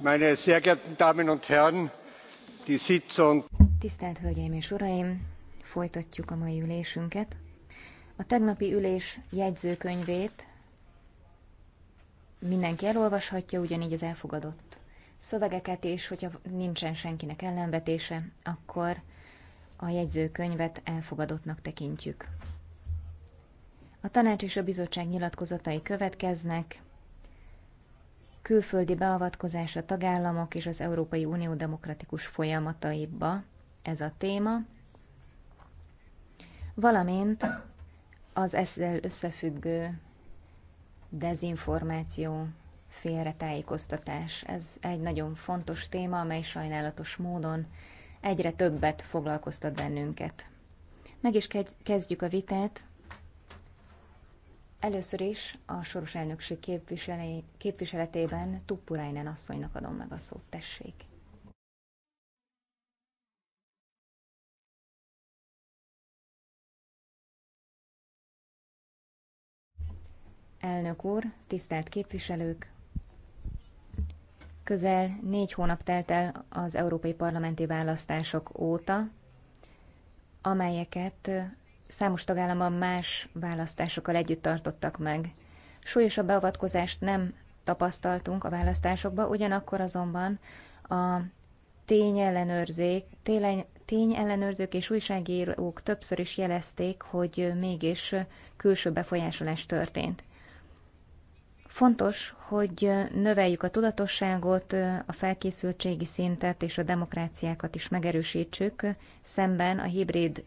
Meine sehr geehrten Damen und Herren, die Sitzung. Tisztelt Hölgyeim és Uraim, folytatjuk a mai ülésünket. A tegnapi ülés jegyzőkönyvét mindenki elolvashatja, ugyanígy az elfogadott szövegeket, és hogyha nincsen senkinek ellenvetése, akkor a jegyzőkönyvet elfogadottnak tekintjük. A tanács és a bizottság nyilatkozatai következnek, külföldi beavatkozás a tagállamok és az Európai Unió demokratikus folyamataiba, ez a téma, valamint az ezzel összefüggő dezinformáció, félretájékoztatás. Ez egy nagyon fontos téma, amely sajnálatos módon egyre többet foglalkoztat bennünket. Meg is kezdjük a vitát. Először is a soros elnökség képviseletében Tuppurainen asszonynak adom meg a szót, tessék. Elnök úr, tisztelt képviselők! Közel négy hónap telt el az európai parlamenti választások óta, amelyeket számos tagállamban más választásokkal együtt tartottak meg. Súlyosabb beavatkozást nem tapasztaltunk a választásokba, ugyanakkor azonban a tényellenőrzék, télen, tényellenőrzők és újságírók többször is jelezték, hogy mégis külső befolyásolás történt. Fontos, hogy növeljük a tudatosságot, a felkészültségi szintet és a demokráciákat is megerősítsük, szemben a hibrid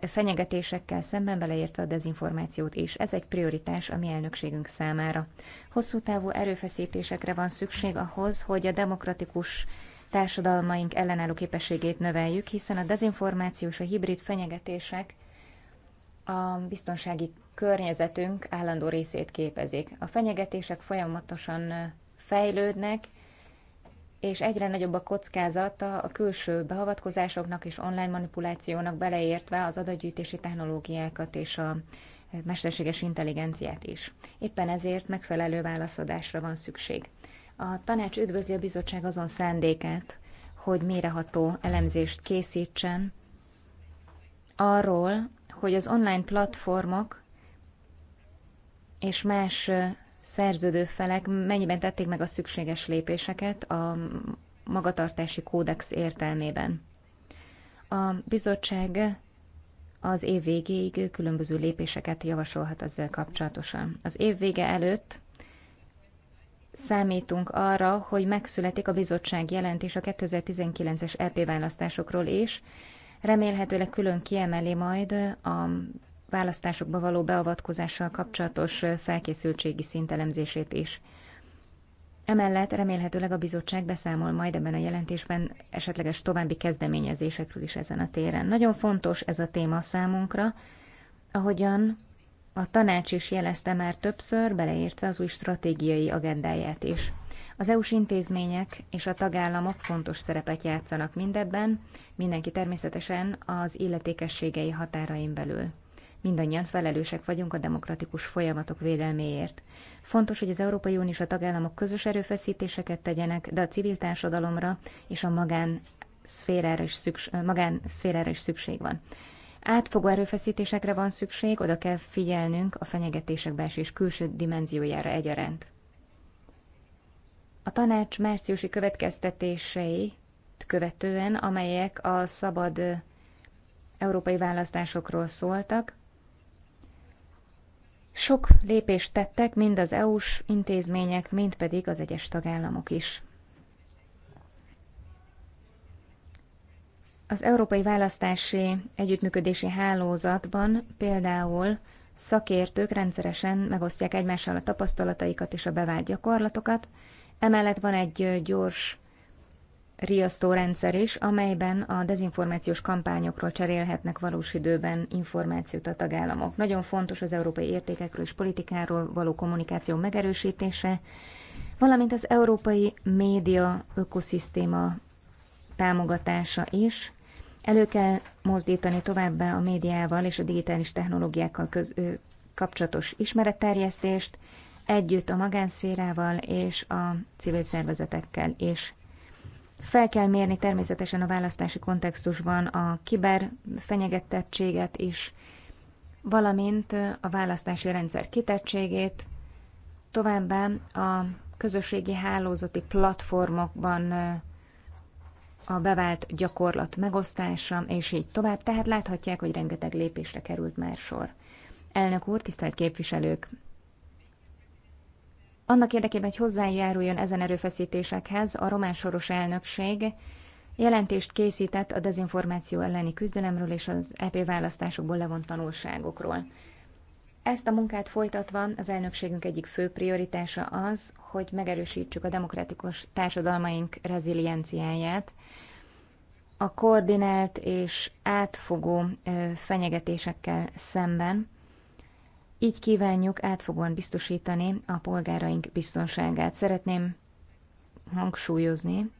fenyegetésekkel szemben beleértve a dezinformációt és Ez egy prioritás a mi elnökségünk számára. Hosszú távú erőfeszítésekre van szükség ahhoz, hogy a demokratikus társadalmaink ellenálló képességét növeljük, hiszen a dezinformáció és a hibrid fenyegetések a biztonsági környezetünk állandó részét képezik. A fenyegetések folyamatosan fejlődnek, és egyre nagyobb a kockázata a külső beavatkozásoknak és online manipulációnak beleértve az adatgyűjtési technológiákat és a mesterséges intelligenciát is. Éppen ezért megfelelő válaszadásra van szükség. A tanács üdvözli a bizottság azon szándékát, hogy méreható elemzést készítsen arról, hogy az online platformok és más szerződő felek mennyiben tették meg a szükséges lépéseket a magatartási kódex értelmében. A bizottság az év végéig különböző lépéseket javasolhat ezzel kapcsolatosan. Az év vége előtt számítunk arra, hogy megszületik a bizottság jelentés a 2019-es EP választásokról is, remélhetőleg külön kiemeli majd a választásokba való beavatkozással kapcsolatos felkészültségi szintelemzését is. Emellett remélhetőleg a bizottság beszámol majd ebben a jelentésben esetleges további kezdeményezésekről is ezen a téren. Nagyon fontos ez a téma számunkra, ahogyan a tanács is jelezte már többször, beleértve az új stratégiai agendáját is. Az EU-s intézmények és a tagállamok fontos szerepet játszanak mindebben, mindenki természetesen az illetékességei határain belül. Mindannyian felelősek vagyunk a demokratikus folyamatok védelméért. Fontos, hogy az Európai Unió és a tagállamok közös erőfeszítéseket tegyenek, de a civil társadalomra és a magán szférára is szükség, magán szférára is szükség van. Átfogó erőfeszítésekre van szükség, oda kell figyelnünk a fenyegetések belső és külső dimenziójára egyaránt. A tanács márciusi következtetései követően, amelyek a szabad európai választásokról szóltak, sok lépést tettek mind az EU-s intézmények, mind pedig az egyes tagállamok is. Az Európai Választási Együttműködési Hálózatban például szakértők rendszeresen megosztják egymással a tapasztalataikat és a bevált gyakorlatokat, emellett van egy gyors rendszer is, amelyben a dezinformációs kampányokról cserélhetnek valós időben információt a tagállamok. Nagyon fontos az európai értékekről és politikáról való kommunikáció megerősítése, valamint az európai média ökoszisztéma támogatása is. Elő kell mozdítani továbbá a médiával és a digitális technológiákkal köz, ö, kapcsolatos ismeretterjesztést, együtt a magánszférával és a civil szervezetekkel és fel kell mérni természetesen a választási kontextusban a kiber fenyegetettséget is, valamint a választási rendszer kitettségét, továbbá a közösségi hálózati platformokban a bevált gyakorlat megosztása, és így tovább, tehát láthatják, hogy rengeteg lépésre került már sor. Elnök úr, tisztelt képviselők! Annak érdekében, hogy hozzájáruljon ezen erőfeszítésekhez, a román soros elnökség jelentést készített a dezinformáció elleni küzdelemről és az EP választásokból levont tanulságokról. Ezt a munkát folytatva az elnökségünk egyik fő prioritása az, hogy megerősítsük a demokratikus társadalmaink rezilienciáját, a koordinált és átfogó fenyegetésekkel szemben, így kívánjuk átfogóan biztosítani a polgáraink biztonságát. Szeretném hangsúlyozni,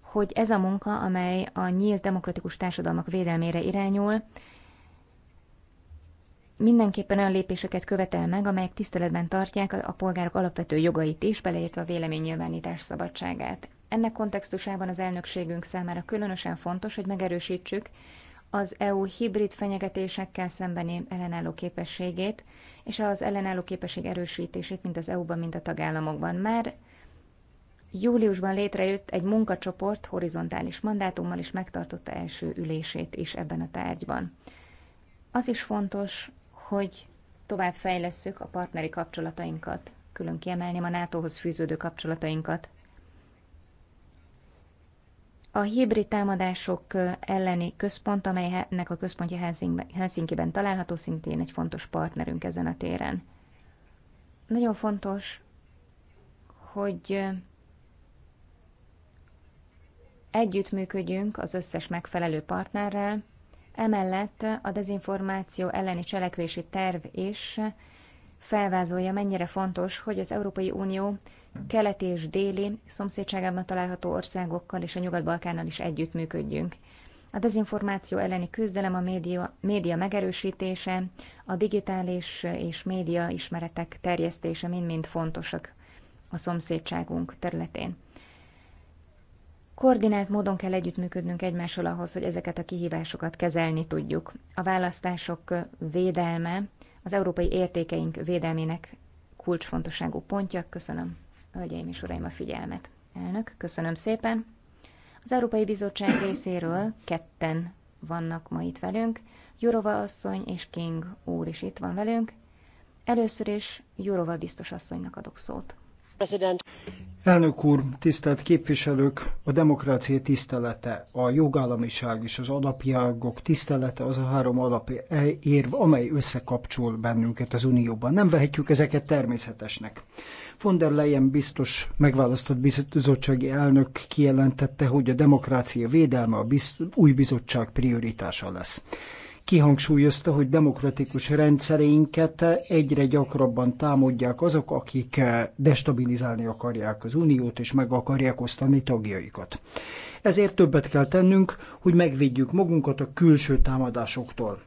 hogy ez a munka, amely a nyílt demokratikus társadalmak védelmére irányul, mindenképpen olyan lépéseket követel meg, amelyek tiszteletben tartják a polgárok alapvető jogait is, beleértve a véleménynyilvánítás szabadságát. Ennek kontextusában az elnökségünk számára különösen fontos, hogy megerősítsük az EU hibrid fenyegetésekkel szembeni ellenálló képességét, és az ellenálló képesség erősítését mind az EU-ban, mind a tagállamokban. Már júliusban létrejött egy munkacsoport horizontális mandátummal, és megtartotta első ülését is ebben a tárgyban. Az is fontos, hogy tovább fejlesszük a partneri kapcsolatainkat, külön kiemelném a NATO-hoz fűződő kapcsolatainkat. A hibrid támadások elleni központ, amelynek a központja Helsinki-ben található, szintén egy fontos partnerünk ezen a téren. Nagyon fontos, hogy együttműködjünk az összes megfelelő partnerrel, emellett a dezinformáció elleni cselekvési terv is felvázolja, mennyire fontos, hogy az Európai Unió kelet és déli szomszédságában található országokkal és a Nyugat-Balkánnal is együttműködjünk. A dezinformáció elleni küzdelem, a média, média megerősítése, a digitális és média ismeretek terjesztése mind-mind fontosak a szomszédságunk területén. Koordinált módon kell együttműködnünk egymással ahhoz, hogy ezeket a kihívásokat kezelni tudjuk. A választások védelme az európai értékeink védelmének kulcsfontosságú pontja. Köszönöm hölgyeim és uraim, a figyelmet. Elnök, köszönöm szépen. Az Európai Bizottság részéről ketten vannak ma itt velünk. Jurova asszony és King úr is itt van velünk. Először is Jurova biztos asszonynak adok szót. President. Elnök úr, tisztelt képviselők, a demokrácia tisztelete, a jogállamiság és az alapjágok tisztelete az a három alapérv, amely összekapcsol bennünket az Unióban. Nem vehetjük ezeket természetesnek. Von der Leyen biztos megválasztott bizottsági elnök kijelentette, hogy a demokrácia védelme a biz, új bizottság prioritása lesz. Kihangsúlyozta, hogy demokratikus rendszereinket egyre gyakrabban támadják azok, akik destabilizálni akarják az uniót és meg akarják osztani tagjaikat. Ezért többet kell tennünk, hogy megvédjük magunkat a külső támadásoktól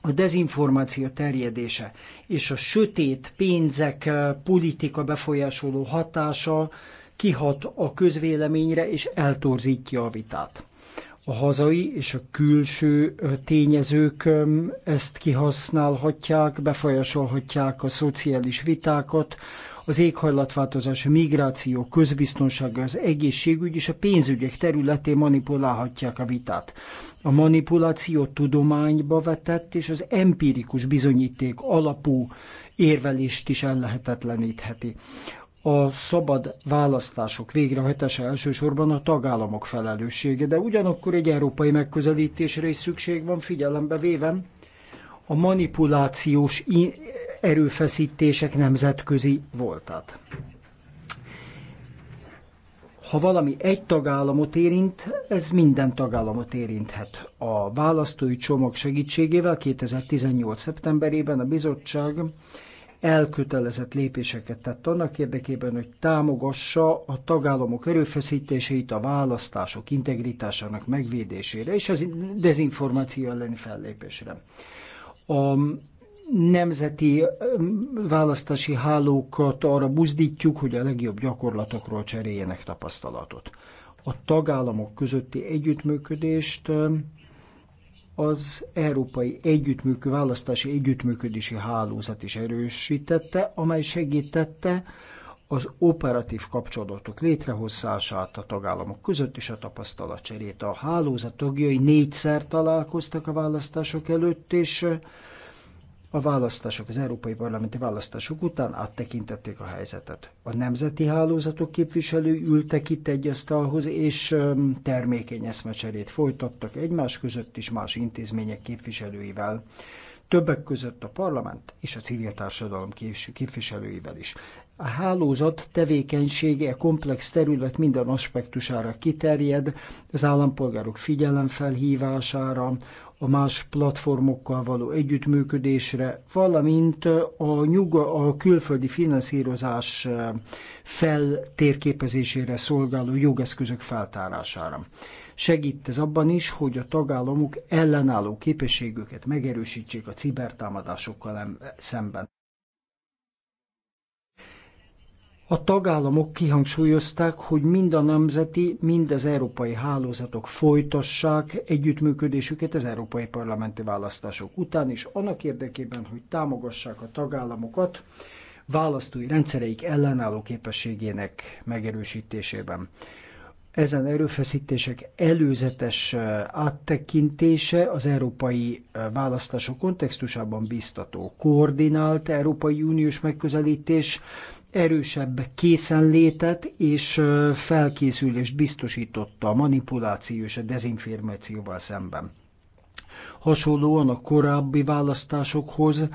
a dezinformáció terjedése és a sötét pénzek eh, politika befolyásoló hatása kihat a közvéleményre és eltorzítja a vitát. A hazai és a külső eh, tényezők eh, ezt kihasználhatják, befolyásolhatják a szociális vitákat, az éghajlatváltozás, a migráció, közbiztonság, az egészségügy és a pénzügyek területén manipulálhatják a vitát. A manipuláció tudományba vetett és az empirikus bizonyíték alapú érvelést is ellehetetlenítheti. A szabad választások végrehajtása elsősorban a tagállamok felelőssége, de ugyanakkor egy európai megközelítésre is szükség van, figyelembe véve. a manipulációs erőfeszítések nemzetközi voltat. Ha valami egy tagállamot érint, ez minden tagállamot érinthet. A választói csomag segítségével 2018. szeptemberében a bizottság elkötelezett lépéseket tett annak érdekében, hogy támogassa a tagállamok erőfeszítéseit a választások integritásának megvédésére és az dezinformáció elleni fellépésre. A nemzeti választási hálókat arra buzdítjuk, hogy a legjobb gyakorlatokról cseréljenek tapasztalatot. A tagállamok közötti együttműködést az Európai Együttműkő Választási Együttműködési Hálózat is erősítette, amely segítette az operatív kapcsolatok létrehozását a tagállamok között és a tapasztalatcserét. A hálózat tagjai négyszer találkoztak a választások előtt, és a választások, az európai parlamenti választások után áttekintették a helyzetet. A nemzeti hálózatok képviselői ültek itt egy asztalhoz, és termékeny eszmecserét folytattak egymás között is más intézmények képviselőivel. Többek között a parlament és a civil társadalom képviselőivel is. A hálózat tevékenysége a komplex terület minden aspektusára kiterjed, az állampolgárok figyelemfelhívására, a más platformokkal való együttműködésre, valamint a, nyuga, a külföldi finanszírozás eh, feltérképezésére szolgáló jogeszközök feltárására. Segít ez abban is, hogy a tagállamok ellenálló képességüket megerősítsék a cibertámadásokkal szemben. A tagállamok kihangsúlyozták, hogy mind a nemzeti, mind az európai hálózatok folytassák együttműködésüket az európai parlamenti választások után is, annak érdekében, hogy támogassák a tagállamokat választói rendszereik ellenálló képességének megerősítésében. Ezen erőfeszítések előzetes eh, áttekintése az európai eh, választások kontextusában biztató. Koordinált Európai Uniós megközelítés erősebb készenlétet és felkészülést biztosította a manipuláció és a dezinformációval szemben. Hasonlóan a korábbi választásokhoz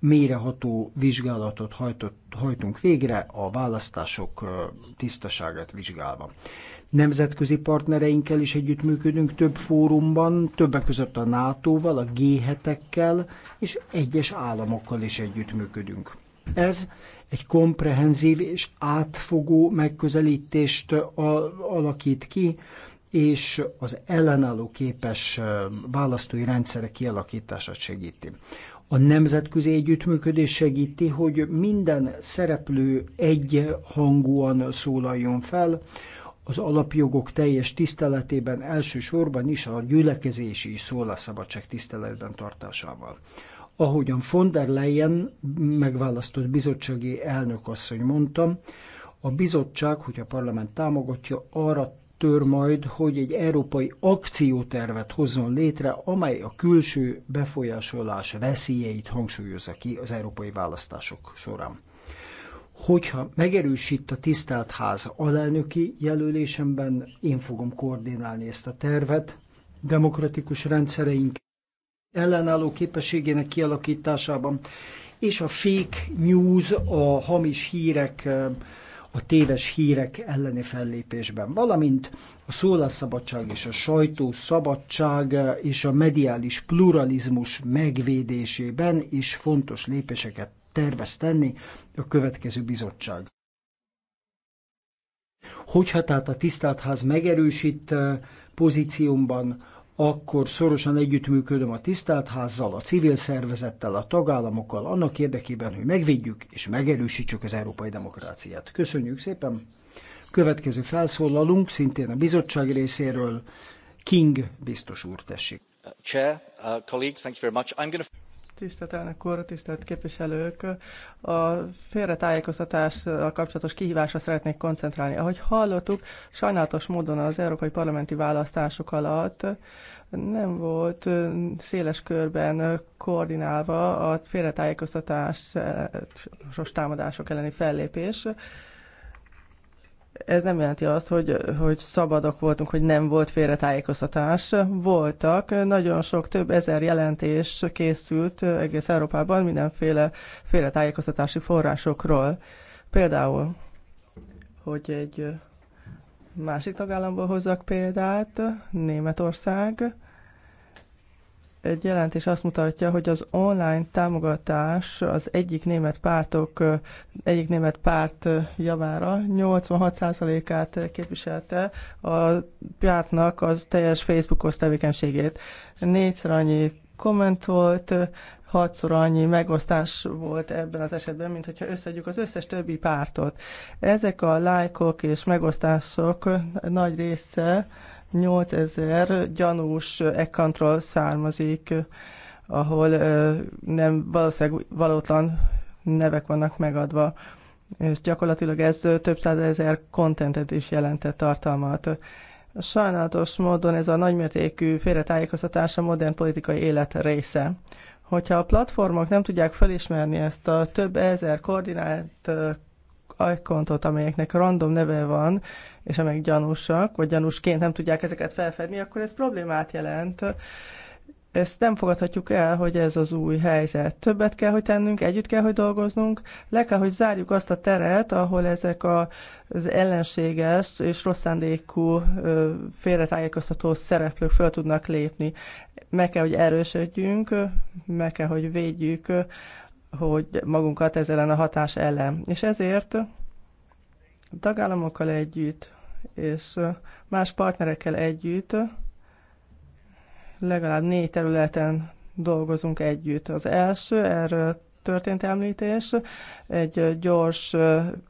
méreható vizsgálatot hajtott, hajtunk végre a választások tisztaságát vizsgálva. Nemzetközi partnereinkkel is együttműködünk több fórumban, többek között a NATO-val, a G7-ekkel és egyes államokkal is együttműködünk. Ez egy komprehenzív és átfogó megközelítést alakít ki, és az ellenálló képes választói rendszerek kialakítását segíti. A nemzetközi együttműködés segíti, hogy minden szereplő egy hangúan szólaljon fel, az alapjogok teljes tiszteletében elsősorban is a gyülekezési szólásszabadság tiszteletben tartásával. Ahogyan von der Leyen megválasztott bizottsági elnök asszony mondta, a bizottság, hogy a parlament támogatja, arra tör majd, hogy egy európai akciótervet hozzon létre, amely a külső befolyásolás veszélyeit hangsúlyozza ki az európai választások során. Hogyha megerősít a tisztelt ház alelnöki jelölésemben, én fogom koordinálni ezt a tervet, demokratikus rendszereink ellenálló képességének kialakításában, és a fake news, a hamis hírek, a téves hírek elleni fellépésben, valamint a szólásszabadság és a sajtószabadság és a mediális pluralizmus megvédésében is fontos lépéseket tervez tenni a következő bizottság. Hogyha tehát a tisztelt megerősít eh, pozíciómban, akkor szorosan együttműködöm a tisztelt házzal, a civil szervezettel, a tagállamokkal, annak érdekében, hogy megvédjük és megerősítsük az európai demokráciát. Köszönjük szépen! Következő felszólalunk szintén a bizottság részéről. King biztos úr, tessék. Chair, uh, colleagues, thank you very much. I'm gonna... Tisztelt elnök úr, tisztelt képviselők! A félretájékoztatással kapcsolatos kihívásra szeretnék koncentrálni. Ahogy hallottuk, sajnálatos módon az európai parlamenti választások alatt nem volt széles körben koordinálva a félretájékoztatásos eh, támadások elleni fellépés ez nem jelenti azt, hogy, hogy szabadok voltunk, hogy nem volt félretájékoztatás. Voltak, nagyon sok, több ezer jelentés készült egész Európában mindenféle félretájékoztatási forrásokról. Például, hogy egy másik tagállamból hozzak példát, Németország, egy jelentés azt mutatja, hogy az online támogatás az egyik német pártok, egyik német párt javára 86%-át képviselte a pártnak az teljes Facebookos tevékenységét. Négyszer annyi komment volt, hatszor annyi megosztás volt ebben az esetben, mint hogyha összedjük az összes többi pártot. Ezek a lájkok és megosztások nagy része 8000 gyanús ekkantról származik, ahol nem valószínűleg valótlan nevek vannak megadva, és gyakorlatilag ez több százezer kontentet is jelentett tartalmat. Sajnálatos módon ez a nagymértékű félretájékoztatás a modern politikai élet része. Hogyha a platformok nem tudják felismerni ezt a több ezer koordinált ajkontot, amelyeknek random neve van, és amelyek gyanúsak, vagy gyanúsként nem tudják ezeket felfedni, akkor ez problémát jelent. Ezt nem fogadhatjuk el, hogy ez az új helyzet. Többet kell, hogy tennünk, együtt kell, hogy dolgoznunk, le kell, hogy zárjuk azt a teret, ahol ezek a, az ellenséges és rossz szándékú félretájékoztató szereplők föl tudnak lépni. Meg kell, hogy erősödjünk, meg kell, hogy védjük hogy magunkat ez ellen a hatás ellen. És ezért a tagállamokkal együtt és más partnerekkel együtt legalább négy területen dolgozunk együtt. Az első, erről történt említés, egy gyors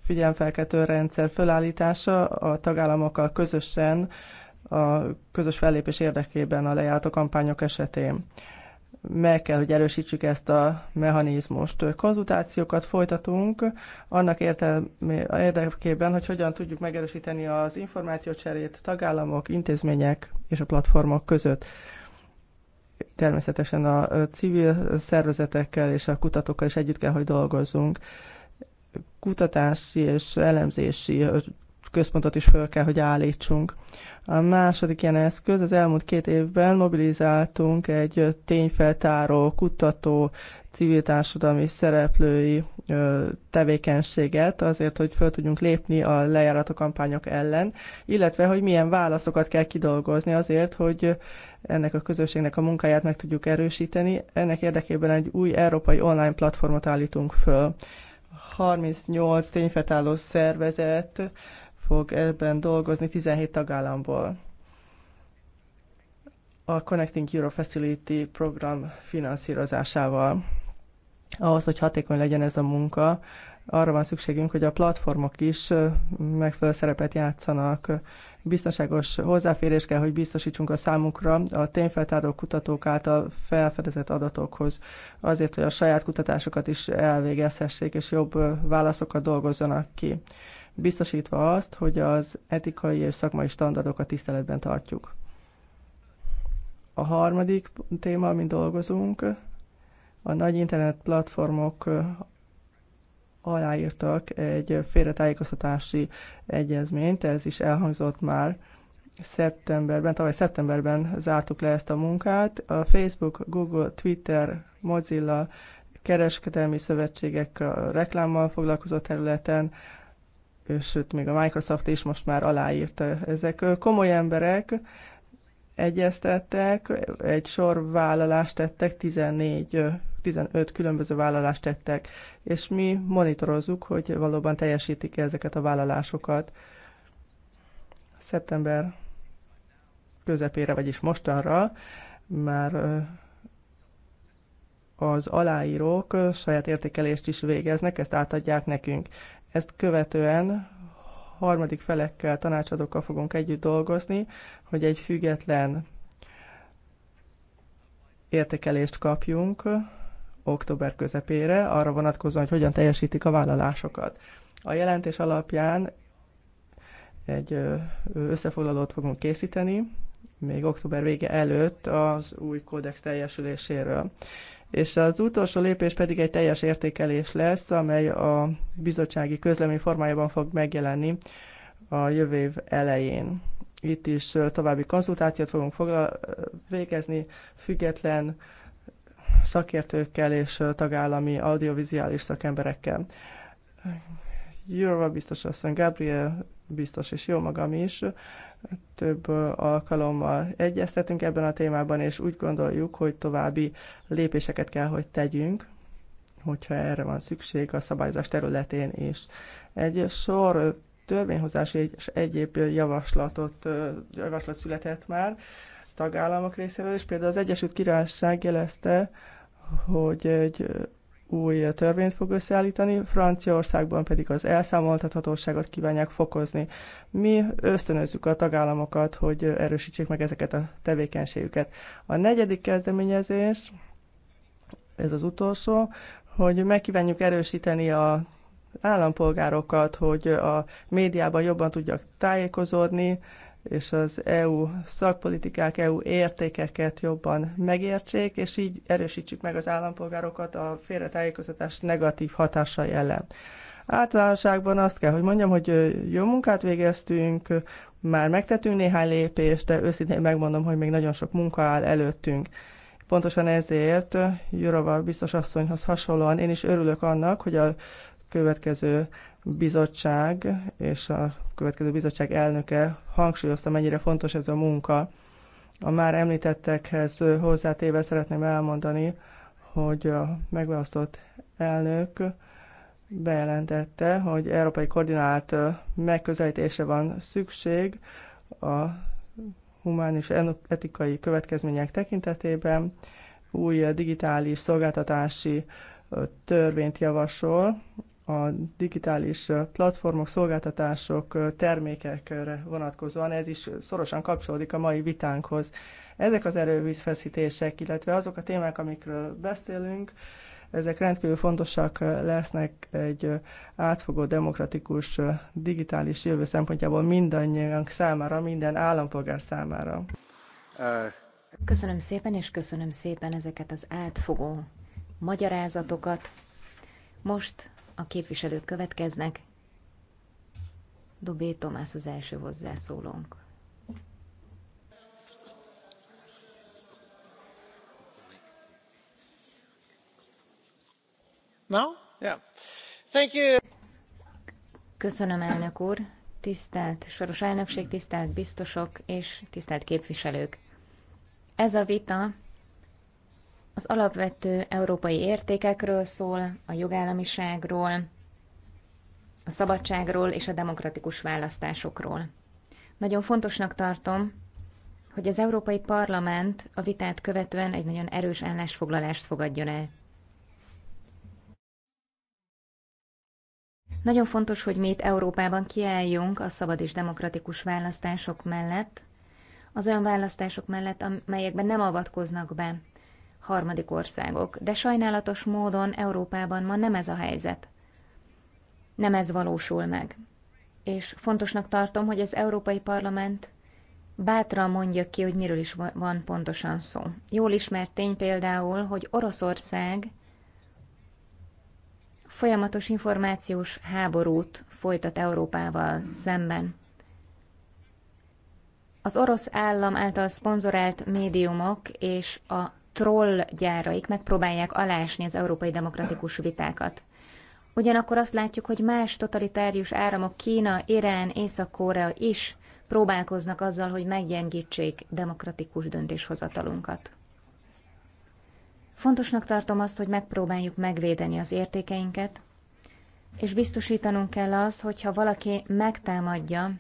figyelmfelkető rendszer fölállítása a tagállamokkal közösen a közös fellépés érdekében a lejárató kampányok esetén meg kell, hogy erősítsük ezt a mechanizmust. Konzultációkat folytatunk annak érdekében, hogy hogyan tudjuk megerősíteni az információcserét tagállamok, intézmények és a platformok között. Természetesen a civil szervezetekkel és a kutatókkal is együtt kell, hogy dolgozzunk. Kutatási és elemzési központot is föl kell, hogy állítsunk. A második ilyen eszköz, az elmúlt két évben mobilizáltunk egy tényfeltáró, kutató, civil társadalmi szereplői tevékenységet azért, hogy föl tudjunk lépni a lejárató kampányok ellen, illetve, hogy milyen válaszokat kell kidolgozni azért, hogy ennek a közösségnek a munkáját meg tudjuk erősíteni. Ennek érdekében egy új európai online platformot állítunk föl. 38 tényfeltáró szervezet fog ebben dolgozni 17 tagállamból. A Connecting Euro Facility program finanszírozásával. Ahhoz, hogy hatékony legyen ez a munka, arra van szükségünk, hogy a platformok is megfelelő szerepet játszanak. Biztonságos hozzáférés kell, hogy biztosítsunk a számukra a tényfeltáró kutatók által felfedezett adatokhoz, azért, hogy a saját kutatásokat is elvégezhessék, és jobb válaszokat dolgozzanak ki biztosítva azt, hogy az etikai és szakmai standardokat tiszteletben tartjuk. A harmadik téma, amin dolgozunk, a nagy internet platformok aláírtak egy félretájékoztatási egyezményt, ez is elhangzott már szeptemberben, tavaly szeptemberben zártuk le ezt a munkát. A Facebook, Google, Twitter, Mozilla kereskedelmi szövetségek a reklámmal foglalkozó területen, sőt, még a Microsoft is most már aláírta. Ezek komoly emberek, egyeztettek, egy sor vállalást tettek, 14 15 különböző vállalást tettek, és mi monitorozzuk, hogy valóban teljesítik -e ezeket a vállalásokat. Szeptember közepére, vagyis mostanra már az aláírók saját értékelést is végeznek, ezt átadják nekünk. Ezt követően harmadik felekkel, tanácsadókkal fogunk együtt dolgozni, hogy egy független értékelést kapjunk október közepére, arra vonatkozóan, hogy hogyan teljesítik a vállalásokat. A jelentés alapján egy összefoglalót fogunk készíteni, még október vége előtt az új kódex teljesüléséről és az utolsó lépés pedig egy teljes értékelés lesz, amely a bizottsági közlemény formájában fog megjelenni a jövő év elején. Itt is további konzultációt fogunk végezni, független szakértőkkel és tagállami audiovizuális szakemberekkel. Jurva biztos asszony, Gabriel biztos, és jó magam is több alkalommal egyeztetünk ebben a témában, és úgy gondoljuk, hogy további lépéseket kell, hogy tegyünk, hogyha erre van szükség a szabályozás területén is. Egy sor törvényhozási és egyéb javaslatot, javaslat született már tagállamok részéről, és például az Egyesült Királyság jelezte, hogy egy új törvényt fog összeállítani, Franciaországban pedig az elszámoltathatóságot kívánják fokozni. Mi ösztönözzük a tagállamokat, hogy erősítsék meg ezeket a tevékenységüket. A negyedik kezdeményezés, ez az utolsó, hogy megkívánjuk erősíteni a állampolgárokat, hogy a médiában jobban tudjak tájékozódni, és az EU szakpolitikák, EU értékeket jobban megértsék, és így erősítsük meg az állampolgárokat a félretájékoztatás negatív hatásai ellen. Általánosságban azt kell, hogy mondjam, hogy jó munkát végeztünk, már megtettünk néhány lépést, de őszintén megmondom, hogy még nagyon sok munka áll előttünk. Pontosan ezért Jurova biztos asszonyhoz hasonlóan én is örülök annak, hogy a következő bizottság és a következő bizottság elnöke hangsúlyozta, mennyire fontos ez a munka. A már említettekhez hozzátéve szeretném elmondani, hogy a megválasztott elnök bejelentette, hogy európai koordinált megközelítésre van szükség a humán és etikai következmények tekintetében. Új digitális szolgáltatási törvényt javasol a digitális platformok, szolgáltatások, termékekre vonatkozóan, ez is szorosan kapcsolódik a mai vitánkhoz. Ezek az erőfeszítések, illetve azok a témák, amikről beszélünk, ezek rendkívül fontosak lesznek egy átfogó demokratikus digitális jövő szempontjából mindannyiunk számára, minden állampolgár számára. Köszönöm szépen, és köszönöm szépen ezeket az átfogó magyarázatokat. Most a képviselők következnek. Dobé Tomás az első hozzászólónk. No? Yeah. Thank you. Köszönöm, elnök úr, tisztelt soros elnökség, tisztelt biztosok és tisztelt képviselők. Ez a vita az alapvető európai értékekről szól, a jogállamiságról, a szabadságról és a demokratikus választásokról. Nagyon fontosnak tartom, hogy az Európai Parlament a vitát követően egy nagyon erős állásfoglalást fogadjon el. Nagyon fontos, hogy mi itt Európában kiálljunk a szabad és demokratikus választások mellett, az olyan választások mellett, amelyekben nem avatkoznak be harmadik országok, de sajnálatos módon Európában ma nem ez a helyzet. Nem ez valósul meg. És fontosnak tartom, hogy az Európai Parlament bátran mondja ki, hogy miről is van pontosan szó. Jól ismert tény például, hogy Oroszország folyamatos információs háborút folytat Európával szemben. Az orosz állam által szponzorált médiumok és a troll gyáraik megpróbálják alásni az európai demokratikus vitákat. Ugyanakkor azt látjuk, hogy más totalitárius áramok Kína, Irán, Észak-Korea is próbálkoznak azzal, hogy meggyengítsék demokratikus döntéshozatalunkat. Fontosnak tartom azt, hogy megpróbáljuk megvédeni az értékeinket, és biztosítanunk kell azt, hogyha valaki megtámadja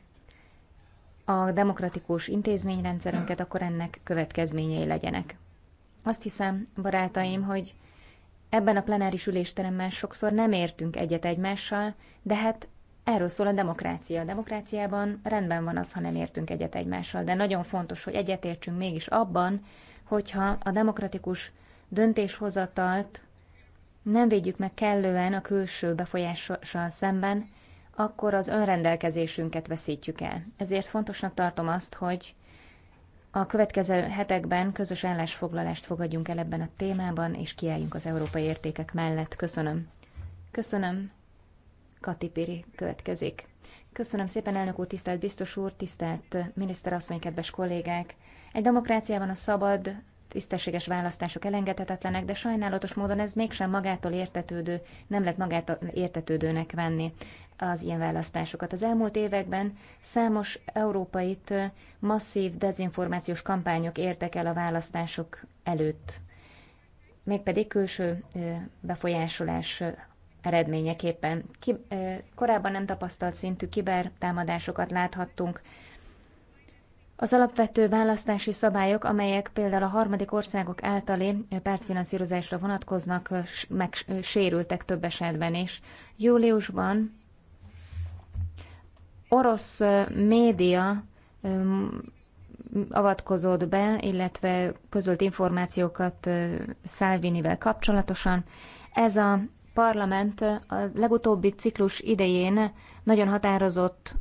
a demokratikus intézményrendszerünket, akkor ennek következményei legyenek. Azt hiszem, barátaim, hogy ebben a plenáris ülésteremmel sokszor nem értünk egyet egymással, de hát erről szól a demokrácia. A demokráciában rendben van az, ha nem értünk egyet egymással, de nagyon fontos, hogy egyetértsünk mégis abban, hogyha a demokratikus döntéshozatalt nem védjük meg kellően a külső befolyással szemben, akkor az önrendelkezésünket veszítjük el. Ezért fontosnak tartom azt, hogy a következő hetekben közös állásfoglalást fogadjunk el ebben a témában, és kiálljunk az európai értékek mellett. Köszönöm. Köszönöm. Kati Piri következik. Köszönöm szépen, elnök úr, tisztelt biztos úr, tisztelt miniszterasszony, kedves kollégák! Egy demokráciában a szabad, tisztességes választások elengedhetetlenek, de sajnálatos módon ez mégsem magától értetődő, nem lett magától értetődőnek venni az ilyen választásokat. Az elmúlt években számos európai masszív dezinformációs kampányok értek el a választások előtt, mégpedig külső befolyásolás eredményeképpen. Ki, korábban nem tapasztalt szintű támadásokat láthattunk. Az alapvető választási szabályok, amelyek például a harmadik országok általi pártfinanszírozásra vonatkoznak, meg sérültek több esetben is. Júliusban orosz média avatkozott be, illetve közölt információkat szelvinivel kapcsolatosan. Ez a parlament a legutóbbi ciklus idején nagyon határozott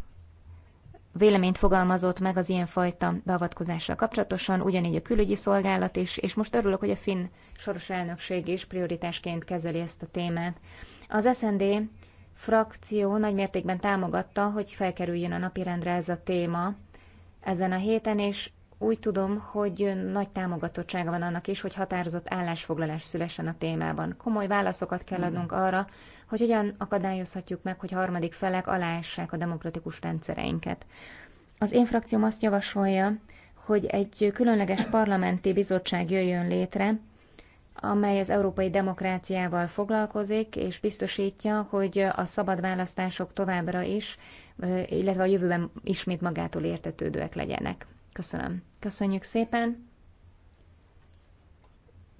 véleményt fogalmazott meg az ilyenfajta beavatkozással kapcsolatosan, ugyanígy a külügyi szolgálat is, és most örülök, hogy a finn soros elnökség is prioritásként kezeli ezt a témát. Az SND frakció nagymértékben támogatta, hogy felkerüljön a napirendre ez a téma ezen a héten, és úgy tudom, hogy nagy támogatottsága van annak is, hogy határozott állásfoglalás szülessen a témában. Komoly válaszokat kell adnunk arra, hogy hogyan akadályozhatjuk meg, hogy harmadik felek aláássák a demokratikus rendszereinket. Az én frakcióm azt javasolja, hogy egy különleges parlamenti bizottság jöjjön létre, amely az európai demokráciával foglalkozik, és biztosítja, hogy a szabad választások továbbra is, illetve a jövőben ismét magától értetődőek legyenek. Köszönöm. Köszönjük szépen.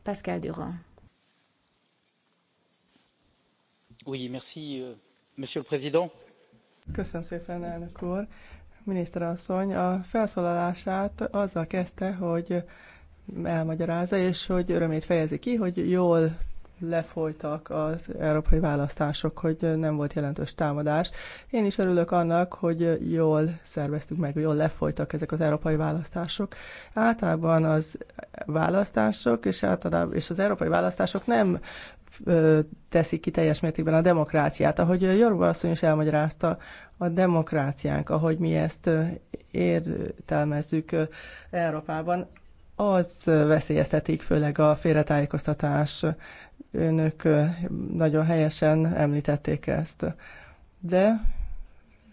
Pascal Durand. Oui, merci, euh, monsieur le président. Köszönöm szépen, elnök úr. Miniszter asszony, a felszólalását azzal kezdte, hogy elmagyarázza, és hogy örömét fejezi ki, hogy jól lefolytak az európai választások, hogy nem volt jelentős támadás. Én is örülök annak, hogy jól szerveztük meg, hogy jól lefolytak ezek az európai választások. Általában az választások és, általában, és az európai választások nem ö, teszik ki teljes mértékben a demokráciát. Ahogy Jorba asszony is elmagyarázta, a demokráciánk, ahogy mi ezt értelmezzük Európában, az veszélyeztetik, főleg a félretájékoztatás. Önök nagyon helyesen említették ezt. De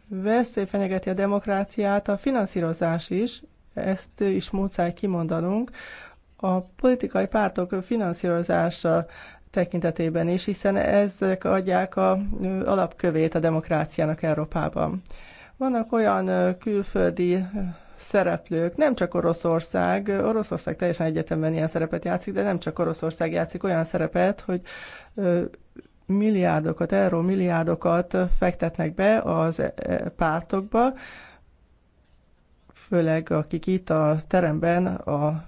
veszély fenyegeti a demokráciát, a finanszírozás is, ezt is módszáj kimondanunk, a politikai pártok finanszírozása tekintetében is, hiszen ezek adják a alapkövét a demokráciának Európában. Vannak olyan külföldi szereplők, nem csak Oroszország, Oroszország teljesen egyetemben ilyen szerepet játszik, de nem csak Oroszország játszik olyan szerepet, hogy milliárdokat, euró milliárdokat fektetnek be az e, e, pártokba, főleg akik itt a teremben a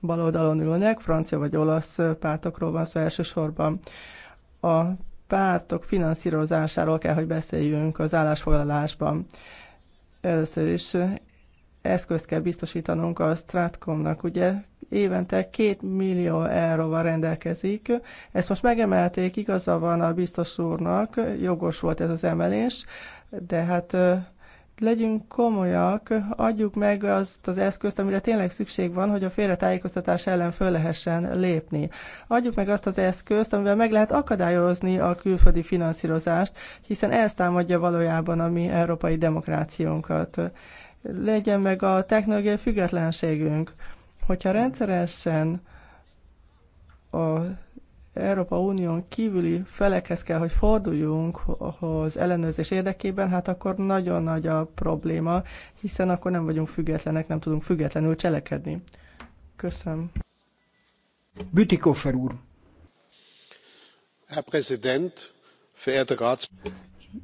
bal oldalon ülnek, francia vagy olasz pártokról van szó elsősorban. A pártok finanszírozásáról kell, hogy beszéljünk az állásfoglalásban. Először is eszközt kell biztosítanunk a Stratcomnak. Ugye évente két millió euróval rendelkezik. Ezt most megemelték, igaza van a biztos úrnak, jogos volt ez az emelés, de hát legyünk komolyak, adjuk meg azt az eszközt, amire tényleg szükség van, hogy a félretájékoztatás ellen föl lehessen lépni. Adjuk meg azt az eszközt, amivel meg lehet akadályozni a külföldi finanszírozást, hiszen ez támadja valójában a mi európai demokrációnkat legyen meg a technológiai függetlenségünk. Hogyha rendszeresen a Európa Unión kívüli felekhez kell, hogy forduljunk az ellenőrzés érdekében, hát akkor nagyon nagy a probléma, hiszen akkor nem vagyunk függetlenek, nem tudunk függetlenül cselekedni. Köszönöm. Bütikofer úr. Herr Präsident, verehrte Rats...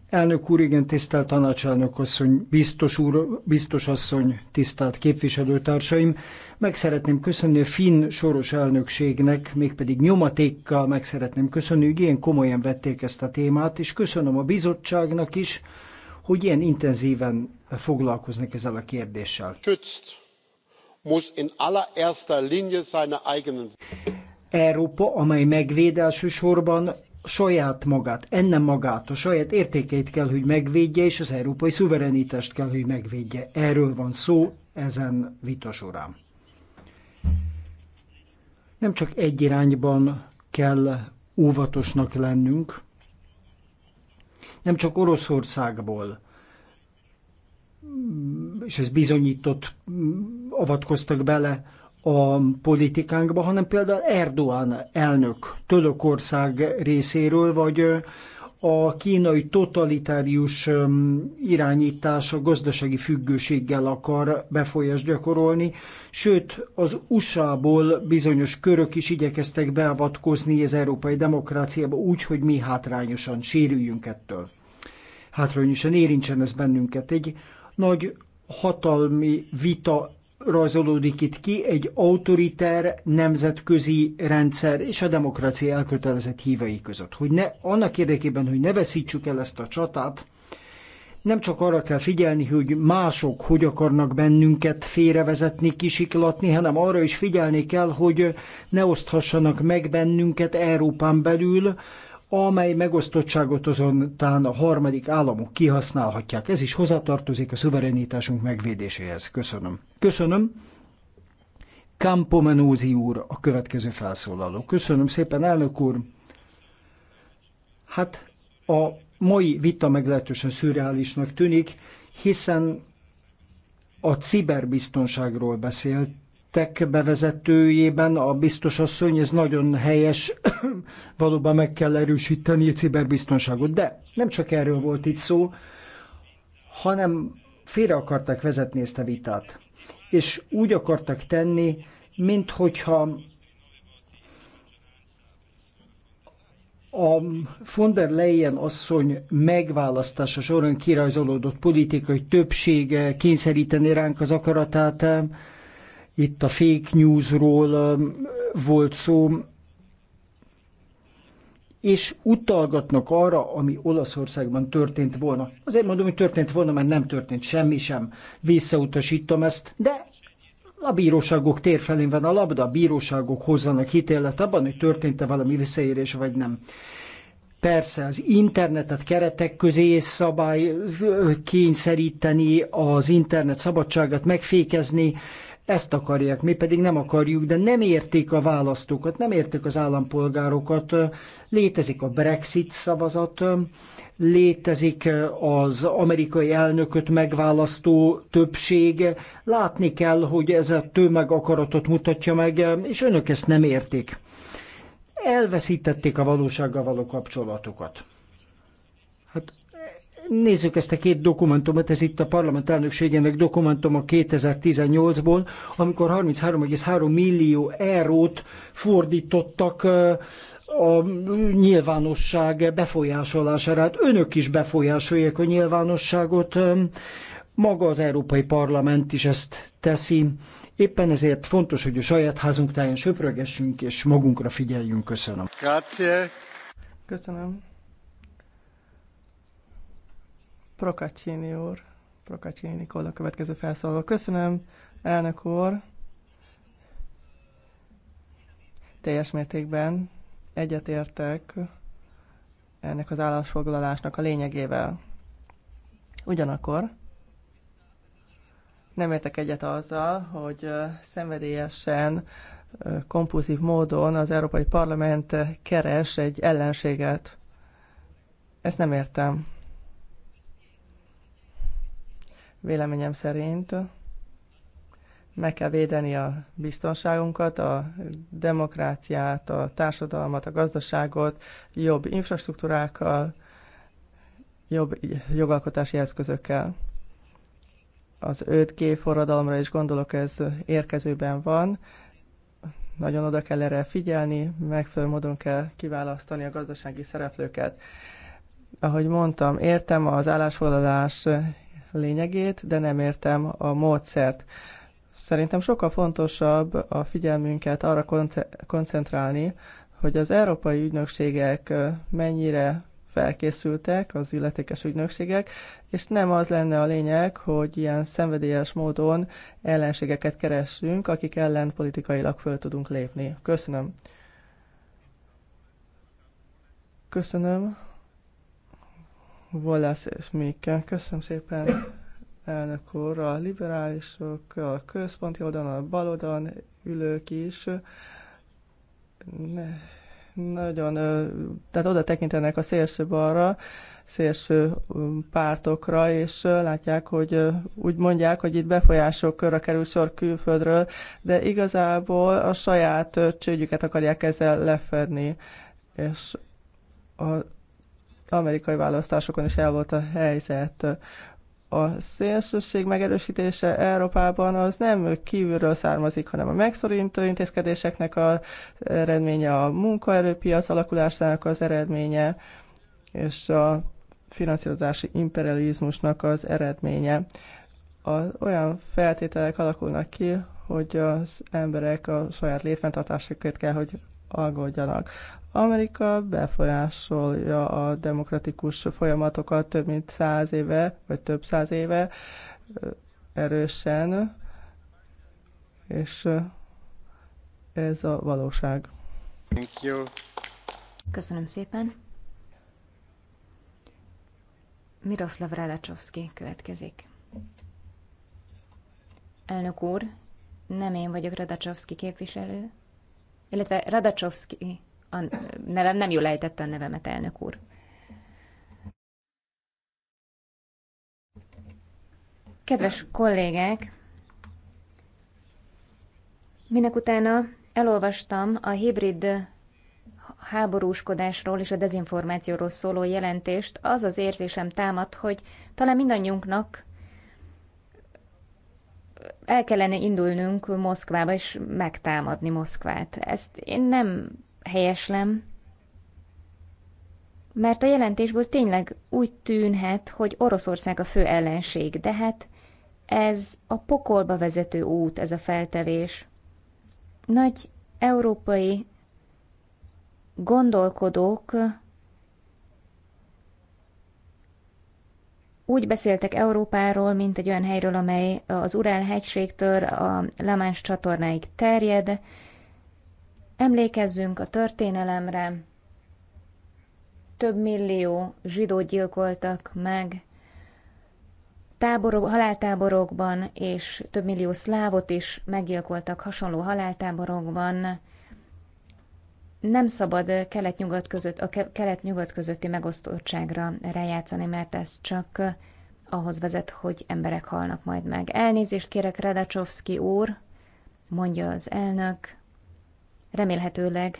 Elnök úr, igen, tisztelt tanácselnök asszony, biztos úr, biztos asszony, tisztelt képviselőtársaim. Meg szeretném köszönni a finn soros elnökségnek, mégpedig nyomatékkal meg szeretném köszönni, hogy ilyen komolyan vették ezt a témát, és köszönöm a bizottságnak is, hogy ilyen intenzíven foglalkoznak ezzel a kérdéssel. Schützt muss in allererster Linie seine eigenen Európa, amely megvéd elsősorban saját magát, enne magát, a saját értékeit kell, hogy megvédje, és az európai szuverenitást kell, hogy megvédje. Erről van szó ezen vita során. Nem csak egy irányban kell óvatosnak lennünk, nem csak Oroszországból, és ez bizonyított, avatkoztak bele a politikánkba, hanem például Erdoğan elnök Törökország részéről, vagy a kínai totalitárius irányítás a gazdasági függőséggel akar befolyás gyakorolni, sőt az USA-ból bizonyos körök is igyekeztek beavatkozni az európai demokráciába úgy, hogy mi hátrányosan sérüljünk ettől. Hátrányosan érintsen ez bennünket. Egy nagy hatalmi vita rajzolódik itt ki egy autoriter nemzetközi rendszer és a demokrácia elkötelezett hívei között. Hogy ne, annak érdekében, hogy ne veszítsük el ezt a csatát, nem csak arra kell figyelni, hogy mások hogy akarnak bennünket félrevezetni, kisiklatni, hanem arra is figyelni kell, hogy ne oszthassanak meg bennünket Európán belül, amely megosztottságot azontán a harmadik államok kihasználhatják. Ez is hozzátartozik a szuverenitásunk megvédéséhez. Köszönöm. Köszönöm. Kampomenózi úr a következő felszólaló. Köszönöm szépen, elnök úr. Hát a mai vita meglehetősen szürreálisnak tűnik, hiszen a ciberbiztonságról beszélt, tettek bevezetőjében a biztos asszony, ez nagyon helyes, valóban meg kell erősíteni a ciberbiztonságot. De nem csak erről volt itt szó, hanem félre akarták vezetni ezt a vitát. És úgy akartak tenni, mint hogyha a von der Leyen asszony megválasztása során kirajzolódott politikai többség kényszeríteni ránk az akaratát, itt a fake newsról volt szó, és utalgatnak arra, ami Olaszországban történt volna. Azért mondom, hogy történt volna, mert nem történt semmi sem. Visszautasítom ezt, de a bíróságok térfelén van a labda, a bíróságok hozzanak hitélet abban, hogy történt-e valami visszaérés, vagy nem. Persze, az internetet keretek közé szabály kényszeríteni, az internet szabadságát megfékezni, ezt akarják, mi pedig nem akarjuk, de nem értik a választókat, nem értik az állampolgárokat. Létezik a Brexit szavazat, létezik az amerikai elnököt megválasztó többség. Látni kell, hogy ez a tömeg akaratot mutatja meg, és önök ezt nem értik. Elveszítették a valósággal való kapcsolatukat. Nézzük ezt a két dokumentumot, ez itt a parlament elnökségének dokumentuma 2018-ból, amikor 33,3 millió eurót fordítottak a nyilvánosság befolyásolására. Hát önök is befolyásolják a nyilvánosságot, maga az Európai Parlament is ezt teszi. Éppen ezért fontos, hogy a saját házunk táján söprögessünk és magunkra figyeljünk. Köszönöm. Köszönöm. Prokacsini úr, Prokacsini Nikola következő felszólaló. Köszönöm, elnök úr. Teljes mértékben egyetértek ennek az állásfoglalásnak a lényegével. Ugyanakkor nem értek egyet azzal, hogy szenvedélyesen, kompulzív módon az Európai Parlament keres egy ellenséget. Ezt nem értem. Véleményem szerint meg kell védeni a biztonságunkat, a demokráciát, a társadalmat, a gazdaságot, jobb infrastruktúrákkal, jobb jogalkotási eszközökkel. Az 5G forradalomra is gondolok, ez érkezőben van. Nagyon oda kell erre figyelni, megfelelő módon kell kiválasztani a gazdasági szereplőket. Ahogy mondtam, értem az állásfoglalás lényegét, de nem értem a módszert. Szerintem sokkal fontosabb a figyelmünket arra koncentrálni, hogy az európai ügynökségek mennyire felkészültek, az illetékes ügynökségek, és nem az lenne a lényeg, hogy ilyen szenvedélyes módon ellenségeket keressünk, akik ellen politikailag föl tudunk lépni. Köszönöm. Köszönöm. Wallace és Mika. Köszönöm szépen, elnök úr, a liberálisok, a központi oldalon, a baloldalon ülők is. Ne, nagyon, tehát oda tekintenek a szélső balra, szélső pártokra, és látják, hogy úgy mondják, hogy itt befolyások körre kerül sor külföldről, de igazából a saját csődjüket akarják ezzel lefedni. És a amerikai választásokon is el volt a helyzet. A szélsőség megerősítése Európában az nem kívülről származik, hanem a megszorító intézkedéseknek az eredménye, a munkaerőpiac alakulásának az eredménye, és a finanszírozási imperializmusnak az eredménye. A, olyan feltételek alakulnak ki, hogy az emberek a saját létfenntartásukért kell, hogy aggódjanak. Amerika befolyásolja a demokratikus folyamatokat több mint száz éve, vagy több száz éve erősen, és ez a valóság. Thank you. Köszönöm szépen. Miroslav Radacsovszki következik. Elnök úr, nem én vagyok Radacsovszki képviselő, illetve Radacsovszki a nevem, nem jól ejtette a nevemet, elnök úr. Kedves kollégek, minek utána elolvastam a hibrid háborúskodásról és a dezinformációról szóló jelentést, az az érzésem támad, hogy talán mindannyiunknak el kellene indulnunk Moszkvába és megtámadni Moszkvát. Ezt én nem helyeslem, mert a jelentésből tényleg úgy tűnhet, hogy Oroszország a fő ellenség, de hát ez a pokolba vezető út, ez a feltevés. Nagy európai gondolkodók úgy beszéltek Európáról, mint egy olyan helyről, amely az Urál hegységtől a Lamáns csatornáig terjed, Emlékezzünk a történelemre. Több millió zsidót gyilkoltak meg táborok, haláltáborokban, és több millió szlávot is meggyilkoltak hasonló haláltáborokban. Nem szabad kelet-nyugat között, a kelet-nyugat közötti megosztottságra rájátszani, mert ez csak ahhoz vezet, hogy emberek halnak majd meg. Elnézést kérek, Radacsovszki úr, mondja az elnök. Remélhetőleg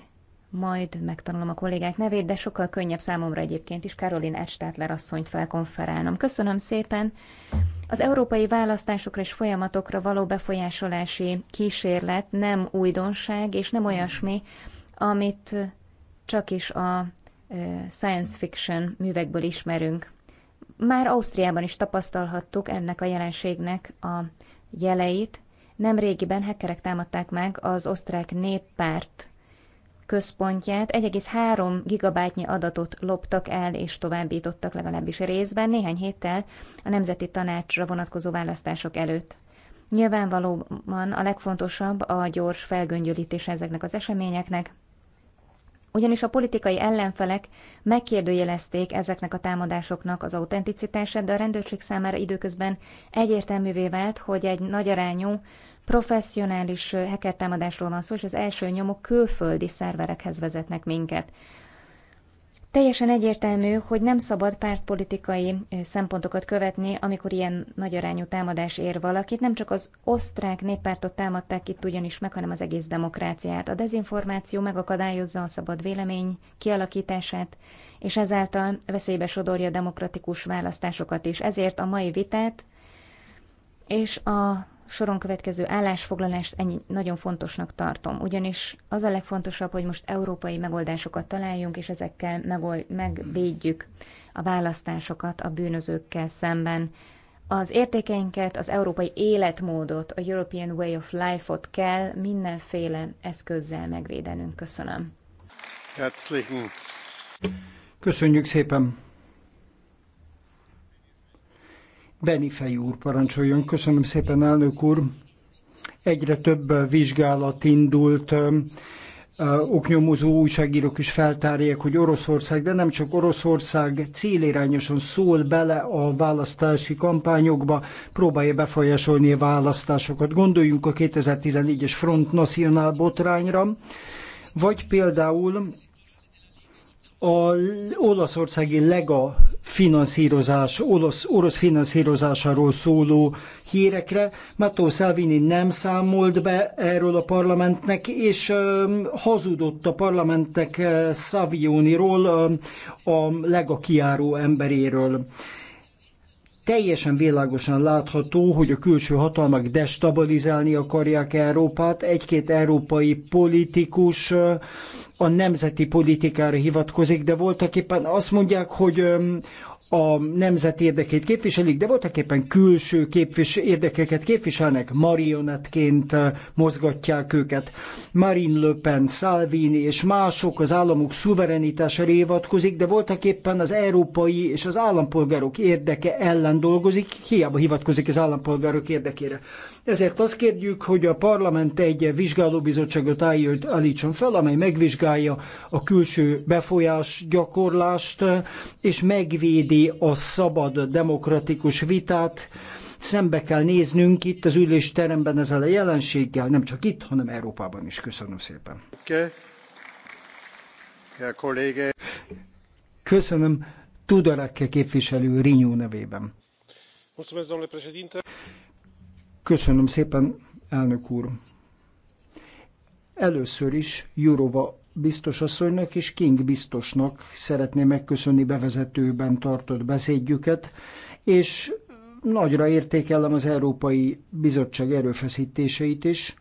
majd megtanulom a kollégák nevét, de sokkal könnyebb számomra egyébként is Karolin Edstátler asszonyt felkonferálnom. Köszönöm szépen! Az európai választásokra és folyamatokra való befolyásolási kísérlet nem újdonság, és nem olyasmi, amit csak is a science fiction művekből ismerünk. Már Ausztriában is tapasztalhattuk ennek a jelenségnek a jeleit, nem régiben támadták meg az osztrák néppárt központját, 1,3 gigabájtnyi adatot loptak el és továbbítottak legalábbis részben néhány héttel a Nemzeti Tanácsra vonatkozó választások előtt. Nyilvánvalóan a legfontosabb a gyors felgöngyölítés ezeknek az eseményeknek, ugyanis a politikai ellenfelek megkérdőjelezték ezeknek a támadásoknak az autenticitását, de a rendőrség számára időközben egyértelművé vált, hogy egy nagy arányú professzionális támadásról van szó, és az első nyomok külföldi szerverekhez vezetnek minket. Teljesen egyértelmű, hogy nem szabad pártpolitikai szempontokat követni, amikor ilyen arányú támadás ér valakit. Nem csak az osztrák néppártot támadták itt ugyanis meg, hanem az egész demokráciát. A dezinformáció megakadályozza a szabad vélemény kialakítását, és ezáltal veszélybe sodorja demokratikus választásokat is. Ezért a mai vitát és a soron következő állásfoglalást ennyi nagyon fontosnak tartom, ugyanis az a legfontosabb, hogy most európai megoldásokat találjunk, és ezekkel megvédjük a választásokat a bűnözőkkel szemben. Az értékeinket, az európai életmódot, a European Way of Life-ot kell mindenféle eszközzel megvédenünk. Köszönöm. Köszönjük szépen. Benifej úr parancsoljon. Köszönöm szépen, elnök úr. Egyre több vizsgálat indult, oknyomozó újságírók is feltárják, hogy Oroszország, de nem csak Oroszország célirányosan szól bele a választási kampányokba, próbálja befolyásolni a választásokat. Gondoljunk a 2014-es Front National botrányra, vagy például a olaszországi lega finanszírozás, olasz, orosz finanszírozásáról szóló hírekre. Matteo Salvini nem számolt be erről a parlamentnek, és um, hazudott a parlamentnek uh, Savioniról, um, a lega kiáró emberéről. Teljesen világosan látható, hogy a külső hatalmak destabilizálni akarják Európát. Egy-két európai politikus uh, a nemzeti politikára hivatkozik, de voltak éppen azt mondják, hogy a nemzet érdekét képviselik, de voltak éppen külső képvis- érdekeket képviselnek, marionetként mozgatják őket. Marine Le Pen, Salvini és mások az államok szuverenitására hivatkozik, de voltak éppen az európai és az állampolgárok érdeke ellen dolgozik, hiába hivatkozik az állampolgárok érdekére. Ezért azt kérjük, hogy a parlament egy vizsgálóbizottságot állítson fel, amely megvizsgálja a külső befolyás gyakorlást, és megvédi a szabad demokratikus vitát. Szembe kell néznünk itt az ülésteremben ezzel a jelenséggel, nem csak itt, hanem Európában is. Köszönöm szépen. Köszönöm. Tudorakke képviselő Rinyó nevében. Mulțumesc, Köszönöm szépen, elnök úr. Először is Jurova biztosasszonynak és King biztosnak szeretném megköszönni bevezetőben tartott beszédjüket, és nagyra értékelem az Európai Bizottság erőfeszítéseit is,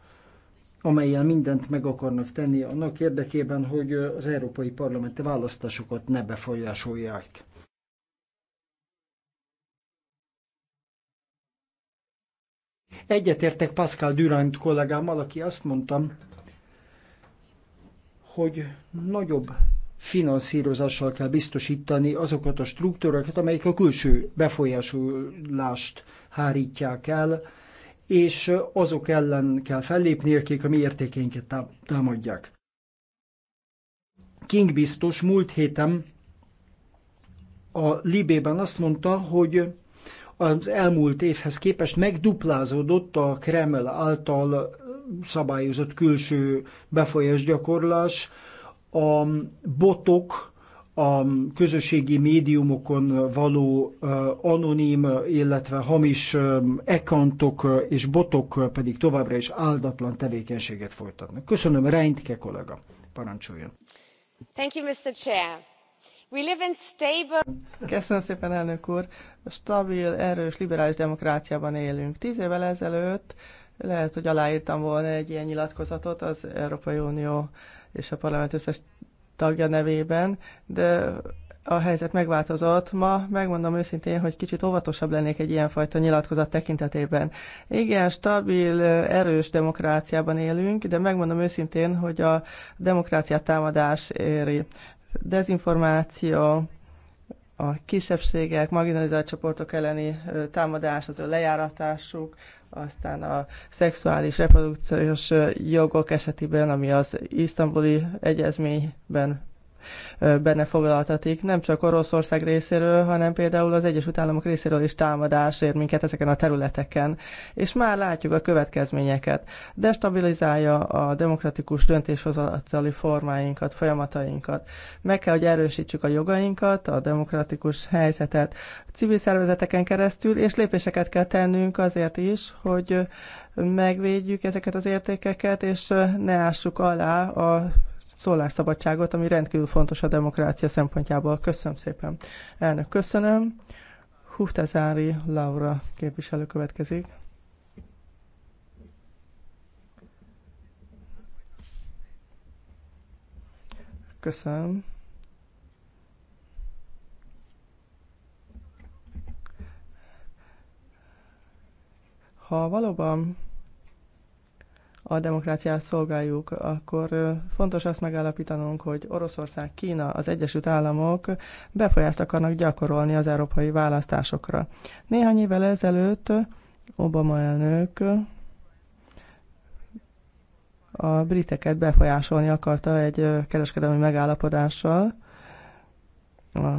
amelyel mindent meg akarnak tenni annak érdekében, hogy az Európai Parlamenti választásokat ne befolyásolják. Egyetértek Pascal Durant kollégámmal, aki azt mondtam, hogy nagyobb finanszírozással kell biztosítani azokat a struktúrákat, amelyek a külső befolyásolást hárítják el, és azok ellen kell fellépni, akik a mi értékeinket támadják. King biztos múlt héten a Libében azt mondta, hogy az elmúlt évhez képest megduplázódott a Kreml által szabályozott külső befolyás gyakorlás, a botok, a közösségi médiumokon való anonim, illetve hamis ekantok és botok pedig továbbra is áldatlan tevékenységet folytatnak. Köszönöm, Reintke kollega. Parancsoljon. Thank you, Mr. Chair. We live in stable... Köszönöm szépen, elnök úr. Stabil, erős, liberális demokráciában élünk. Tíz évvel ezelőtt lehet, hogy aláírtam volna egy ilyen nyilatkozatot az Európai Unió és a parlament összes tagja nevében, de a helyzet megváltozott. Ma megmondom őszintén, hogy kicsit óvatosabb lennék egy ilyenfajta nyilatkozat tekintetében. Igen, stabil, erős demokráciában élünk, de megmondom őszintén, hogy a demokráciát támadás éri dezinformáció, a kisebbségek, marginalizált csoportok elleni támadás, az ő lejáratásuk, aztán a szexuális reprodukciós jogok esetében, ami az isztambuli egyezményben benne foglaltatik. Nem csak Oroszország részéről, hanem például az Egyesült Államok részéről is támadás ér minket ezeken a területeken. És már látjuk a következményeket. Destabilizálja a demokratikus döntéshozatali formáinkat, folyamatainkat. Meg kell, hogy erősítsük a jogainkat, a demokratikus helyzetet civil szervezeteken keresztül, és lépéseket kell tennünk azért is, hogy megvédjük ezeket az értékeket, és ne ássuk alá a szólásszabadságot, ami rendkívül fontos a demokrácia szempontjából. Köszönöm szépen. Elnök, köszönöm. Huftezári Laura képviselő következik. Köszönöm. Ha valóban a demokráciát szolgáljuk, akkor fontos azt megállapítanunk, hogy Oroszország, Kína, az Egyesült Államok befolyást akarnak gyakorolni az európai választásokra. Néhány évvel ezelőtt Obama elnök a briteket befolyásolni akarta egy kereskedelmi megállapodással. A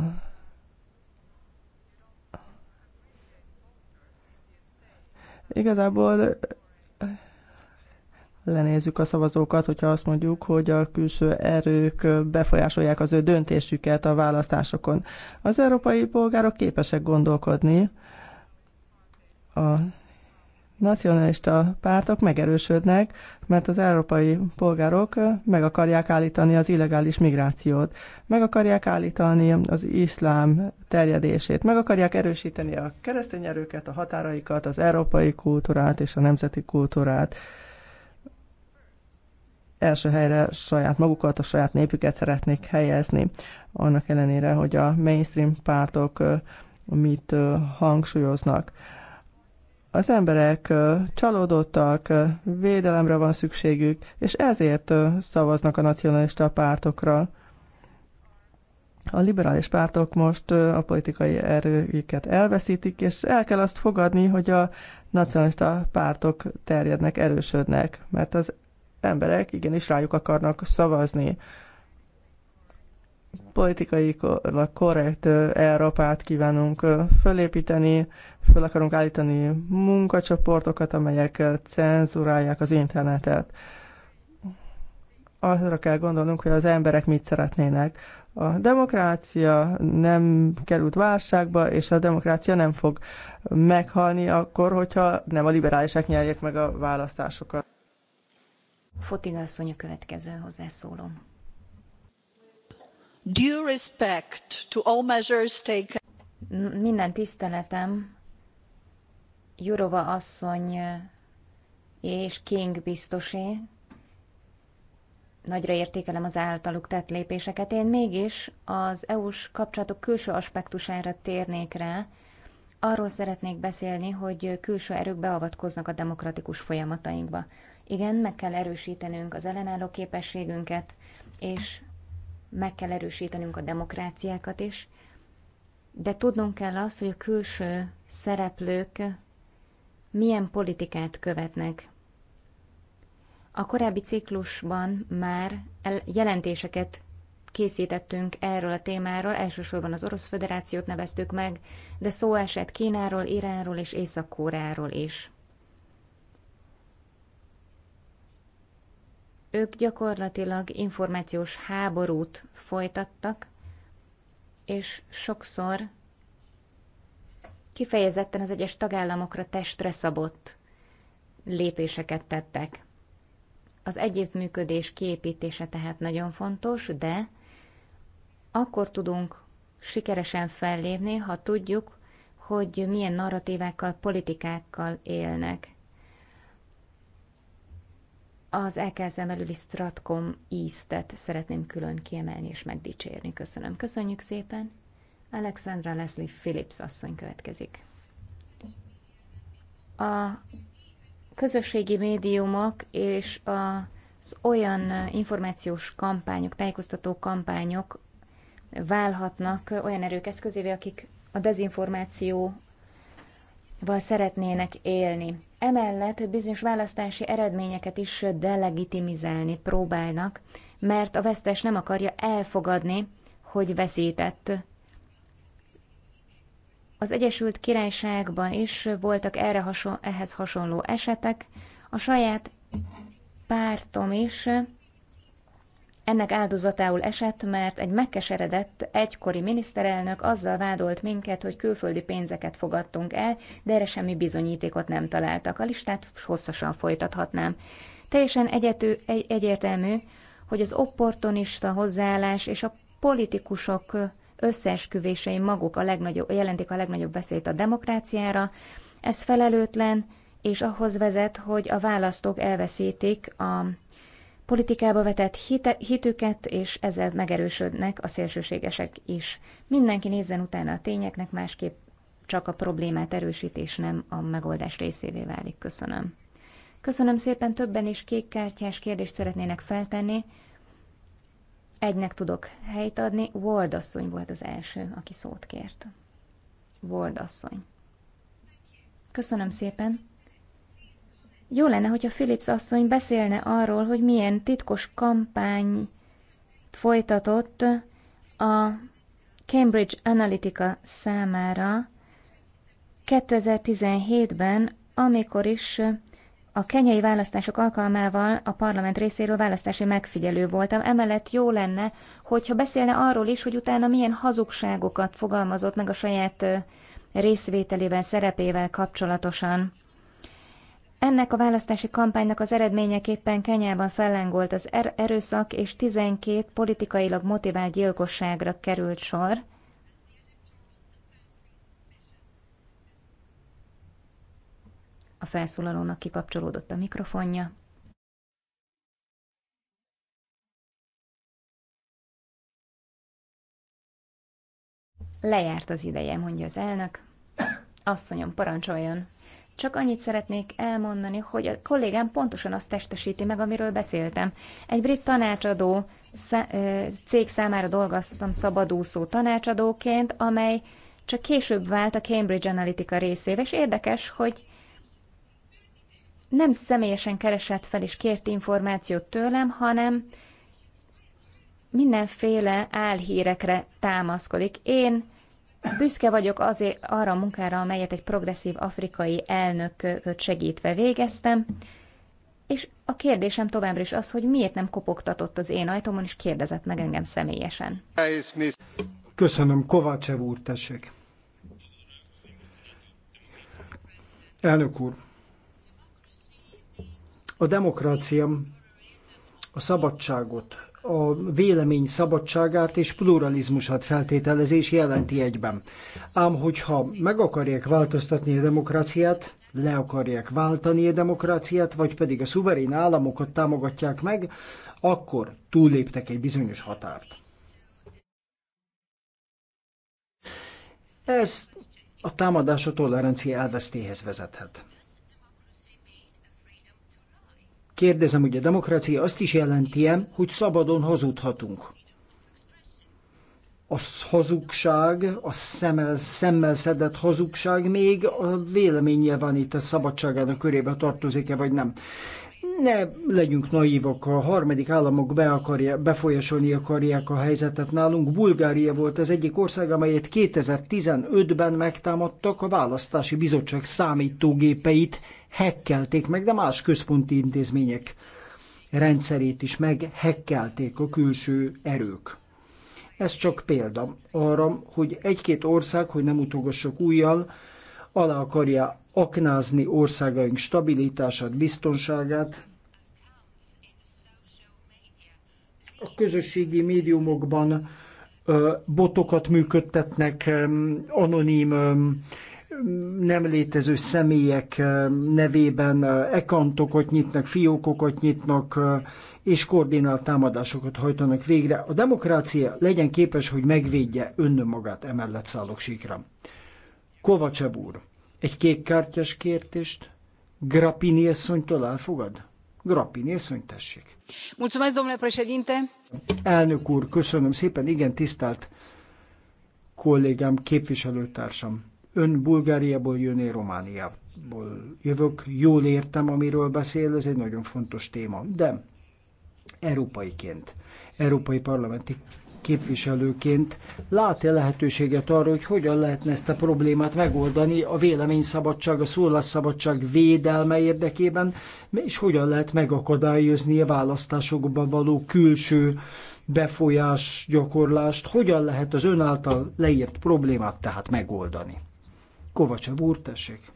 Igazából lenézzük a szavazókat, hogyha azt mondjuk, hogy a külső erők befolyásolják az ő döntésüket a választásokon. Az európai polgárok képesek gondolkodni. A nacionalista pártok megerősödnek, mert az európai polgárok meg akarják állítani az illegális migrációt, meg akarják állítani az iszlám terjedését, meg akarják erősíteni a keresztény erőket, a határaikat, az európai kultúrát és a nemzeti kultúrát első helyre saját magukat, a saját népüket szeretnék helyezni. Annak ellenére, hogy a mainstream pártok mit hangsúlyoznak. Az emberek csalódottak, védelemre van szükségük, és ezért szavaznak a nacionalista pártokra. A liberális pártok most a politikai erőiket elveszítik, és el kell azt fogadni, hogy a nacionalista pártok terjednek, erősödnek, mert az emberek igenis rájuk akarnak szavazni. Politikai korrekt Európát kívánunk fölépíteni, föl akarunk állítani munkacsoportokat, amelyek cenzurálják az internetet. Arra kell gondolnunk, hogy az emberek mit szeretnének. A demokrácia nem került válságba, és a demokrácia nem fog meghalni akkor, hogyha nem a liberálisek nyerjék meg a választásokat. Fotiga asszony a következő hozzászóló. Due respect to all measures taken. Minden tiszteletem Jurova asszony és King biztosé. Nagyra értékelem az általuk tett lépéseket. Én mégis az EU-s kapcsolatok külső aspektusára térnék rá, arról szeretnék beszélni, hogy külső erők beavatkoznak a demokratikus folyamatainkba. Igen, meg kell erősítenünk az ellenálló képességünket, és meg kell erősítenünk a demokráciákat is, de tudnunk kell azt, hogy a külső szereplők milyen politikát követnek. A korábbi ciklusban már jelentéseket készítettünk erről a témáról, elsősorban az Orosz Föderációt neveztük meg, de szó esett Kínáról, Iránról és Észak-Kóráról is. Ők gyakorlatilag információs háborút folytattak, és sokszor kifejezetten az egyes tagállamokra testre szabott lépéseket tettek. Az együttműködés kiépítése tehát nagyon fontos, de akkor tudunk sikeresen fellépni, ha tudjuk, hogy milyen narratívákkal, politikákkal élnek az EKZ előli Stratcom íztet szeretném külön kiemelni és megdicsérni. Köszönöm. Köszönjük szépen. Alexandra Leslie Phillips asszony következik. A közösségi médiumok és az olyan információs kampányok, tájékoztató kampányok válhatnak olyan erők eszközévé, akik a dezinformációval szeretnének élni. Emellett bizonyos választási eredményeket is delegitimizálni próbálnak, mert a vesztes nem akarja elfogadni, hogy veszített. Az Egyesült Királyságban is voltak erre hason, ehhez hasonló esetek. A saját pártom is ennek áldozatául esett, mert egy megkeseredett egykori miniszterelnök azzal vádolt minket, hogy külföldi pénzeket fogadtunk el, de erre semmi bizonyítékot nem találtak. A listát hosszasan folytathatnám. Teljesen egyető, egy, egyértelmű, hogy az opportunista hozzáállás és a politikusok összeesküvései maguk a legnagyobb, jelentik a legnagyobb veszélyt a demokráciára. Ez felelőtlen, és ahhoz vezet, hogy a választók elveszítik a politikába vetett hite, hitüket, és ezzel megerősödnek a szélsőségesek is. Mindenki nézzen utána a tényeknek, másképp csak a problémát erősítés nem a megoldás részévé válik. Köszönöm. Köszönöm szépen, többen is kékkártyás kérdést szeretnének feltenni. Egynek tudok helyt adni. Ward asszony volt az első, aki szót kért. Ward asszony. Köszönöm szépen. Jó lenne, hogyha Philips asszony beszélne arról, hogy milyen titkos kampány folytatott a Cambridge Analytica számára 2017-ben, amikor is a kenyai választások alkalmával a parlament részéről választási megfigyelő voltam, emellett jó lenne, hogyha beszélne arról is, hogy utána milyen hazugságokat fogalmazott meg a saját részvételével, szerepével kapcsolatosan. Ennek a választási kampánynak az eredményeképpen Kenyában fellengolt az er- erőszak, és 12 politikailag motivált gyilkosságra került sor. A felszólalónak kikapcsolódott a mikrofonja. Lejárt az ideje, mondja az elnök. Asszonyom, parancsoljon! Csak annyit szeretnék elmondani, hogy a kollégám pontosan azt testesíti meg, amiről beszéltem. Egy brit tanácsadó szá cég számára dolgoztam szabadúszó tanácsadóként, amely csak később vált a Cambridge Analytica részévé, és érdekes, hogy nem személyesen keresett fel és kért információt tőlem, hanem mindenféle álhírekre támaszkodik. Én Büszke vagyok azért arra a munkára, amelyet egy progresszív afrikai elnököt segítve végeztem, és a kérdésem továbbra is az, hogy miért nem kopogtatott az én ajtómon, és kérdezett meg engem személyesen. Köszönöm, Kovácsev úr, tessék. Elnök úr, a demokrácia a szabadságot, a vélemény szabadságát és pluralizmusát feltételezés jelenti egyben. Ám hogyha meg akarják változtatni a demokráciát, le akarják váltani a demokráciát, vagy pedig a szuverén államokat támogatják meg, akkor túlléptek egy bizonyos határt. Ez a támadás a tolerancia elvesztéhez vezethet. Kérdezem, hogy a demokrácia azt is jelenti -e, hogy szabadon hazudhatunk. A hazugság, a szemmel, szemmel szedett hazugság még a véleménye van itt a szabadságának körébe tartozik-e, vagy nem ne legyünk naívak, a harmadik államok be akarja, befolyásolni akarják a helyzetet nálunk. Bulgária volt az egyik ország, amelyet 2015-ben megtámadtak a választási bizottság számítógépeit hekkelték meg, de más központi intézmények rendszerét is meghekkelték a külső erők. Ez csak példa arra, hogy egy-két ország, hogy nem utogassak újjal, alá akarja aknázni országaink stabilitását, biztonságát. A közösségi médiumokban botokat működtetnek, anonim nem létező személyek nevében ekantokot nyitnak, fiókokat nyitnak, és koordinált támadásokat hajtanak végre. A demokrácia legyen képes, hogy megvédje önmagát, emellett szállok síkra. Kovacseb úr, egy kártyás kértést Grappini asszonytól elfogad? Grappini asszony, tessék. Mulțumesc, domnule președinte. Elnök úr, köszönöm szépen, igen, tisztelt kollégám, képviselőtársam Ön Bulgáriából jön, én Romániából jövök. Jól értem, amiről beszél, ez egy nagyon fontos téma. De európaiként, európai parlamenti képviselőként lát-e lehetőséget arra, hogy hogyan lehetne ezt a problémát megoldani a véleményszabadság, a szólásszabadság védelme érdekében, és hogyan lehet megakadályozni a választásokban való külső befolyás gyakorlást, hogyan lehet az ön által leírt problémát tehát megoldani. Kovacsev úr, tessék!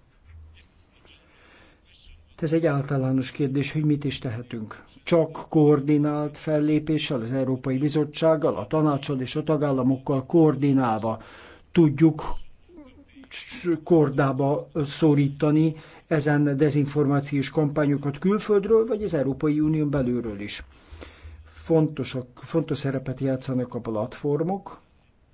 Ez egy általános kérdés, hogy mit is tehetünk. Csak koordinált fellépéssel, az Európai Bizottsággal, a tanácsal és a tagállamokkal koordinálva tudjuk kordába szorítani ezen dezinformációs kampányokat külföldről, vagy az Európai Unión belülről is. Fontosak, fontos szerepet játszanak a platformok,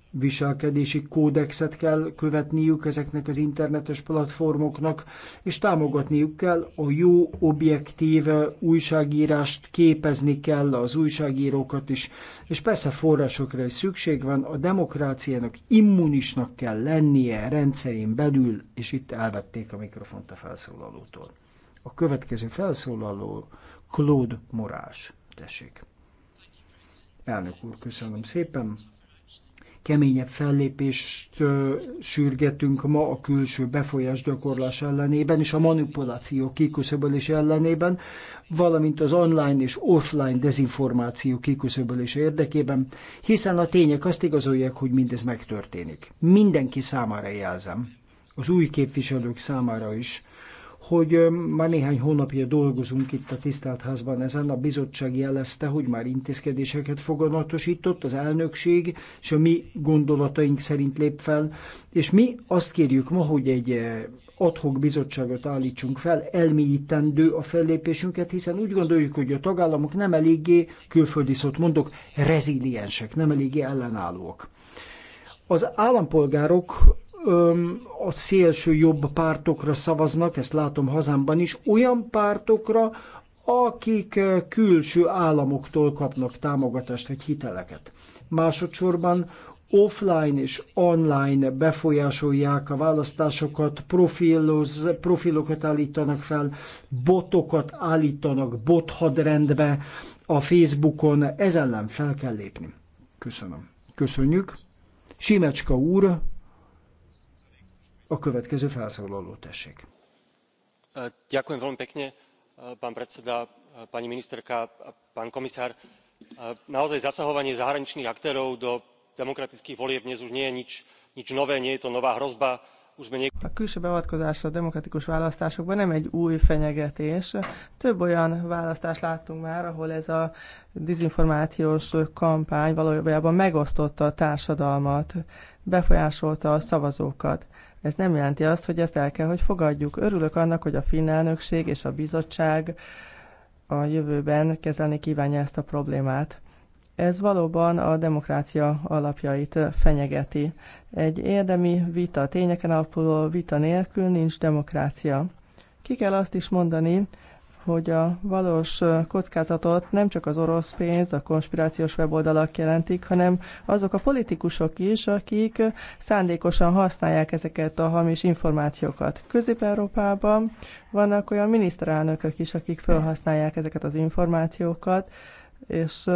viselkedési kódexet kell követniük ezeknek az internetes platformoknak, és támogatniuk kell a jó, objektív újságírást, képezni kell az újságírókat is, és persze forrásokra is szükség van, a demokráciának immunisnak kell lennie rendszerén belül, és itt elvették a mikrofont a felszólalótól. A következő felszólaló Claude Morás. Tessék. Elnök úr, köszönöm szépen keményebb fellépést sürgetünk ma a külső befolyás gyakorlás ellenében és a manipuláció kiküszöbölés ellenében, valamint az online és offline dezinformáció kiküszöbölése érdekében, hiszen a tények azt igazolják, hogy mindez megtörténik. Mindenki számára jelzem, az új képviselők számára is, hogy már néhány hónapja dolgozunk itt a tisztelt házban ezen. A bizottság jelezte, hogy már intézkedéseket foganatosított, az elnökség és a mi gondolataink szerint lép fel, és mi azt kérjük ma, hogy egy adhok bizottságot állítsunk fel, elmélyítendő a fellépésünket, hiszen úgy gondoljuk, hogy a tagállamok nem eléggé, külföldi szót mondok, reziliensek, nem eléggé ellenállóak. Az állampolgárok a szélső jobb pártokra szavaznak, ezt látom hazámban is, olyan pártokra, akik külső államoktól kapnak támogatást vagy hiteleket. Másodszorban offline és online befolyásolják a választásokat, profiloz, profilokat állítanak fel, botokat állítanak bothadrendbe a Facebookon, ez ellen fel kell lépni. Köszönöm. Köszönjük. Simecska úr, a következő felszólaló tessék. Ďakujem veľmi pekne, pán predseda, pani ministerka, pán komisár. Naozaj zasahovanie zahraničných aktérov do demokratických volieb dnes už nie je nič, nič nové, nie je to nová hrozba. Už sme nie... A külső beavatkozás a demokratikus választásokban nem egy új fenyegetés. Több olyan választást láttunk már, ahol ez a dizinformációs kampány valójában megosztotta a társadalmat, befolyásolta a szavazókat ez nem jelenti azt, hogy ezt el kell, hogy fogadjuk. Örülök annak, hogy a finn elnökség és a bizottság a jövőben kezelni kívánja ezt a problémát. Ez valóban a demokrácia alapjait fenyegeti. Egy érdemi vita, tényeken alapuló vita nélkül nincs demokrácia. Ki kell azt is mondani, hogy a valós kockázatot nem csak az orosz pénz, a konspirációs weboldalak jelentik, hanem azok a politikusok is, akik szándékosan használják ezeket a hamis információkat. Közép-Európában vannak olyan miniszterelnökök is, akik felhasználják ezeket az információkat, és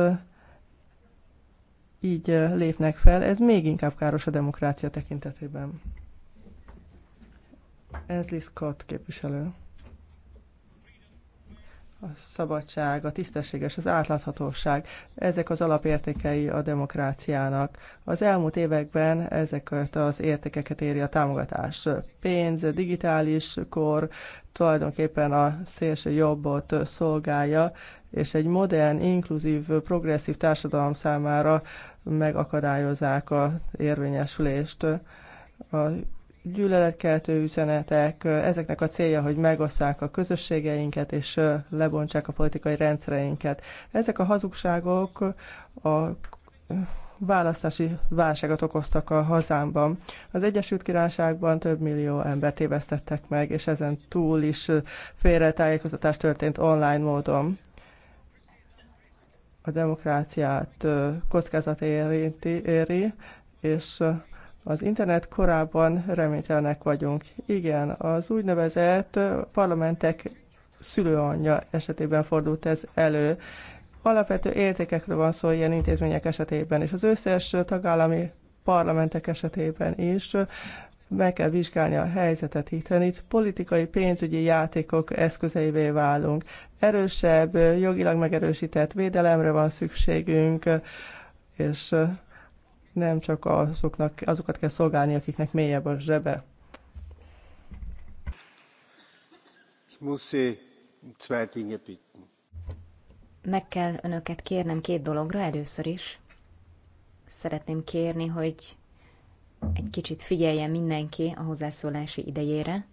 így lépnek fel. Ez még inkább káros a demokrácia tekintetében. Ez Liz Scott képviselő a szabadság, a tisztességes, az átláthatóság, ezek az alapértékei a demokráciának. Az elmúlt években ezeket az értékeket éri a támogatás. Pénz, digitális kor tulajdonképpen a szélső jobbot szolgálja, és egy modern, inkluzív, progresszív társadalom számára megakadályozzák a érvényesülést. A gyűlöletkeltő üzenetek, ezeknek a célja, hogy megosszák a közösségeinket és lebontsák a politikai rendszereinket. Ezek a hazugságok a választási válságot okoztak a hazámban. Az Egyesült Királyságban több millió ember tévesztettek meg, és ezen túl is félretájékoztatás történt online módon. A demokráciát kockázat érinti, éri, és az internet korában reménytelenek vagyunk. Igen, az úgynevezett parlamentek szülőanyja esetében fordult ez elő. Alapvető értékekről van szó ilyen intézmények esetében, és az összes tagállami parlamentek esetében is meg kell vizsgálni a helyzetet, hiszen itt politikai, pénzügyi játékok eszközeivé válunk. Erősebb, jogilag megerősített védelemre van szükségünk, és nem csak azoknak, azokat kell szolgálni, akiknek mélyebb a zsebe. Um Meg kell önöket kérnem két dologra először is. Szeretném kérni, hogy egy kicsit figyeljen mindenki a hozzászólási idejére.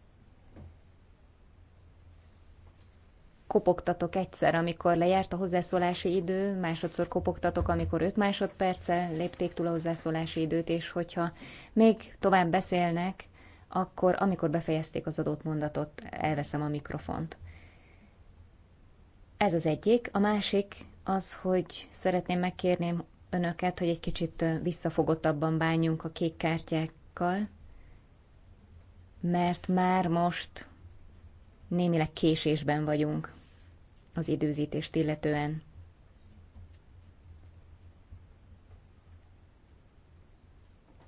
kopogtatok egyszer, amikor lejárt a hozzászólási idő, másodszor kopogtatok, amikor 5 másodperccel lépték túl a hozzászólási időt, és hogyha még tovább beszélnek, akkor amikor befejezték az adott mondatot, elveszem a mikrofont. Ez az egyik. A másik az, hogy szeretném megkérném önöket, hogy egy kicsit visszafogottabban bánjunk a kék kártyákkal, mert már most némileg késésben vagyunk az időzítést illetően.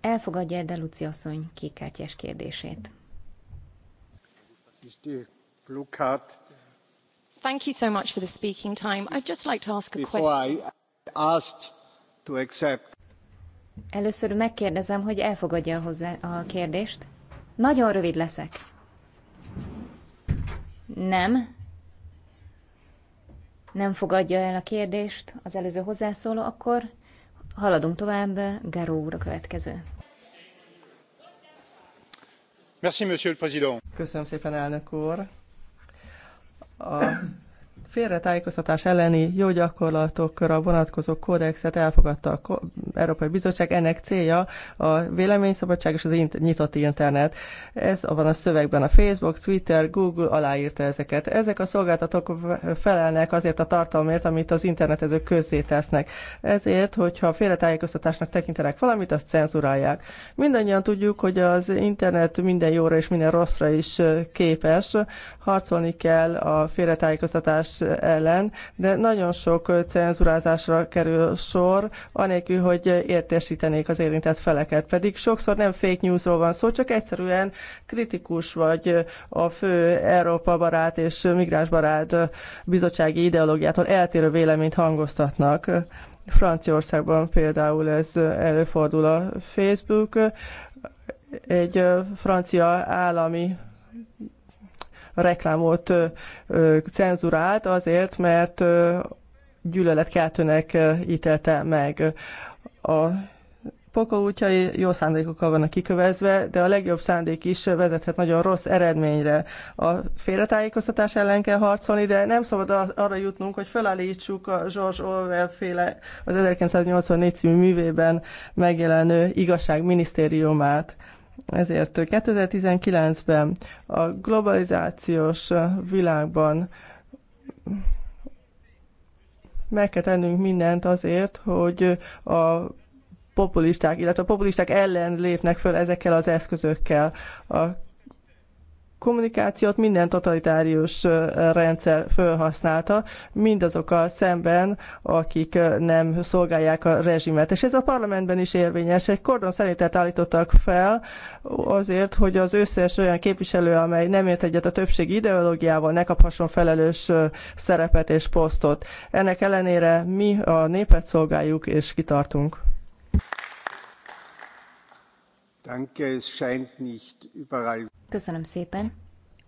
Elfogadja Edda Luci asszony kékkártyás kérdését. Thank you so much for the speaking time. I'd just like to ask a question. Először megkérdezem, hogy elfogadja hozzá a kérdést. Nagyon rövid leszek. Nem nem fogadja el a kérdést az előző hozzászóló, akkor haladunk tovább, Garó úr a következő. Merci, monsieur le président. Köszönöm szépen, elnök úr. A félretájékoztatás elleni jó gyakorlatokra vonatkozó kódexet elfogadta a Európai Bizottság. Ennek célja a véleményszabadság és az in- nyitott internet. Ez van a szövegben a Facebook, Twitter, Google aláírta ezeket. Ezek a szolgáltatók felelnek azért a tartalmért, amit az internetezők közzé tesznek. Ezért, hogyha félretájékoztatásnak tekintenek valamit, azt cenzurálják. Mindannyian tudjuk, hogy az internet minden jóra és minden rosszra is képes. Harcolni kell a félretájékoztatás ellen, de nagyon sok cenzúrázásra kerül sor, anélkül, hogy értesítenék az érintett feleket. Pedig sokszor nem fake newsról van szó, csak egyszerűen kritikus vagy a fő Európa barát és migránsbarát bizottsági ideológiától eltérő véleményt hangoztatnak. Franciaországban például ez előfordul a Facebook, egy francia állami reklámot cenzurált azért, mert gyűlöletkeltőnek ítélte meg. A pokol útjai jó szándékokkal vannak kikövezve, de a legjobb szándék is vezethet nagyon rossz eredményre. A félretájékoztatás ellen kell harcolni, de nem szabad arra jutnunk, hogy felállítsuk a George Orwell féle az 1984 című művében megjelenő igazságminisztériumát. Ezért 2019-ben a globalizációs világban meg kell tennünk mindent azért, hogy a populisták, illetve a populisták ellen lépnek föl ezekkel az eszközökkel. A kommunikációt minden totalitárius rendszer felhasználta, mindazokkal szemben, akik nem szolgálják a rezsimet. És ez a parlamentben is érvényes. Egy kordon szerintet állítottak fel azért, hogy az összes olyan képviselő, amely nem ért egyet a többségi ideológiával, ne kaphasson felelős szerepet és posztot. Ennek ellenére mi a népet szolgáljuk és kitartunk. Köszönöm szépen.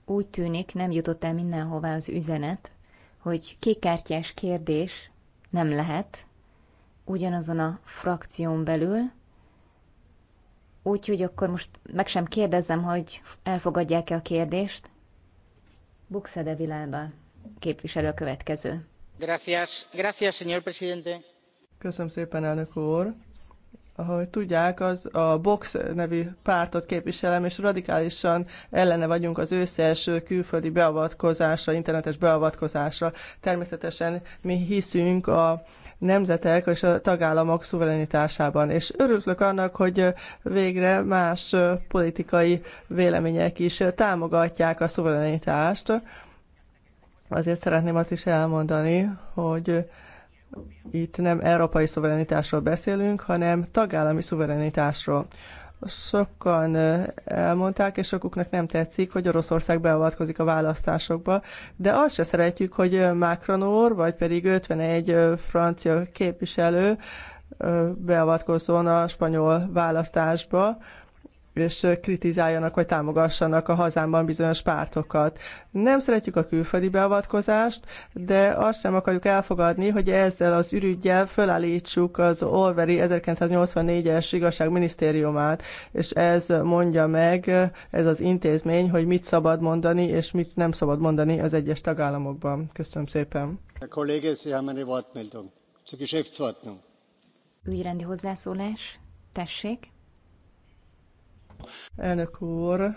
Úgy tűnik, nem jutott el mindenhová az üzenet, hogy kékkártyás kérdés nem lehet ugyanazon a frakción belül, úgyhogy akkor most meg sem kérdezem, hogy elfogadják-e a kérdést. Buxede Vilába képviselő a következő. Gracias, gracias, señor presidente. Köszönöm szépen, elnök úr ahogy tudják, az a Box nevű pártot képviselem, és radikálisan ellene vagyunk az összes külföldi beavatkozásra, internetes beavatkozásra. Természetesen mi hiszünk a nemzetek és a tagállamok szuverenitásában. És örülök annak, hogy végre más politikai vélemények is támogatják a szuverenitást. Azért szeretném azt is elmondani, hogy itt nem európai szuverenitásról beszélünk, hanem tagállami szuverenitásról. Sokan elmondták, és sokuknak nem tetszik, hogy Oroszország beavatkozik a választásokba, de azt se szeretjük, hogy Macron úr, vagy pedig 51 francia képviselő beavatkozzon a spanyol választásba, és kritizáljanak vagy támogassanak a hazámban bizonyos pártokat. Nem szeretjük a külföldi beavatkozást, de azt sem akarjuk elfogadni, hogy ezzel az ürügyel fölállítsuk az Olveri 1984-es igazságminisztériumát, és ez mondja meg, ez az intézmény, hogy mit szabad mondani, és mit nem szabad mondani az egyes tagállamokban. Köszönöm szépen. A kollége, Sie haben eine Wortmeldung. Zur Geschäftsordnung. Ügyrendi hozzászólás. Tessék. Elnök úr,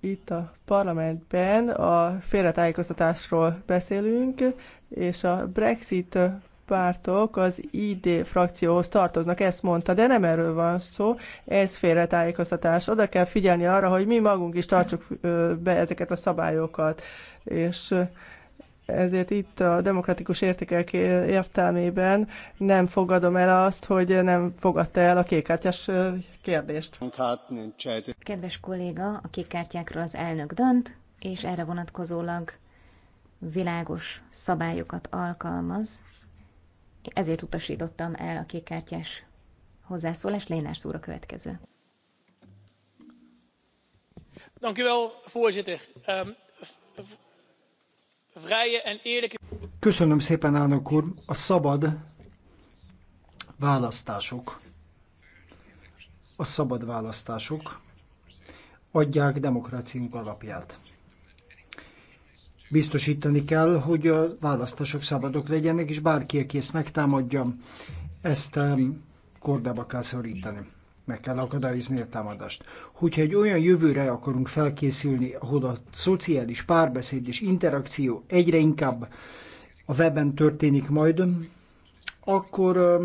itt a parlamentben a félretájékoztatásról beszélünk, és a Brexit pártok az ID frakcióhoz tartoznak, ezt mondta, de nem erről van szó, ez félretájékoztatás. Oda kell figyelni arra, hogy mi magunk is tartsuk be ezeket a szabályokat, és ezért itt a demokratikus értékek értelmében nem fogadom el azt, hogy nem fogadta el a kékártyás kérdést. Kedves kolléga, a kékártyákról az elnök dönt, és erre vonatkozólag világos szabályokat alkalmaz. Ezért utasítottam el a kékkártyás hozzászólás. Lénár szóra következő. Dank u wel, voorzitter. Um, Köszönöm szépen, elnök úr. A szabad választások, a szabad választások adják demokráciunk alapját. Biztosítani kell, hogy a választások szabadok legyenek, és bárki, aki ezt megtámadja, ezt kordába kell szorítani meg kell akadályozni a támadást. Hogyha egy olyan jövőre akarunk felkészülni, ahol a szociális párbeszéd és interakció egyre inkább a weben történik majd, akkor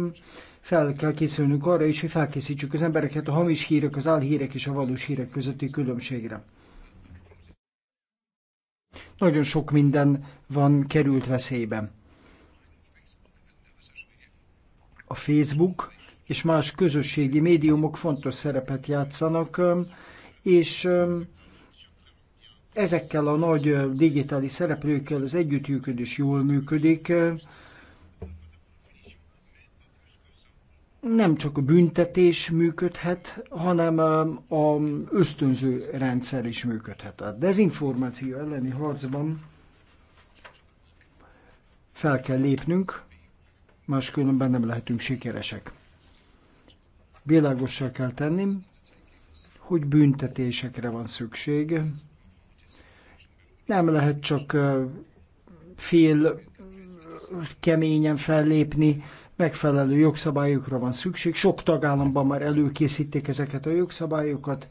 fel kell készülnünk arra is, hogy felkészítsük az embereket a hamis hírek, az álhírek és a valós hírek közötti különbségre. Nagyon sok minden van került veszélybe. A Facebook és más közösségi médiumok fontos szerepet játszanak, és ezekkel a nagy digitális szereplőkkel az együttműködés jól működik. Nem csak a büntetés működhet, hanem a ösztönző rendszer is működhet. A dezinformáció elleni harcban fel kell lépnünk, máskülönben nem lehetünk sikeresek. Világossá kell tenni, hogy büntetésekre van szükség. Nem lehet csak fél keményen fellépni, megfelelő jogszabályokra van szükség. Sok tagállamban már előkészítik ezeket a jogszabályokat,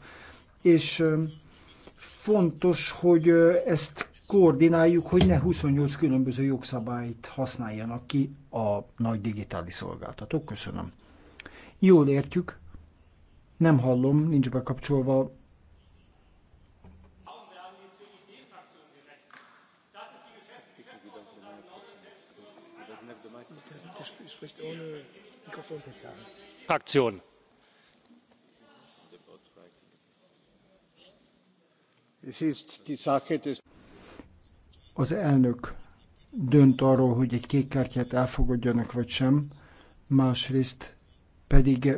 és fontos, hogy ezt koordináljuk, hogy ne 28 különböző jogszabályt használjanak ki a nagy digitális szolgáltatók. Köszönöm. Jól értjük. Nem hallom, nincs bekapcsolva. Fraktion. Az elnök dönt arról, hogy egy kék kártyát elfogadjanak vagy sem. Másrészt pedig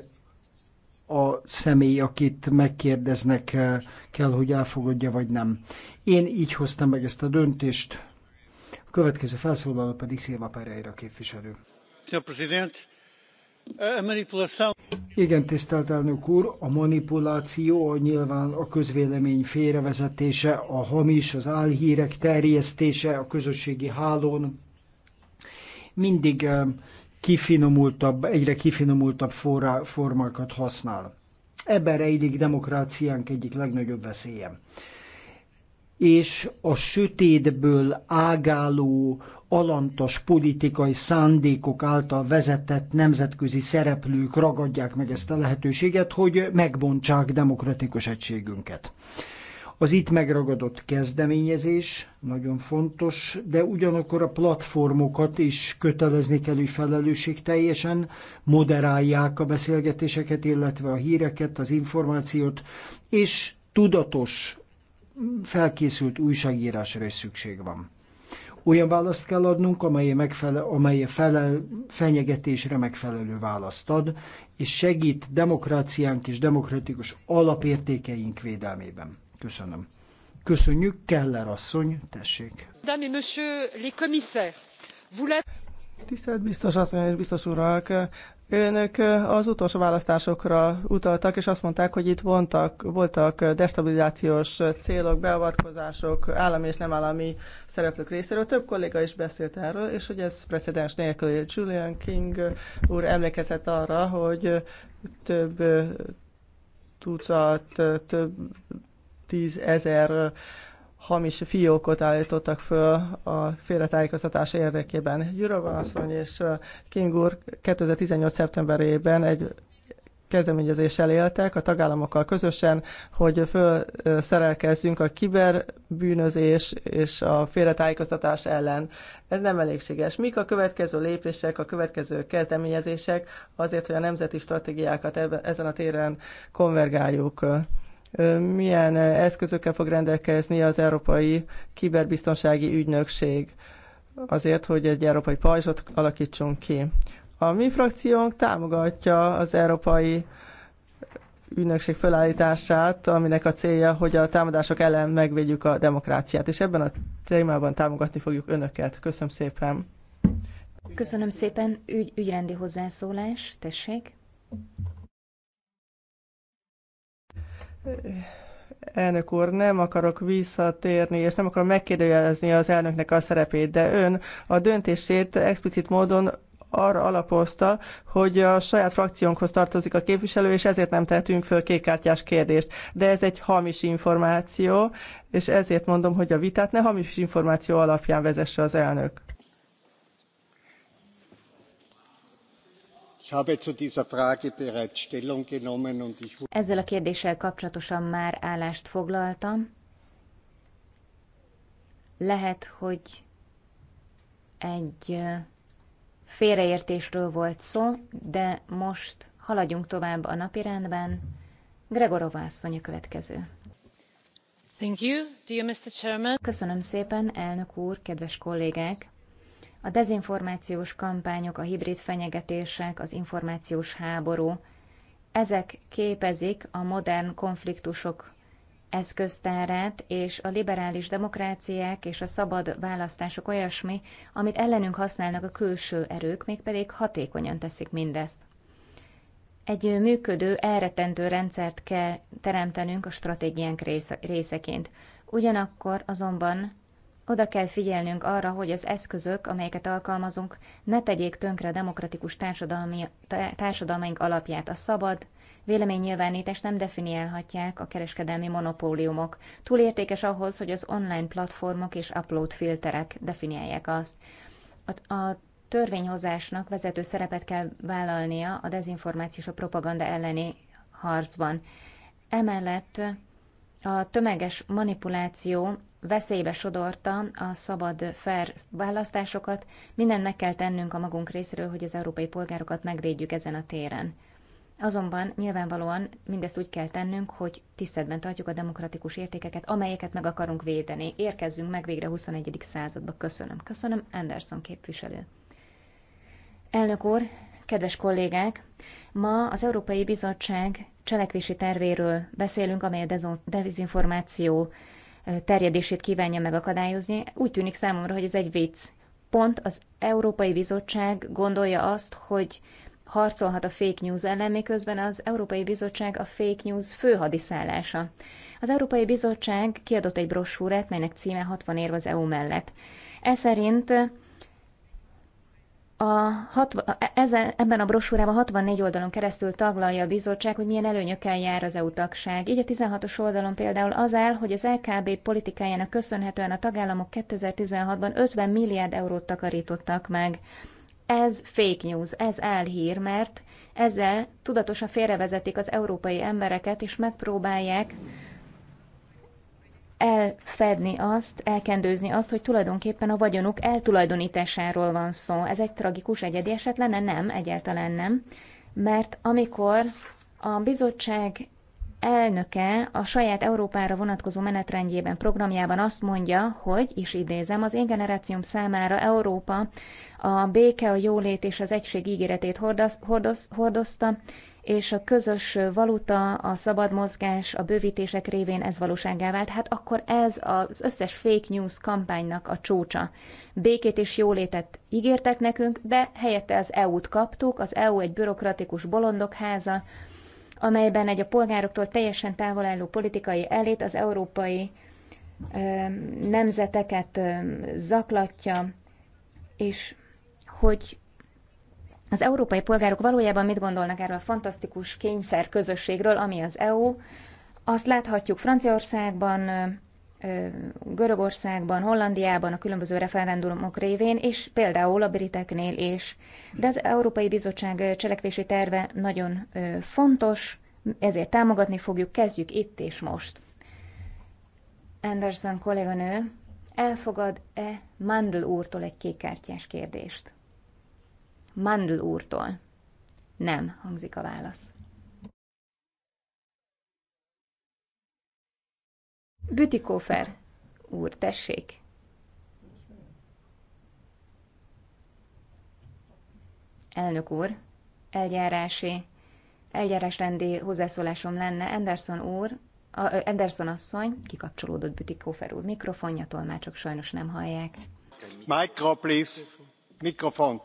a személy, akit megkérdeznek, eh, kell, hogy elfogadja vagy nem. Én így hoztam meg ezt a döntést, a következő felszólaló pedig Szilva Pereira képviselő. Igen, tisztelt elnök úr, a manipuláció a nyilván a közvélemény félrevezetése, a hamis, az álhírek terjesztése a közösségi hálón mindig eh, kifinomultabb, egyre kifinomultabb forra, formákat használ. Ebben rejlik demokráciánk egyik legnagyobb veszélye. És a sötétből ágáló, alantas politikai szándékok által vezetett nemzetközi szereplők ragadják meg ezt a lehetőséget, hogy megbontsák demokratikus egységünket. Az itt megragadott kezdeményezés nagyon fontos, de ugyanakkor a platformokat is kötelezni kell, hogy felelősség teljesen moderálják a beszélgetéseket, illetve a híreket, az információt, és tudatos, felkészült újságírásra is szükség van. Olyan választ kell adnunk, amely, megfele, amely felel, fenyegetésre megfelelő választ ad, és segít demokráciánk és demokratikus alapértékeink védelmében. Köszönöm. Köszönjük, Keller asszony, tessék. Dame et monsieur les commissaires, vous Tisztelt biztos asszony és biztos urak, Önök eh, az utolsó választásokra utaltak, és azt mondták, hogy itt vontak, voltak eh, destabilizációs célok, beavatkozások, állami és nem állami szereplők részéről. Több kolléga is beszélt erről, és hogy ez precedens nélkül. Julian King úr emlékezett arra, hogy több eh, tucat, több tízezer hamis fiókot állítottak föl a félretájékoztatás érdekében. Jurova asszony és King úr 2018. szeptemberében egy kezdeményezéssel éltek a tagállamokkal közösen, hogy felszerelkezzünk a kiberbűnözés és a félretájékoztatás ellen. Ez nem elégséges. Mik a következő lépések, a következő kezdeményezések azért, hogy a nemzeti stratégiákat ezen a téren konvergáljuk? milyen eszközökkel fog rendelkezni az Európai Kiberbiztonsági Ügynökség azért, hogy egy európai pajzsot alakítsunk ki. A mi frakciónk támogatja az Európai Ügynökség felállítását, aminek a célja, hogy a támadások ellen megvédjük a demokráciát, és ebben a témában támogatni fogjuk önöket. Köszönöm szépen! Köszönöm szépen. Ügy, ügyrendi hozzászólás, tessék. Elnök úr, nem akarok visszatérni, és nem akarom megkérdőjelezni az elnöknek a szerepét, de ön a döntését explicit módon arra alapozta, hogy a saját frakciónkhoz tartozik a képviselő, és ezért nem tehetünk föl kékkártyás kérdést. De ez egy hamis információ, és ezért mondom, hogy a vitát ne hamis információ alapján vezesse az elnök. Ezzel a kérdéssel kapcsolatosan már állást foglaltam. Lehet, hogy egy félreértésről volt szó, de most haladjunk tovább a napirendben. Gregorová asszony a következő. Thank you, dear Mr. Chairman. Köszönöm szépen, elnök úr, kedves kollégák! A dezinformációs kampányok, a hibrid fenyegetések, az információs háború, ezek képezik a modern konfliktusok eszköztárát, és a liberális demokráciák és a szabad választások olyasmi, amit ellenünk használnak a külső erők, mégpedig hatékonyan teszik mindezt. Egy működő, elretentő rendszert kell teremtenünk a stratégiánk része, részeként. Ugyanakkor azonban oda kell figyelnünk arra, hogy az eszközök, amelyeket alkalmazunk, ne tegyék tönkre a demokratikus társadalmi, társadalmaink alapját. A szabad véleménynyilvánítást nem definiálhatják a kereskedelmi monopóliumok. Túl értékes ahhoz, hogy az online platformok és upload filterek definiálják azt. A, a törvényhozásnak vezető szerepet kell vállalnia a dezinformáció és a propaganda elleni harcban. Emellett a tömeges manipuláció veszélybe sodorta a szabad, fair választásokat. Mindent meg kell tennünk a magunk részéről, hogy az európai polgárokat megvédjük ezen a téren. Azonban nyilvánvalóan mindezt úgy kell tennünk, hogy tiszteletben tartjuk a demokratikus értékeket, amelyeket meg akarunk védeni. Érkezzünk meg végre a 21. századba. Köszönöm. Köszönöm, Anderson képviselő. Elnök úr, kedves kollégák! Ma az Európai Bizottság cselekvési tervéről beszélünk, amely a dezinformáció terjedését kívánja megakadályozni. Úgy tűnik számomra, hogy ez egy vicc. Pont az Európai Bizottság gondolja azt, hogy harcolhat a fake news ellen, miközben az Európai Bizottság a fake news főhadiszállása. Az Európai Bizottság kiadott egy brosúrát, melynek címe 60 érv az EU mellett. Ez szerint a hat e- ezen, ebben a brosúrában 64 oldalon keresztül taglalja a bizottság, hogy milyen előnyökkel jár az EU tagság. Így a 16-os oldalon például az áll, hogy az LKB politikájának köszönhetően a tagállamok 2016-ban 50 milliárd eurót takarítottak meg. Ez fake news, ez elhír, mert ezzel tudatosan félrevezetik az európai embereket, és megpróbálják elfedni azt, elkendőzni azt, hogy tulajdonképpen a vagyonuk eltulajdonításáról van szó. Ez egy tragikus egyedi eset lenne? Nem, egyáltalán nem. Mert amikor a bizottság elnöke a saját Európára vonatkozó menetrendjében, programjában azt mondja, hogy, és idézem, az én generációm számára Európa a béke, a jólét és az egység ígéretét hordoz, hordoz, hordozta, és a közös valuta, a szabad mozgás, a bővítések révén ez valóságá vált, hát akkor ez az összes fake news kampánynak a csúcsa. Békét és jólétet ígértek nekünk, de helyette az EU-t kaptuk, az EU egy bürokratikus bolondok háza, amelyben egy a polgároktól teljesen távol álló politikai elét az európai ö, nemzeteket ö, zaklatja, és hogy az európai polgárok valójában mit gondolnak erről a fantasztikus kényszer közösségről, ami az EU? Azt láthatjuk Franciaországban, Görögországban, Hollandiában a különböző referendumok révén, és például a briteknél is. De az Európai Bizottság cselekvési terve nagyon fontos, ezért támogatni fogjuk, kezdjük itt és most. Anderson kolléganő, elfogad-e Mandl úrtól egy kékkártyás kérdést? Mandl úrtól. Nem, hangzik a válasz. Bütikófer úr, tessék. Elnök úr, eljárási, eljárásrendi hozzászólásom lenne Anderson úr, a, Anderson asszony, kikapcsolódott Bütikófer úr mikrofonja, tolmácsok sajnos nem hallják. Mikro, please. Mikrofon.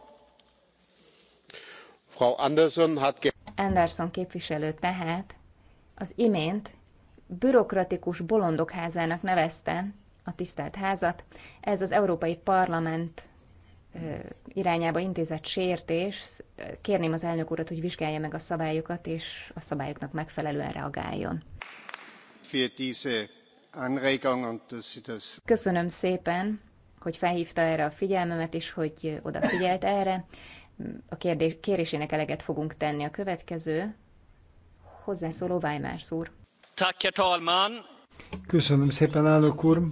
Frau Anderson hat Anderson képviselő tehát az imént bürokratikus bolondok házának nevezte a tisztelt házat. Ez az Európai Parlament irányába intézett sértés. Kérném az elnök urat, hogy vizsgálja meg a szabályokat, és a szabályoknak megfelelően reagáljon. Köszönöm szépen, hogy felhívta erre a figyelmemet, és hogy odafigyelt erre a kérdés, kérésének eleget fogunk tenni. A következő hozzászóló Weimers úr. Köszönöm szépen, állok úr.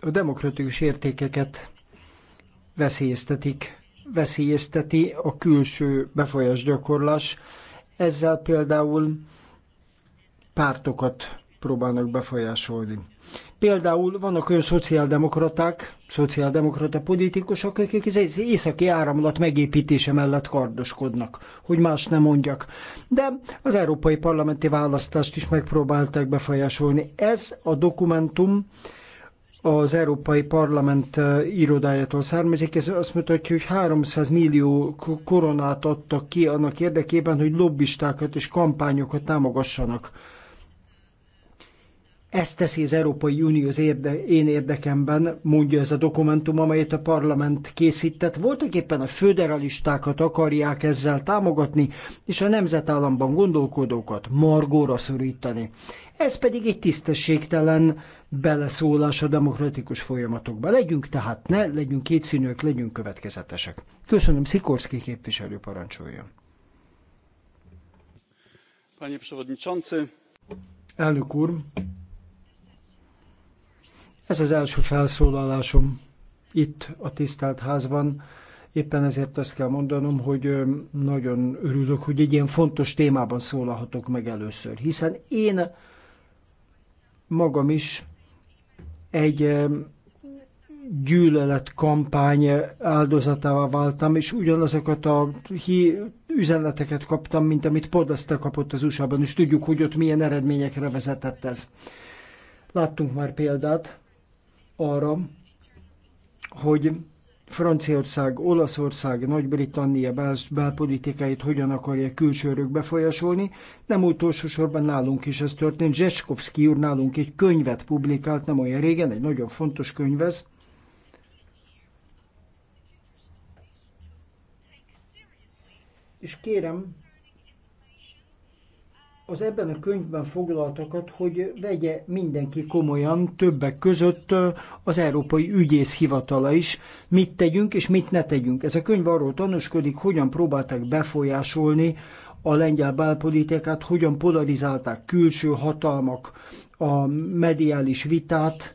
A demokratikus értékeket veszélyeztetik, veszélyezteti a külső befolyás gyakorlás. Ezzel például pártokat próbálnak befolyásolni. Például vannak olyan szociáldemokraták, szociáldemokrata politikusok, akik az északi áramlat megépítése mellett kardoskodnak, hogy más nem mondjak. De az európai parlamenti választást is megpróbálták befolyásolni. Ez a dokumentum az Európai Parlament irodájától származik, ez azt mutatja, hogy 300 millió koronát adtak ki annak érdekében, hogy lobbistákat és kampányokat támogassanak ezt teszi az Európai Unió az érde, én érdekemben, mondja ez a dokumentum, amelyet a parlament készített. Voltak éppen a föderalistákat akarják ezzel támogatni, és a nemzetállamban gondolkodókat margóra szorítani. Ez pedig egy tisztességtelen beleszólás a demokratikus folyamatokba. Legyünk tehát ne, legyünk kétszínűek, legyünk következetesek. Köszönöm, Szikorszki képviselő parancsolja. Panie Przewodniczący! Elnök úr! Ez az első felszólalásom itt a tisztelt házban. Éppen ezért azt kell mondanom, hogy nagyon örülök, hogy egy ilyen fontos témában szólalhatok meg először, hiszen én magam is egy gyűlöletkampány áldozatává váltam, és ugyanazokat a hi üzeneteket kaptam, mint amit Podesta kapott az USA-ban, és tudjuk, hogy ott milyen eredményekre vezetett ez. Láttunk már példát, arra, hogy Franciaország, Olaszország, Nagy-Britannia bel belpolitikáit hogyan akarja külsőrök befolyásolni. Nem utolsó sorban nálunk is ez történt. Zseskovszki úr nálunk egy könyvet publikált nem olyan régen, egy nagyon fontos könyv ez. És kérem, az ebben a könyvben foglaltakat, hogy vegye mindenki komolyan, többek között az Európai Ügyész Hivatala is, mit tegyünk és mit ne tegyünk. Ez a könyv arról tanúskodik, hogyan próbálták befolyásolni a lengyel belpolitikát, hogyan polarizálták külső hatalmak a mediális vitát,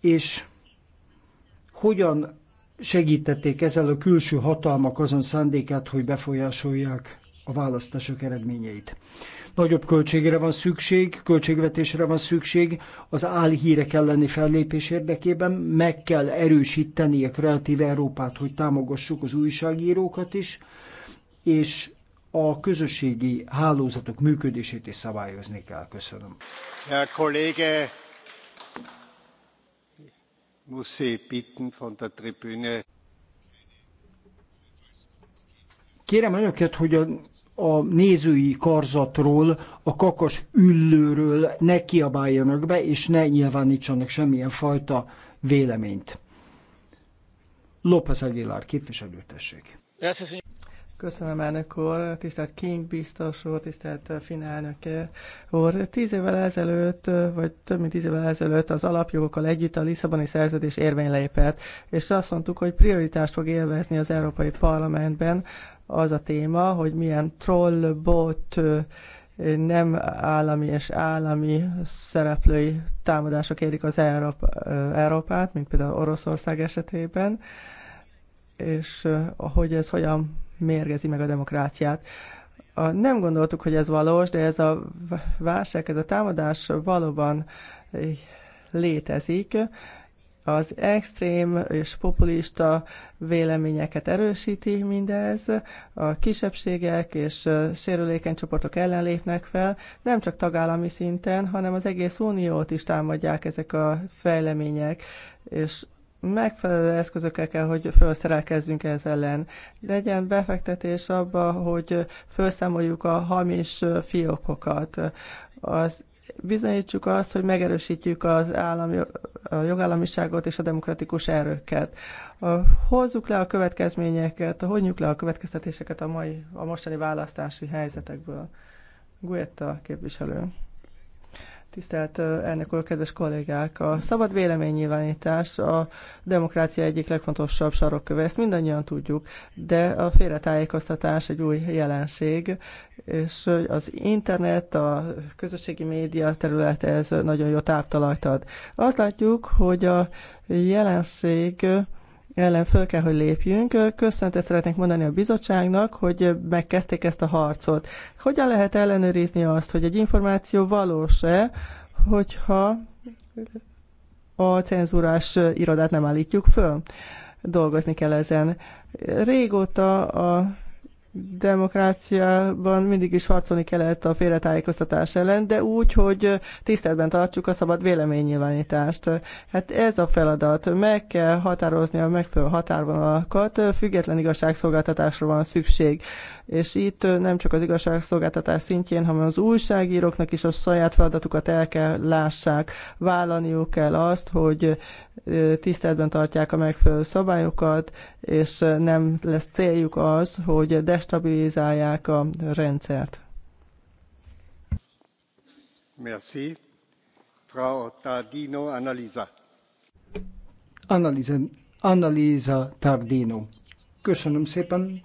és hogyan segítették ezzel a külső hatalmak azon szándékát, hogy befolyásolják a választások eredményeit. Nagyobb költségre van szükség, költségvetésre van szükség az álhírek elleni fellépés érdekében. Meg kell erősíteni a kreatív Európát, hogy támogassuk az újságírókat is, és a közösségi hálózatok működését is szabályozni kell. Köszönöm. Herr kollége Kérem önöket, hogy a a nézői karzatról, a kakas üllőről ne kiabáljanak be, és ne nyilvánítsanak semmilyen fajta véleményt. López Aguilar, képviselő, tessék. Köszönöm, elnök úr, tisztelt King biztos úr, tisztelt Finn elnöke úr. Tíz évvel ezelőtt, vagy több mint tíz évvel ezelőtt az alapjogokkal együtt a Lisszaboni szerződés érvénylépett, és azt mondtuk, hogy prioritást fog élvezni az Európai Parlamentben az a téma, hogy milyen troll, bot, nem állami és állami szereplői támadások érik az Európa, Európát, mint például Oroszország esetében, és hogy ez hogyan mérgezi meg a demokráciát. Nem gondoltuk, hogy ez valós, de ez a válság, ez a támadás valóban létezik, az extrém és populista véleményeket erősíti mindez, a kisebbségek és sérülékeny csoportok ellen lépnek fel, nem csak tagállami szinten, hanem az egész uniót is támadják ezek a fejlemények, és megfelelő eszközökkel kell, hogy felszerelkezzünk ez ellen. Legyen befektetés abba, hogy felszámoljuk a hamis fiókokat. Az bizonyítsuk azt, hogy megerősítjük az állami, a jogállamiságot és a demokratikus erőket. Hozzuk le a következményeket, honjuk le a következtetéseket a, mai, a mostani választási helyzetekből. Guetta képviselő. Tisztelt elnök úr, kedves kollégák! A szabad véleménynyilvánítás a demokrácia egyik legfontosabb sarokköve, ezt mindannyian tudjuk, de a félretájékoztatás egy új jelenség, és az internet, a közösségi média területe ez nagyon jó táptalajt ad. Azt látjuk, hogy a jelenség ellen föl kell, hogy lépjünk. Köszöntet szeretnék mondani a bizottságnak, hogy megkezdték ezt a harcot. Hogyan lehet ellenőrizni azt, hogy egy információ valós-e, hogyha a cenzúrás irodát nem állítjuk föl? Dolgozni kell ezen. Régóta a demokráciában mindig is harcolni kellett a félretájékoztatás ellen, de úgy, hogy tiszteletben tartsuk a szabad véleménynyilvánítást. Hát ez a feladat. Meg kell határozni a megfelelő határvonalakat, független igazságszolgáltatásra van szükség. És itt nem csak az igazságszolgáltatás szintjén, hanem az újságíróknak is a saját feladatukat el kell lássák. Vállalniuk kell azt, hogy tiszteletben tartják a megfelelő szabályokat, és nem lesz céljuk az, hogy destabilizálják a rendszert. Merci. Frau Tardino Analiza. Analiza, Analiza Tardino. Köszönöm szépen,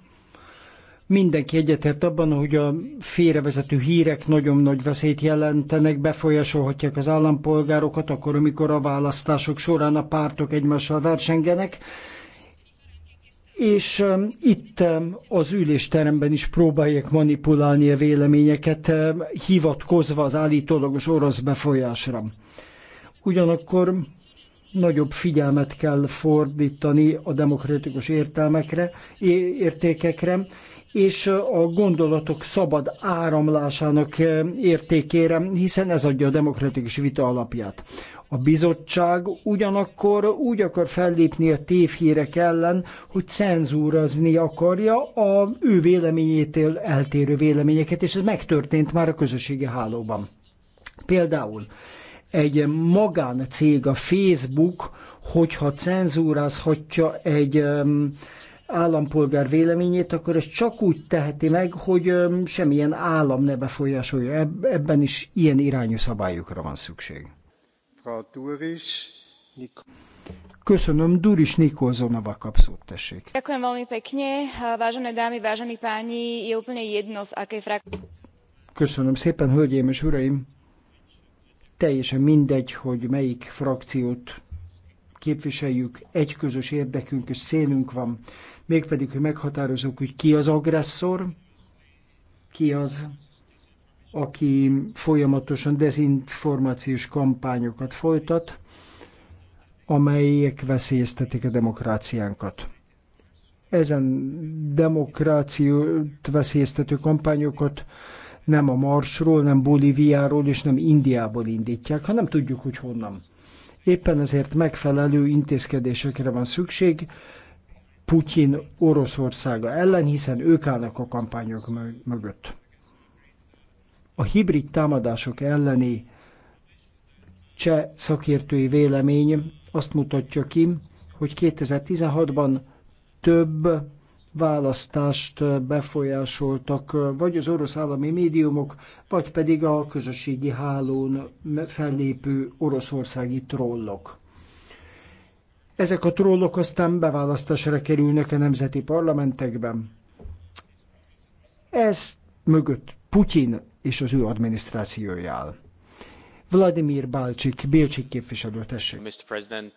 Mindenki egyetért abban, hogy a félrevezető hírek nagyon nagy veszélyt jelentenek, befolyásolhatják az állampolgárokat, akkor, amikor a választások során a pártok egymással versengenek. És um, itt um, az ülésteremben is próbálják manipulálni a véleményeket, um, hivatkozva az állítólagos orosz befolyásra. Ugyanakkor nagyobb figyelmet kell fordítani a demokratikus értelmekre, értékekre, és a gondolatok szabad áramlásának eh, értékére, hiszen ez adja a demokratikus vita alapját. A bizottság ugyanakkor úgy akar fellépni a tévhírek ellen, hogy cenzúrazni akarja a ő véleményétől eltérő véleményeket, és ez megtörtént már a közösségi hálóban. Például egy magáncég, a Facebook, hogyha cenzúrázhatja egy um, állampolgár véleményét, akkor ez csak úgy teheti meg, hogy semmilyen állam ne befolyásolja. Ebben is ilyen irányú szabályokra van szükség. Frau Duris, Nik- Köszönöm, Duris Nikolzonova kapszót, tessék. Ďakujem veľmi pekne, vážené dámy, vážení páni, je úplne jedno, z akej frak. Köszönöm szépen, hölgyeim és uraim! Teljesen mindegy, hogy melyik frakciót képviseljük, egy közös érdekünk és szélünk van mégpedig, hogy meghatározunk, hogy ki az agresszor, ki az, aki folyamatosan dezinformációs kampányokat folytat, amelyek veszélyeztetik a demokráciánkat. Ezen demokrációt veszélyeztető kampányokat nem a Marsról, nem Bolíviáról és nem Indiából indítják, hanem tudjuk, hogy honnan. Éppen ezért megfelelő intézkedésekre van szükség, Putyin Oroszországa ellen, hiszen ők állnak a kampányok mögött. A hibrid támadások elleni cseh szakértői vélemény azt mutatja ki, hogy 2016-ban több választást befolyásoltak, vagy az orosz állami médiumok, vagy pedig a közösségi hálón fellépő oroszországi trollok. Ezek a trollok aztán beválasztásra kerülnek a nemzeti parlamentekben. Ez mögött Putyin és az ő adminisztrációja áll. Vladimir Balcsik, Bélcsik képviselő, tessék.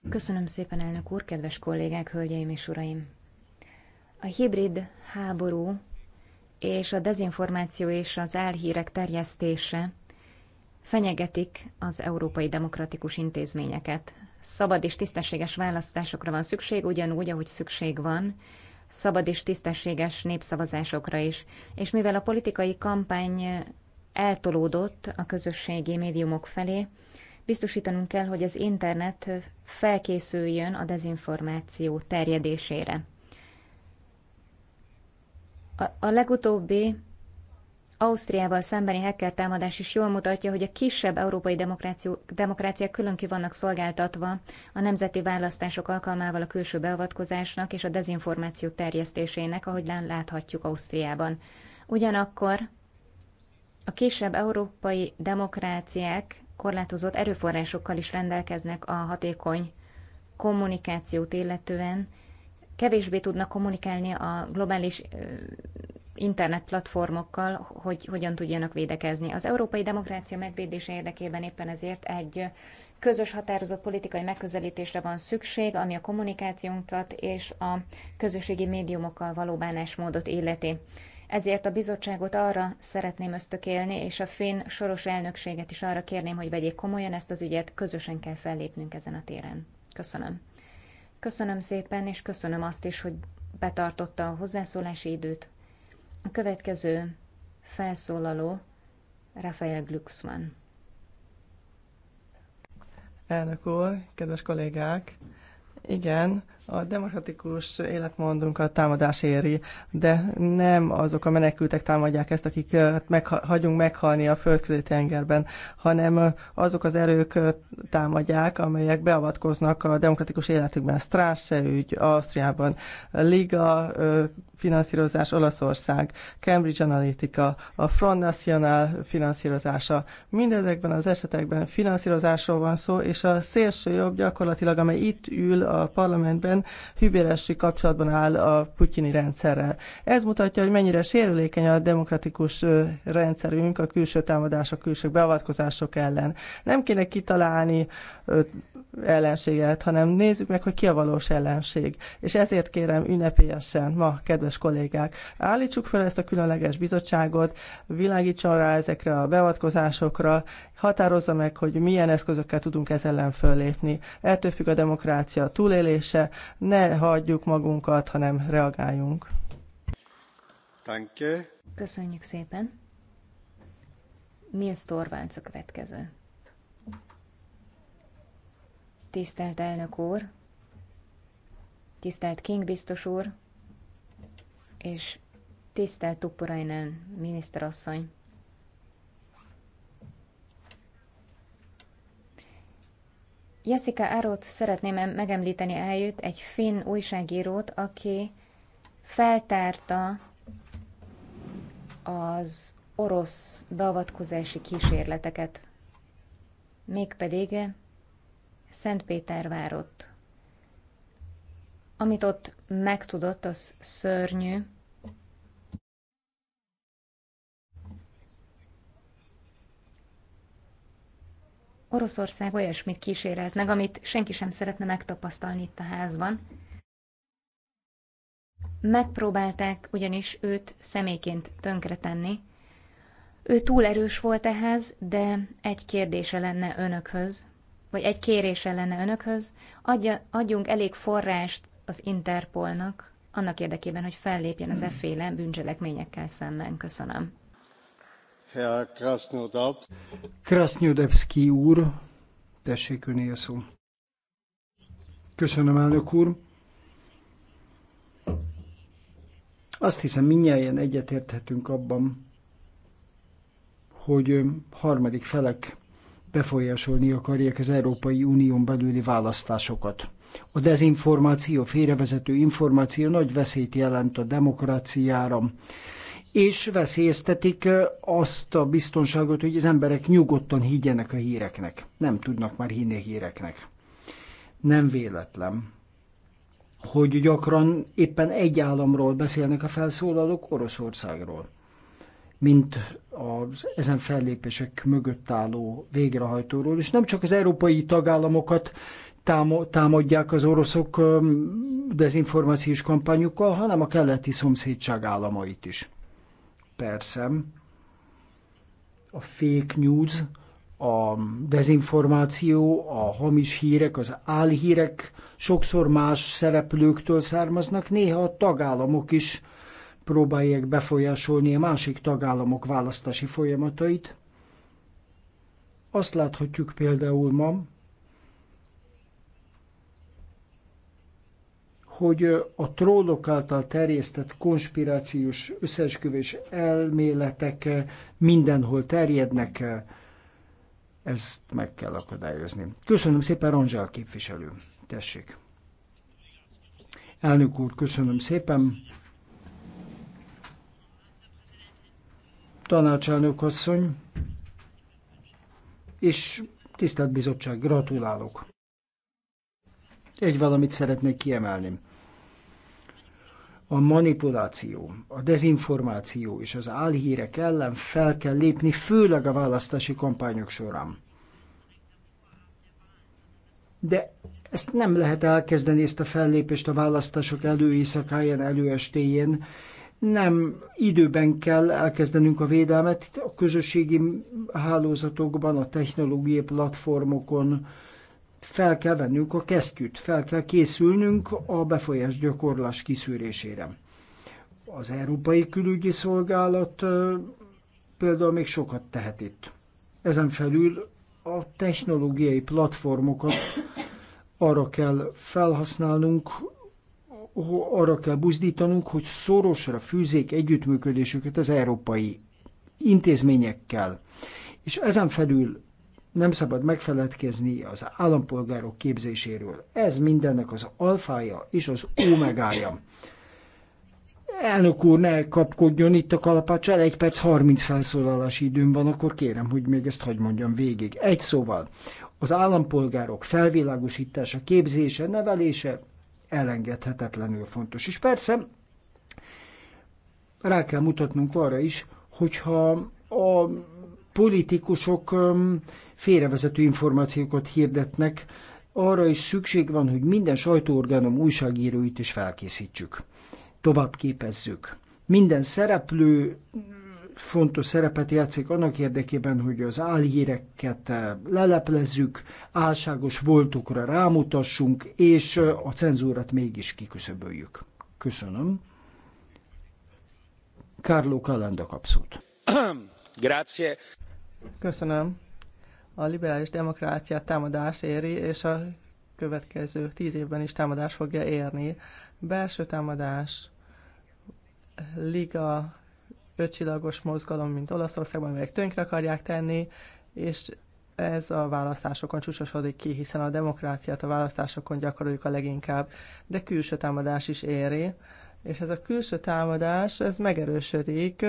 Köszönöm szépen, elnök úr, kedves kollégák, hölgyeim és uraim. A hibrid háború és a dezinformáció és az álhírek terjesztése fenyegetik az európai demokratikus intézményeket szabad és tisztességes választásokra van szükség, ugyanúgy, ahogy szükség van szabad és tisztességes népszavazásokra is. És mivel a politikai kampány eltolódott a közösségi médiumok felé, biztosítanunk kell, hogy az internet felkészüljön a dezinformáció terjedésére. A, a legutóbbi Ausztriával szembeni hacker támadás is jól mutatja, hogy a kisebb európai demokráciák külön ki vannak szolgáltatva a nemzeti választások alkalmával a külső beavatkozásnak és a dezinformáció terjesztésének, ahogy láthatjuk Ausztriában. Ugyanakkor a kisebb európai demokráciák korlátozott erőforrásokkal is rendelkeznek a hatékony kommunikációt illetően, kevésbé tudnak kommunikálni a globális internetplatformokkal, hogy hogyan tudjanak védekezni. Az európai demokrácia megvédése érdekében éppen ezért egy közös határozott politikai megközelítésre van szükség, ami a kommunikációnkat és a közösségi médiumokkal való bánásmódot illeti. Ezért a bizottságot arra szeretném ösztökélni, és a finn soros elnökséget is arra kérném, hogy vegyék komolyan ezt az ügyet, közösen kell fellépnünk ezen a téren. Köszönöm. Köszönöm szépen, és köszönöm azt is, hogy betartotta a hozzászólási időt. A következő felszólaló Rafael Glucksmann. Elnök úr, kedves kollégák! Igen, a demokratikus a támadás éri, de nem azok a menekültek támadják ezt, akik hát megha- hagyunk meghalni a földközi tengerben, hanem azok az erők támadják, amelyek beavatkoznak a demokratikus életükben. Strasse ügy Ausztriában, Liga finanszírozás Olaszország, Cambridge Analytica, a Front National finanszírozása. Mindezekben az esetekben finanszírozásról van szó, és a szélső jobb gyakorlatilag, amely itt ül a parlamentben, hiszen hűbéresi kapcsolatban áll a putyini rendszerrel. Ez mutatja, hogy mennyire sérülékeny a demokratikus rendszerünk a külső támadások, külső beavatkozások ellen. Nem kéne kitalálni ellenséget, hanem nézzük meg, hogy ki a valós ellenség. És ezért kérem ünnepélyesen ma, kedves kollégák, állítsuk fel ezt a különleges bizottságot, világítson rá ezekre a beavatkozásokra, határozza meg, hogy milyen eszközökkel tudunk ez ellen föllépni. Ettől függ a demokrácia túlélése, ne hagyjuk magunkat, hanem reagáljunk. Danke. Köszönjük szépen. Nils Torvánc a következő. Tisztelt elnök úr, tisztelt King biztos úr, és tisztelt Tuporainen miniszterasszony. Jessica Arót szeretném megemlíteni eljött, egy finn újságírót, aki feltárta az orosz beavatkozási kísérleteket, mégpedig Szentpétervárott. Amit ott megtudott, az szörnyű, Oroszország olyasmit kísérelt meg, amit senki sem szeretne megtapasztalni itt a házban. Megpróbálták ugyanis őt személyként tönkretenni. Ő túl erős volt ehhez, de egy kérdése lenne önökhöz, vagy egy kérése lenne önökhöz, adja, adjunk elég forrást az Interpolnak, annak érdekében, hogy fellépjen az efféle bűncselekményekkel szemben. Köszönöm. Krasznodebszki úr, tessék öné a szó. Köszönöm, elnök úr. Azt hiszem, minnyáján egyetérthetünk abban, hogy harmadik felek befolyásolni akarják az Európai Unión belüli választásokat. A dezinformáció, félrevezető információ nagy veszélyt jelent a demokráciára, és veszélyeztetik azt a biztonságot, hogy az emberek nyugodtan higgyenek a híreknek. Nem tudnak már hinni a híreknek. Nem véletlen, hogy gyakran éppen egy államról beszélnek a felszólalók, Oroszországról, mint az ezen fellépések mögött álló végrehajtóról, és nem csak az európai tagállamokat támadják az oroszok dezinformációs kampányukkal, hanem a keleti szomszédság államait is. Persze, a fake news, a dezinformáció, a hamis hírek, az álhírek sokszor más szereplőktől származnak, néha a tagállamok is próbálják befolyásolni a másik tagállamok választási folyamatait. Azt láthatjuk például ma, hogy a trollok által terjesztett konspirációs összeesküvés elméletek mindenhol terjednek, ezt meg kell akadályozni. Köszönöm szépen, Ronzsál képviselő. Tessék. Elnök úr, köszönöm szépen. Tanácselnök asszony, és tisztelt bizottság, gratulálok. Egy valamit szeretnék kiemelni. A manipuláció, a dezinformáció és az álhírek ellen fel kell lépni, főleg a választási kampányok során. De ezt nem lehet elkezdeni, ezt a fellépést a választások előéjszakáján, előestéjén. Nem időben kell elkezdenünk a védelmet a közösségi hálózatokban, a technológiai platformokon, fel kell vennünk a kesztyűt, fel kell készülnünk a befolyás gyakorlás kiszűrésére. Az Európai Külügyi Szolgálat például még sokat tehet itt. Ezen felül a technológiai platformokat arra kell felhasználnunk, arra kell buzdítanunk, hogy szorosra fűzzék együttműködésüket az európai intézményekkel. És ezen felül nem szabad megfeledkezni az állampolgárok képzéséről. Ez mindennek az alfája és az omegája. Elnök úr, ne kapkodjon itt a kalapáccsal, egy perc 30 felszólalási időm van, akkor kérem, hogy még ezt hagyd mondjam végig. Egy szóval, az állampolgárok felvilágosítása, képzése, nevelése elengedhetetlenül fontos. És persze rá kell mutatnunk arra is, hogyha a politikusok félrevezető információkat hirdetnek, arra is szükség van, hogy minden sajtóorganom újságíróit is felkészítsük, tovább képezzük. Minden szereplő mm, fontos szerepet játszik annak érdekében, hogy az álhíreket leleplezzük, álságos voltukra rámutassunk, és a cenzúrát mégis kiküszöböljük. Köszönöm. Carlo Calanda kapszót. Grazie. Köszönöm. A liberális demokráciát támadás éri, és a következő tíz évben is támadás fogja érni. Belső támadás, liga, ötcsillagos mozgalom, mint Olaszországban, amelyek tönkre akarják tenni, és ez a választásokon csúcsosodik ki, hiszen a demokráciát a választásokon gyakoroljuk a leginkább, de külső támadás is éri, és ez a külső támadás, ez megerősödik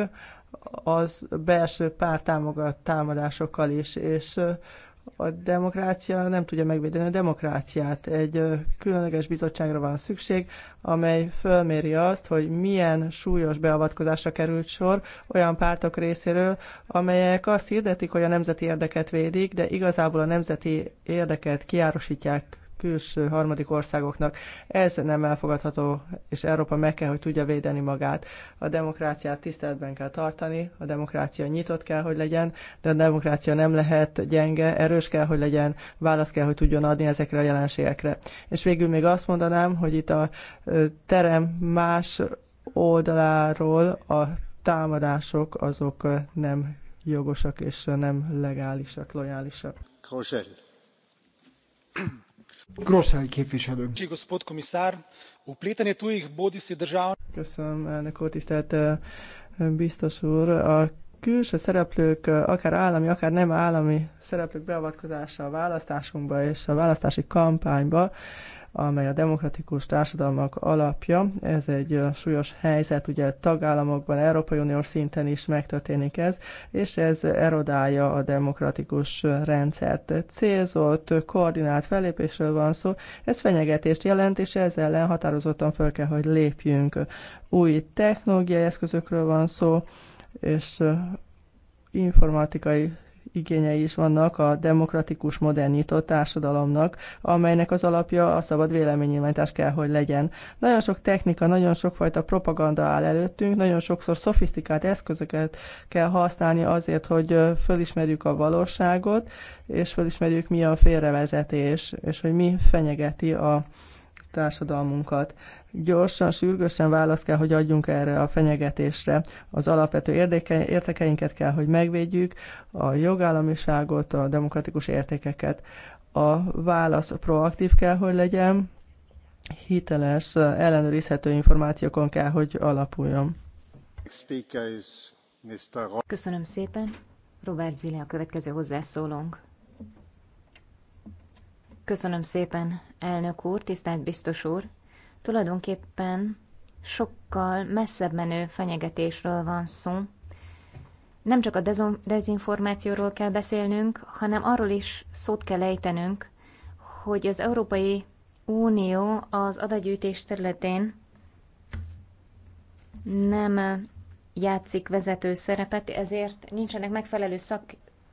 az belső párt támogat támadásokkal is, és a demokrácia nem tudja megvédeni a demokráciát. Egy különleges bizottságra van szükség, amely fölméri azt, hogy milyen súlyos beavatkozásra került sor olyan pártok részéről, amelyek azt hirdetik, hogy a nemzeti érdeket védik, de igazából a nemzeti érdeket kiárosítják külső harmadik országoknak. Ez nem elfogadható, és Európa meg kell, hogy tudja védeni magát. A demokráciát tiszteletben kell tartani, a demokrácia nyitott kell, hogy legyen, de a demokrácia nem lehet gyenge, erős kell, hogy legyen, választ kell, hogy tudjon adni ezekre a jelenségekre. És végül még azt mondanám, hogy itt a terem más oldaláról a támadások azok nem jogosak és nem legálisak, lojálisak. Grosel. Grosszai képviselő. Köszönöm, elnök úr, tisztelt biztos úr. A külső szereplők, akár állami, akár nem állami szereplők beavatkozása a választásunkba és a választási kampányba amely a demokratikus társadalmak alapja. Ez egy súlyos helyzet, ugye tagállamokban, Európai Uniós szinten is megtörténik ez, és ez erodálja a demokratikus rendszert. Célzott, koordinált fellépésről van szó, ez fenyegetést jelent, és ez ellen határozottan föl kell, hogy lépjünk. Új technológiai eszközökről van szó, és informatikai igényei is vannak a demokratikus, modernított társadalomnak, amelynek az alapja a szabad véleménynyilvánítás kell, hogy legyen. Nagyon sok technika, nagyon sokfajta propaganda áll előttünk, nagyon sokszor szofisztikált eszközöket kell használni azért, hogy fölismerjük a valóságot, és fölismerjük, mi a félrevezetés, és hogy mi fenyegeti a társadalmunkat gyorsan, sürgősen választ kell, hogy adjunk erre a fenyegetésre. Az alapvető érdeke, értekeinket kell, hogy megvédjük, a jogállamiságot, a demokratikus értékeket. A válasz proaktív kell, hogy legyen, hiteles, ellenőrizhető információkon kell, hogy alapuljon. Köszönöm szépen. Robert Zile a következő hozzászólónk. Köszönöm szépen, elnök úr, tisztelt biztos úr. Tulajdonképpen sokkal messzebb menő fenyegetésről van szó. Nem csak a dezinformációról kell beszélnünk, hanem arról is szót kell ejtenünk, hogy az Európai Unió az adatgyűjtés területén nem játszik vezető szerepet, ezért nincsenek megfelelő szak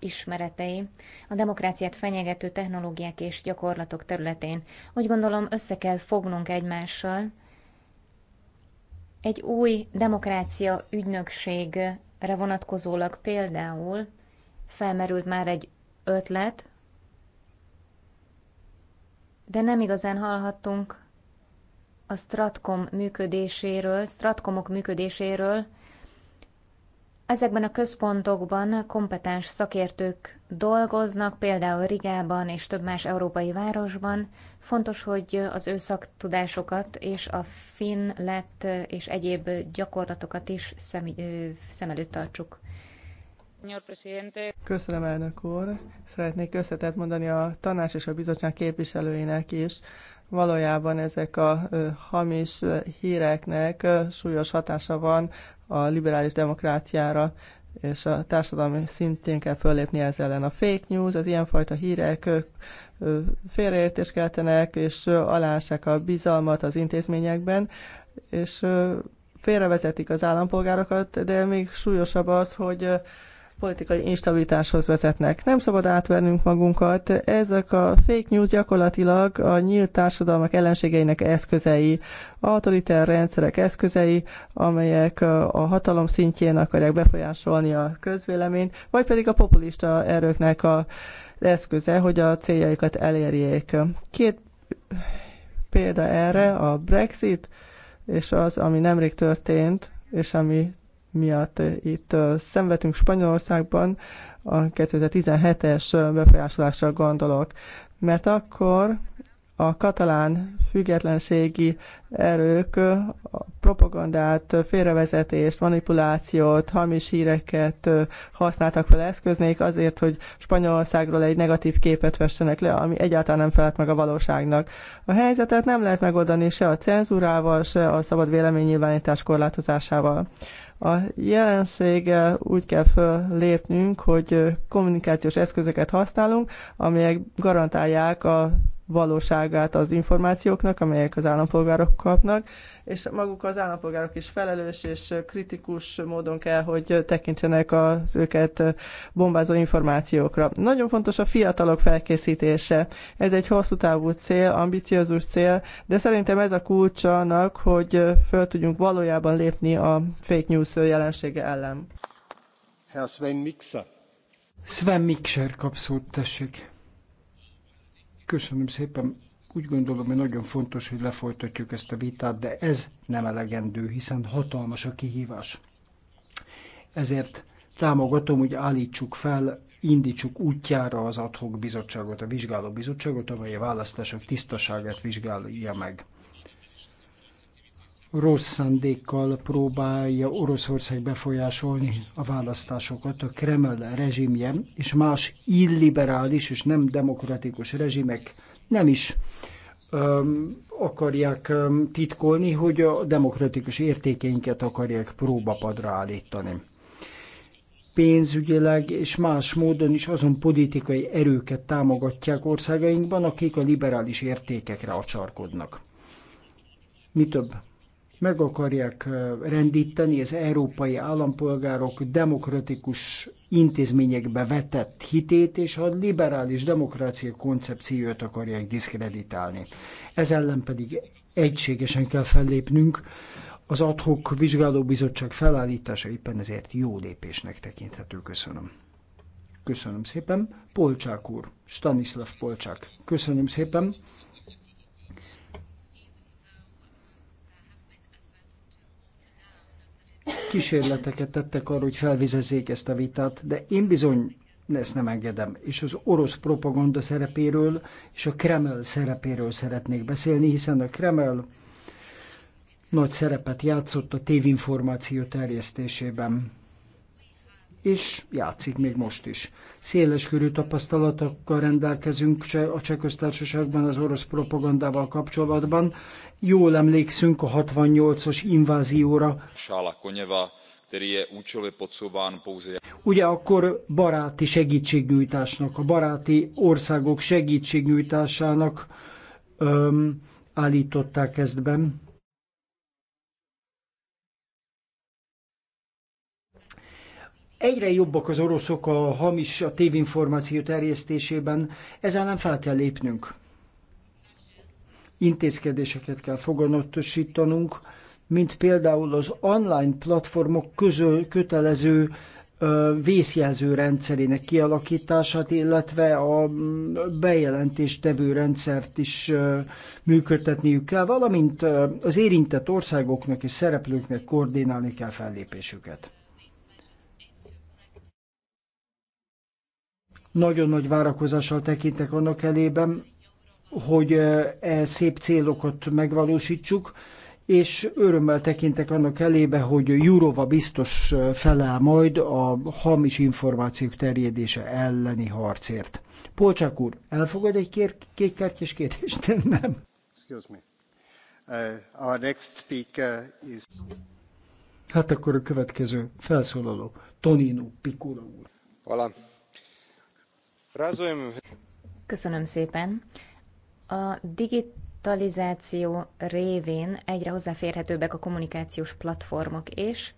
ismeretei a demokráciát fenyegető technológiák és gyakorlatok területén. Úgy gondolom, össze kell fognunk egymással. Egy új demokrácia ügynökségre vonatkozólag például felmerült már egy ötlet, de nem igazán hallhattunk a Stratcom működéséről, Stratcomok működéséről, Ezekben a központokban kompetens szakértők dolgoznak, például Rigában és több más európai városban. Fontos, hogy az ő szaktudásokat és a finn, lett és egyéb gyakorlatokat is szem, szem előtt tartsuk. Köszönöm, elnök úr. Szeretnék összetett mondani a tanács és a bizottság képviselőinek is. Valójában ezek a hamis híreknek súlyos hatása van a liberális demokráciára, és a társadalmi szintén kell föllépni ez ellen. A fake news, az ilyenfajta hírek félreértés keltenek, és alássák a bizalmat az intézményekben, és félrevezetik az állampolgárokat, de még súlyosabb az, hogy politikai instabilitáshoz vezetnek. Nem szabad átvernünk magunkat. Ezek a fake news gyakorlatilag a nyílt társadalmak ellenségeinek eszközei, autoriter rendszerek eszközei, amelyek a hatalom szintjén akarják befolyásolni a közvéleményt, vagy pedig a populista erőknek a eszköze, hogy a céljaikat elérjék. Két példa erre a Brexit, és az, ami nemrég történt, és ami miatt itt szenvedünk Spanyolországban, a 2017-es befolyásolásra gondolok, mert akkor a katalán függetlenségi erők a propagandát, félrevezetést, manipulációt, hamis híreket használtak fel eszköznék azért, hogy Spanyolországról egy negatív képet vessenek le, ami egyáltalán nem felett meg a valóságnak. A helyzetet nem lehet megoldani se a cenzúrával, se a szabad véleménynyilvánítás korlátozásával. A jelenséggel úgy kell föllépnünk, hogy kommunikációs eszközöket használunk, amelyek garantálják a valóságát az információknak, amelyek az állampolgárok kapnak, és maguk az állampolgárok is felelős és kritikus módon kell, hogy tekintsenek az őket bombázó információkra. Nagyon fontos a fiatalok felkészítése. Ez egy hosszú távú cél, ambiciózus cél, de szerintem ez a kulcs annak, hogy föl tudjunk valójában lépni a fake news jelensége ellen. Herr Sven Mixer. Sven Mixer kapszót, tessék. Köszönöm szépen úgy gondolom, hogy nagyon fontos, hogy lefolytatjuk ezt a vitát, de ez nem elegendő, hiszen hatalmas a kihívás. Ezért támogatom, hogy állítsuk fel, indítsuk útjára az adhok bizottságot, a vizsgáló bizottságot, amely a választások tisztaságát vizsgálja meg. Rossz szándékkal próbálja Oroszország befolyásolni a választásokat. A Kreml rezsimje és más illiberális és nem demokratikus rezsimek nem is öm, akarják öm, titkolni, hogy a demokratikus értékeinket akarják próbapadra állítani. Pénzügyileg és más módon is azon politikai erőket támogatják országainkban, akik a liberális értékekre acsarkodnak. Mi több, meg akarják rendíteni az európai állampolgárok demokratikus intézményekbe vetett hitét és a liberális demokrácia koncepcióját akarják diszkreditálni. Ez ellen pedig egységesen kell fellépnünk, az adhok vizsgálóbizottság felállítása éppen ezért jó lépésnek tekinthető. Köszönöm. Köszönöm szépen. Polcsák úr, Stanislav Polcsák. Köszönöm szépen. kísérleteket tettek arra, hogy felvizezzék ezt a vitát, de én bizony ezt nem engedem. És az orosz propaganda szerepéről és a Kreml szerepéről szeretnék beszélni, hiszen a Kreml nagy szerepet játszott a tévinformáció terjesztésében és játszik még most is. Széles körű tapasztalatokkal rendelkezünk a Csehköztársaságban az orosz propagandával kapcsolatban. Jól emlékszünk a 68-as invázióra. Sála Konyeva, Ugye akkor baráti segítségnyújtásnak, a baráti országok segítségnyújtásának öm, állították ezt be. Egyre jobbak az oroszok a hamis, a tévinformáció terjesztésében, ez ellen fel kell lépnünk. Intézkedéseket kell fogadatosítanunk, mint például az online platformok közül kötelező vészjelző rendszerének kialakítását, illetve a bejelentéstevő rendszert is működtetniük kell, valamint az érintett országoknak és szereplőknek koordinálni kell fellépésüket. Nagyon nagy várakozással tekintek annak elében, hogy e szép célokat megvalósítsuk, és örömmel tekintek annak elébe, hogy Jurova biztos felel majd a hamis információk terjedése elleni harcért. Polcsák úr, elfogad egy kér- kékkártyás kérdést? Nem, Excuse me. Uh, our next speaker is... Hát akkor a következő felszólaló, Tonino Picula úr. Valam. Köszönöm szépen. A digitalizáció révén egyre hozzáférhetőbbek a kommunikációs platformok és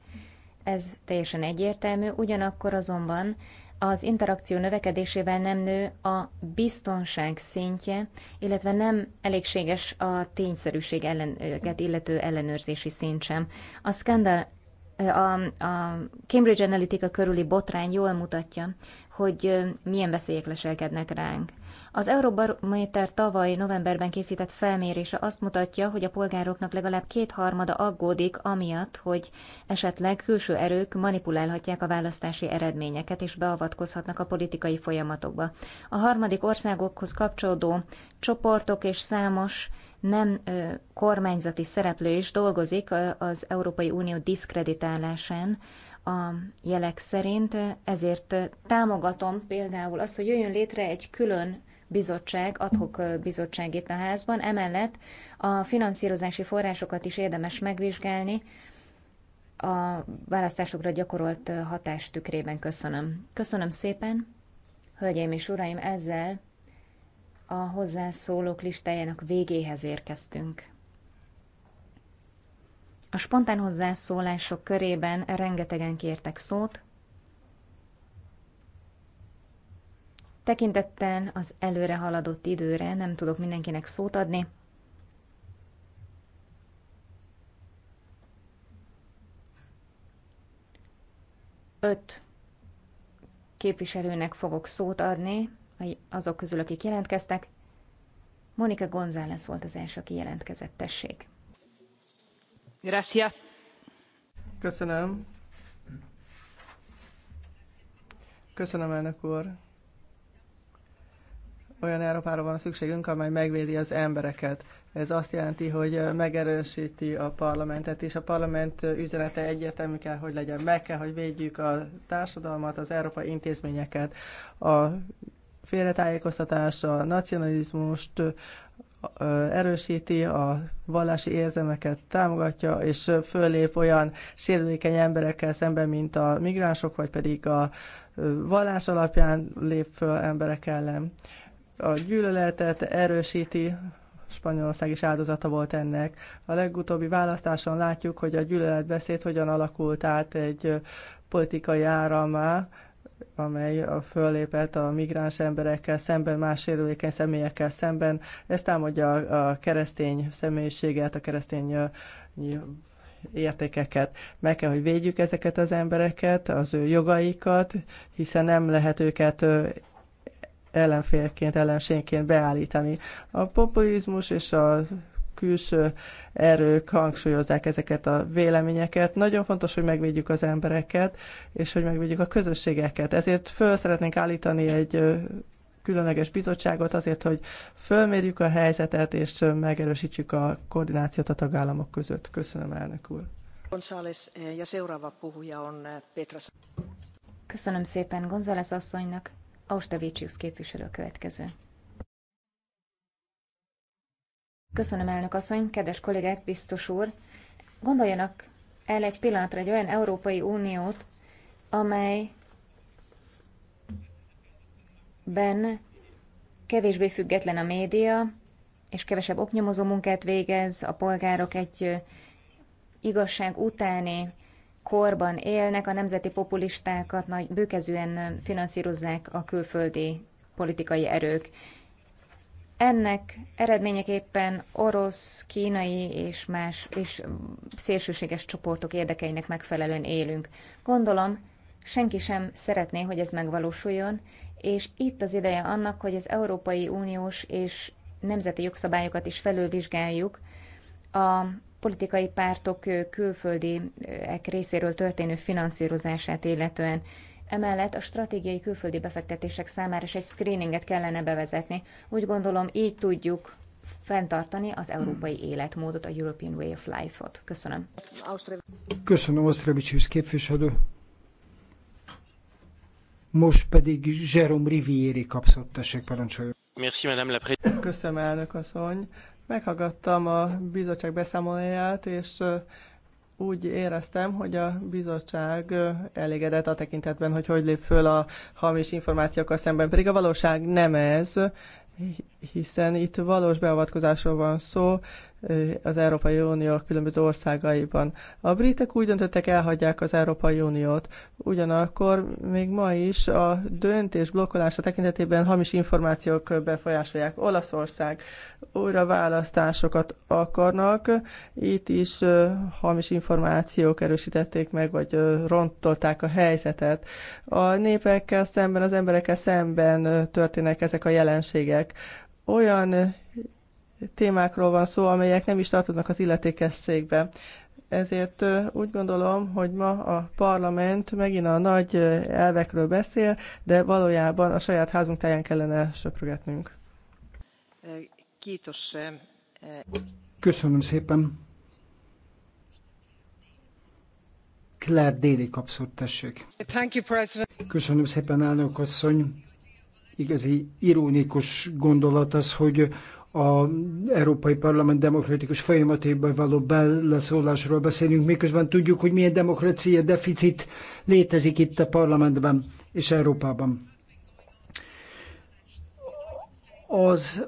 ez teljesen egyértelmű, ugyanakkor azonban az interakció növekedésével nem nő a biztonság szintje, illetve nem elégséges a tényszerűség ellenőrget, illető ellenőrzési szint sem. A skandal a, a Cambridge Analytica körüli botrány jól mutatja, hogy milyen veszélyek leselkednek ránk. Az Eurobarométer tavaly novemberben készített felmérése azt mutatja, hogy a polgároknak legalább kétharmada aggódik amiatt, hogy esetleg külső erők manipulálhatják a választási eredményeket és beavatkozhatnak a politikai folyamatokba. A harmadik országokhoz kapcsolódó csoportok és számos nem ö, kormányzati szereplő is dolgozik az Európai Unió diszkreditálásán, a jelek szerint, ezért támogatom például azt, hogy jöjjön létre egy külön bizottság, adhok bizottság itt a házban, emellett a finanszírozási forrásokat is érdemes megvizsgálni, a választásokra gyakorolt hatás tükrében köszönöm. Köszönöm szépen, hölgyeim és uraim, ezzel a hozzászólók listájának végéhez érkeztünk. A spontán hozzászólások körében rengetegen kértek szót. Tekintetten az előre haladott időre nem tudok mindenkinek szót adni. Öt képviselőnek fogok szót adni, azok közül, akik jelentkeztek. Monika González volt az első, aki jelentkezett, tessék. Köszönöm. elnök úr. Olyan Európára van szükségünk, amely megvédi az embereket. Ez azt jelenti, hogy megerősti a parlamentet, és a parlament üzenete egyértelmű kell, hogy legyen. Meg kell, hogy védjük a társadalmat, az európai intézményeket, a félretájékoztatás, a nacionalizmust, erősíti, a vallási érzelmeket támogatja, és fölép olyan sérülékeny emberekkel szemben, mint a migránsok, vagy pedig a vallás alapján lép föl emberek ellen. A gyűlöletet erősíti, Spanyolország is áldozata volt ennek. A legutóbbi választáson látjuk, hogy a gyűlöletbeszéd hogyan alakult át egy politikai áramá, amely a föllépett a migráns emberekkel szemben, más sérülékeny személyekkel szemben. Ez támadja a keresztény személyiséget, a keresztény értékeket. Meg kell, hogy védjük ezeket az embereket, az ő jogaikat, hiszen nem lehet őket ellenfélként, ellenségként beállítani. A populizmus és a külső erők hangsúlyozzák ezeket a véleményeket. Nagyon fontos, hogy megvédjük az embereket, és hogy megvédjük a közösségeket. Ezért föl szeretnénk állítani egy különleges bizottságot azért, hogy fölmérjük a helyzetet, és megerősítsük a koordinációt a tagállamok között. Köszönöm, elnök úr. Eh, eh, Köszönöm szépen González asszonynak. Austavicius képviselő következő. Köszönöm, elnök asszony, kedves kollégák, biztos úr. Gondoljanak el egy pillanatra egy olyan Európai Uniót, amelyben kevésbé független a média, és kevesebb oknyomozó munkát végez, a polgárok egy igazság utáni korban élnek, a nemzeti populistákat nagy bőkezűen finanszírozzák a külföldi politikai erők. Ennek eredményeképpen orosz, kínai és más és szélsőséges csoportok érdekeinek megfelelően élünk. Gondolom, senki sem szeretné, hogy ez megvalósuljon, és itt az ideje annak, hogy az Európai Uniós és nemzeti jogszabályokat is felülvizsgáljuk a politikai pártok külföldiek részéről történő finanszírozását illetően. Emellett a stratégiai külföldi befektetések számára is egy screeninget kellene bevezetni. Úgy gondolom, így tudjuk fenntartani az európai életmódot, a European Way of Life-ot. Köszönöm. Köszönöm, Osztravicsius képviselő. Most pedig Jerome Rivieri kapszott, tessék parancsoljon. Merci, madame la Köszönöm, elnök asszony. Meghallgattam a bizottság beszámolóját, és úgy éreztem, hogy a bizottság elégedett a tekintetben, hogy hogy lép föl a hamis információkkal szemben, pedig a valóság nem ez, hiszen itt valós beavatkozásról van szó, az Európai Unió különböző országaiban. A britek úgy döntöttek, elhagyják az Európai Uniót. Ugyanakkor még ma is a döntés blokkolása tekintetében hamis információk befolyásolják. Olaszország újra választásokat akarnak. Itt is hamis információk erősítették meg, vagy rontolták a helyzetet. A népekkel szemben, az emberekkel szemben történnek ezek a jelenségek. Olyan témákról van szó, amelyek nem is tartoznak az illetékességbe. Ezért úgy gondolom, hogy ma a parlament megint a nagy elvekről beszél, de valójában a saját házunk táján kellene söprögetnünk. Kítos. Köszönöm szépen. Claire Déli kapszott, tessék. Thank you, President. Köszönöm szépen, elnök asszony. Igazi ironikus gondolat az, hogy a Európai Parlament demokratikus folyamatéből való beleszólásról beszélünk, miközben tudjuk, hogy milyen demokrácia deficit létezik itt a parlamentben és Európában. Az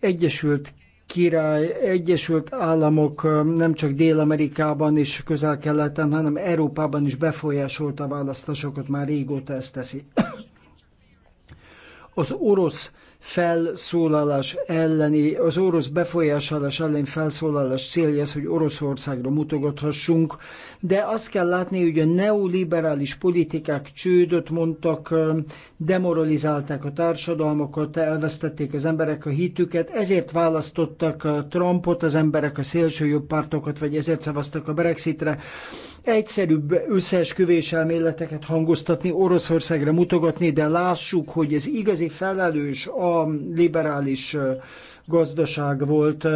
Egyesült Király, Egyesült Államok nem csak Dél-Amerikában és közel-keleten, hanem Európában is befolyásolta a választásokat, már régóta ezt teszi. Az orosz felszólalás elleni, az orosz befolyásolás elleni felszólalás célja az, hogy Oroszországra mutogathassunk, de azt kell látni, hogy a neoliberális politikák csődöt mondtak, demoralizálták a társadalmakat, elvesztették az emberek a hitüket, ezért választottak Trumpot az emberek, a szélső jobb pártokat, vagy ezért szavaztak a Brexitre egyszerűbb összeesküvés elméleteket hangoztatni, Oroszországra mutogatni, de lássuk, hogy ez igazi felelős a liberális gazdaság volt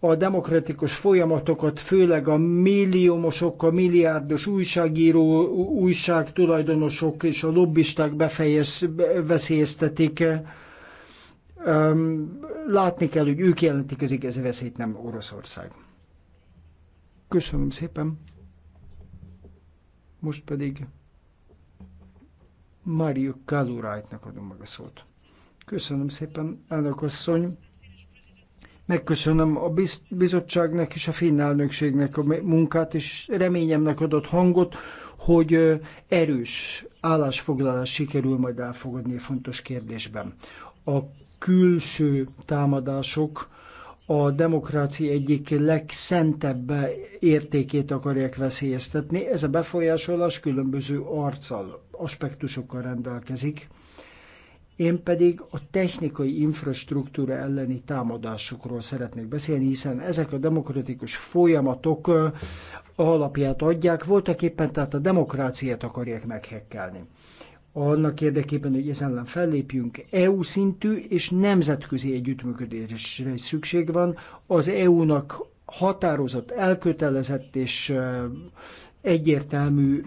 a demokratikus folyamatokat, főleg a milliómosok, a milliárdos újságíró, újságtulajdonosok és a lobbisták befejez, veszélyeztetik. Látni kell, hogy ők jelentik az igazi veszélyt, nem Oroszország. Köszönöm szépen! Most pedig Mário Kalurájtnak adom meg a szót. Köszönöm szépen, elnök asszony. Megköszönöm a bizottságnak és a finn elnökségnek a munkát, és reményemnek adott hangot, hogy erős állásfoglalás sikerül majd elfogadni a fontos kérdésben. A külső támadások a demokrácia egyik legszentebb értékét akarják veszélyeztetni. Ez a befolyásolás különböző arccal, aspektusokkal rendelkezik. Én pedig a technikai infrastruktúra elleni támadásokról szeretnék beszélni, hiszen ezek a demokratikus folyamatok alapját adják, voltak éppen tehát a demokráciát akarják meghekkelni annak érdekében, hogy ezen ellen fellépjünk, EU szintű és nemzetközi együttműködésre is szükség van. Az EU-nak határozott, elkötelezett és egyértelmű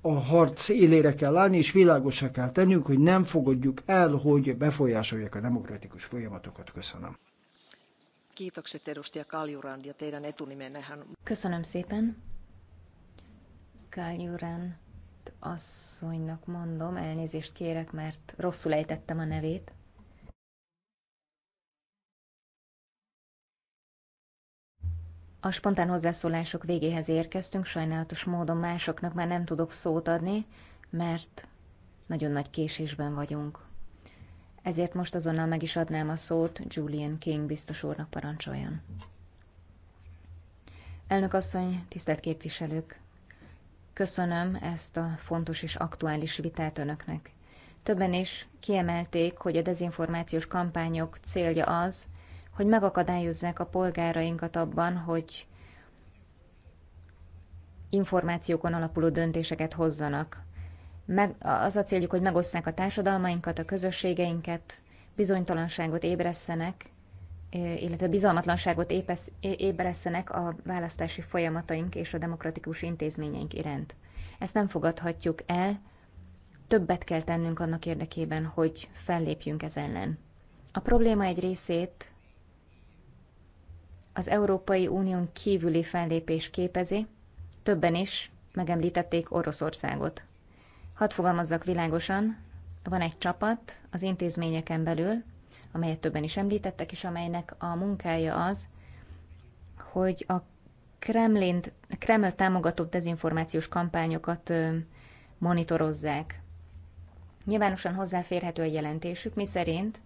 a harc élére kell állni, és világosra kell tennünk, hogy nem fogadjuk el, hogy befolyásolják a demokratikus folyamatokat. Köszönöm. Kiitokset edustaja Kaljurand ja teidän etunimennehän. Köszönöm szépen. Kaljurand asszonynak mondom, elnézést kérek, mert rosszul ejtettem a nevét. A spontán hozzászólások végéhez érkeztünk, sajnálatos módon másoknak már nem tudok szót adni, mert nagyon nagy késésben vagyunk. Ezért most azonnal meg is adnám a szót Julian King biztos úrnak parancsoljon. Elnök asszony, tisztelt képviselők! Köszönöm ezt a fontos és aktuális vitát önöknek. Többen is kiemelték, hogy a dezinformációs kampányok célja az, hogy megakadályozzák a polgárainkat abban, hogy információkon alapuló döntéseket hozzanak. Meg, az a céljuk, hogy megosszák a társadalmainkat, a közösségeinket, bizonytalanságot ébresztenek, illetve bizalmatlanságot ébresztenek a választási folyamataink és a demokratikus intézményeink iránt. Ezt nem fogadhatjuk el, többet kell tennünk annak érdekében, hogy fellépjünk ez ellen. A probléma egy részét az Európai Unión kívüli fellépés képezi, többen is megemlítették Oroszországot. Hadd fogalmazzak világosan, van egy csapat az intézményeken belül, amelyet többen is említettek, és amelynek a munkája az, hogy a Kremlint, Kreml támogatott dezinformációs kampányokat monitorozzák. Nyilvánosan hozzáférhető a jelentésük, miszerint,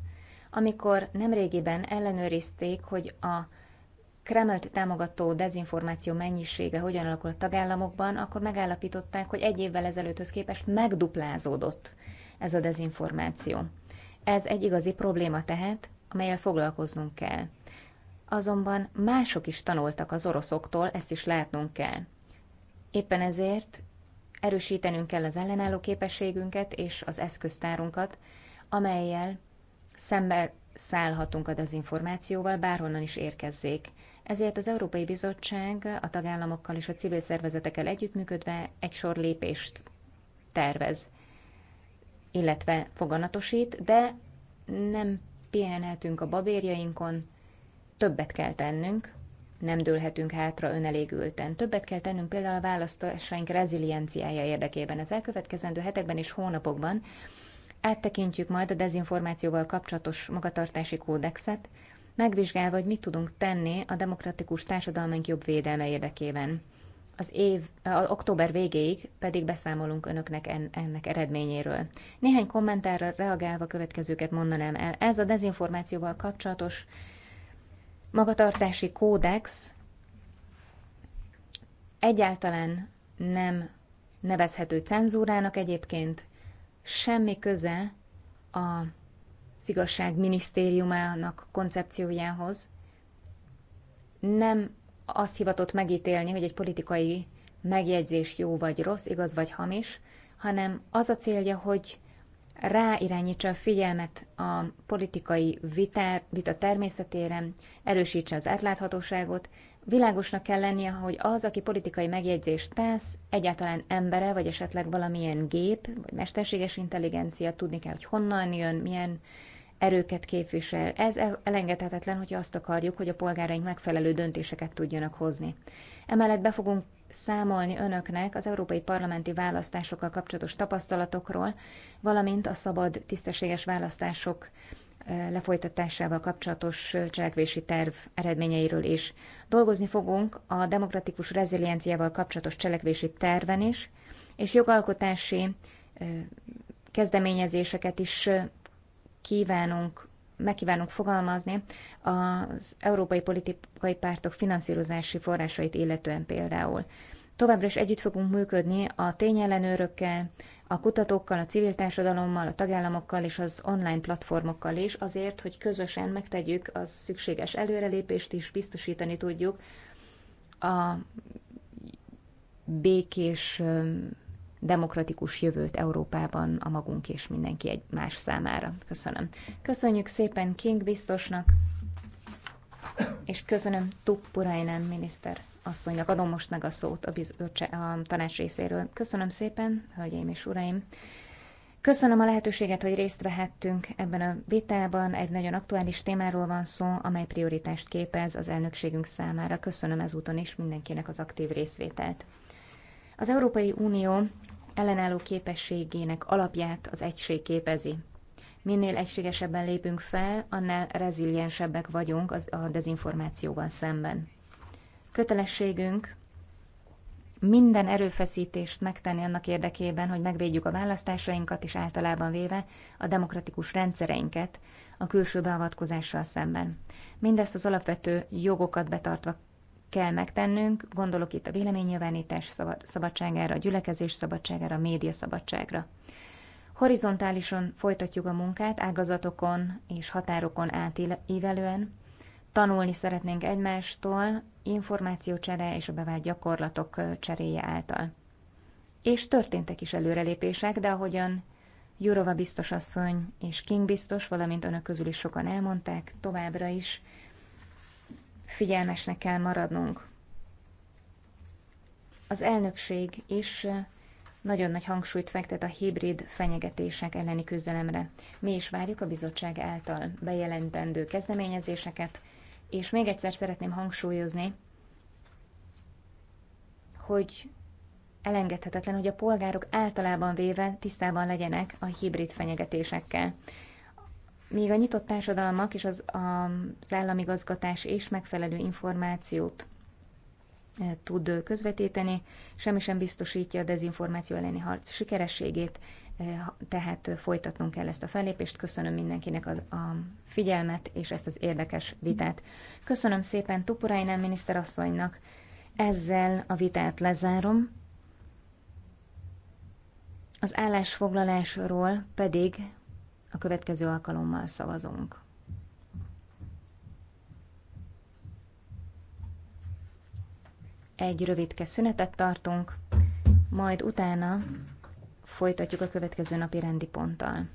amikor nemrégiben ellenőrizték, hogy a Kremlt támogató dezinformáció mennyisége hogyan alakul a tagállamokban, akkor megállapították, hogy egy évvel ezelőtthöz képest megduplázódott ez a dezinformáció. Ez egy igazi probléma tehát, amelyel foglalkoznunk kell. Azonban mások is tanultak az oroszoktól, ezt is látnunk kell. Éppen ezért erősítenünk kell az ellenálló képességünket és az eszköztárunkat, amelyel szembe szállhatunk a dezinformációval, bárhonnan is érkezzék. Ezért az Európai Bizottság a tagállamokkal és a civil szervezetekkel együttműködve egy sor lépést tervez illetve foganatosít, de nem pihenhetünk a babérjainkon, többet kell tennünk, nem dőlhetünk hátra önelégülten. Többet kell tennünk például a választásaink rezilienciája érdekében. Az elkövetkezendő hetekben és hónapokban áttekintjük majd a dezinformációval kapcsolatos magatartási kódexet, megvizsgálva, hogy mit tudunk tenni a demokratikus társadalmunk jobb védelme érdekében az év, az október végéig pedig beszámolunk önöknek en, ennek eredményéről. Néhány kommentárra reagálva következőket mondanám el. Ez a dezinformációval kapcsolatos magatartási kódex egyáltalán nem nevezhető cenzúrának egyébként, semmi köze a igazság minisztériumának koncepciójához, nem azt hivatott megítélni, hogy egy politikai megjegyzés jó vagy rossz, igaz vagy hamis, hanem az a célja, hogy ráirányítsa a figyelmet a politikai vita, vita természetére, erősítse az átláthatóságot. Világosnak kell lennie, hogy az, aki politikai megjegyzést tesz, egyáltalán embere, vagy esetleg valamilyen gép, vagy mesterséges intelligencia, tudni kell, hogy honnan jön, milyen uh, erőket képvisel. Ez elengedhetetlen, hogy azt akarjuk, hogy a polgáraink megfelelő döntéseket tudjanak hozni. Emellett be fogunk számolni önöknek az európai parlamenti választásokkal kapcsolatos tapasztalatokról, valamint a szabad, tisztességes választások lefolytatásával kapcsolatos cselekvési terv eredményeiről is. Dolgozni fogunk a demokratikus rezilienciával kapcsolatos cselekvési terven is, és jogalkotási kezdeményezéseket is kívánunk, megkívánunk fogalmazni az európai politikai pártok finanszírozási forrásait illetően például. Továbbra is együtt fogunk működni a tényellenőrökkel, a kutatókkal, a civil társadalommal, a tagállamokkal és az online platformokkal is, azért, hogy közösen megtegyük az szükséges előrelépést is, biztosítani tudjuk a békés demokratikus jövőt Európában a magunk és mindenki egy más számára. Köszönöm. Köszönjük szépen King biztosnak, és köszönöm Tuppurainen miniszter asszonynak. Adom most meg a szót a, biz- a tanács részéről. Köszönöm szépen, hölgyeim és uraim. Köszönöm a lehetőséget, hogy részt vehettünk ebben a vitában. Egy nagyon aktuális témáról van szó, amely prioritást képez az elnökségünk számára. Köszönöm ezúton is mindenkinek az aktív részvételt. Az Európai Unió ellenálló képességének alapját az egység képezi. Minél egységesebben lépünk fel, annál reziliensebbek vagyunk az, a dezinformációval szemben. Kötelességünk minden erőfeszítést megtenni annak érdekében, hogy megvédjük a választásainkat és általában véve a demokratikus rendszereinket a külső beavatkozással szemben. Mindezt az alapvető jogokat betartva kell megtennünk, gondolok itt a véleménynyilvánítás szabadságára, a gyülekezés szabadságára, a média szabadságra. Horizontálisan folytatjuk a munkát, ágazatokon és határokon átívelően. Tanulni szeretnénk egymástól, információcsere és a bevált gyakorlatok cseréje által. És történtek is előrelépések, de ahogyan Jurova biztosasszony és King biztos, valamint önök közül is sokan elmondták, továbbra is figyelmesnek kell maradnunk. Az elnökség is nagyon nagy hangsúlyt fektet a hibrid fenyegetések elleni küzdelemre. Mi is várjuk a bizottság által bejelentendő kezdeményezéseket, és még egyszer szeretném hangsúlyozni, hogy elengedhetetlen, hogy a polgárok általában véve tisztában legyenek a hibrid fenyegetésekkel. Míg a nyitott társadalmak és az, az államigazgatás és megfelelő információt tud közvetíteni, semmi sem biztosítja a dezinformáció elleni harc sikerességét, tehát folytatnunk kell ezt a fellépést. Köszönöm mindenkinek a, a figyelmet és ezt az érdekes vitát. Köszönöm szépen Tupurainen miniszterasszonynak. Ezzel a vitát lezárom. Az állásfoglalásról pedig a következő alkalommal szavazunk. Egy rövidke szünetet tartunk, majd utána folytatjuk a következő napi rendi ponttal.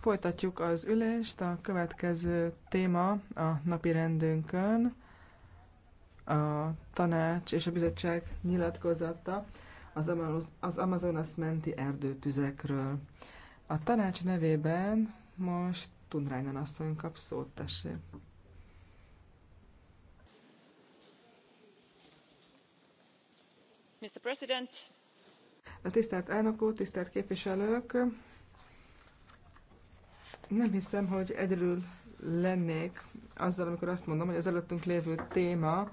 Folytatjuk az ülést, a következő téma a napi rendünkön a tanács és a bizottság nyilatkozata az, az Amazonas menti erdőtüzekről. A tanács nevében most Tundrányan asszony kap szót, tessék. Mr. President, a tisztelt elnök úr, tisztelt képviselők, nem hiszem, hogy egyedül lennék azzal, amikor azt mondom, hogy az előttünk lévő téma,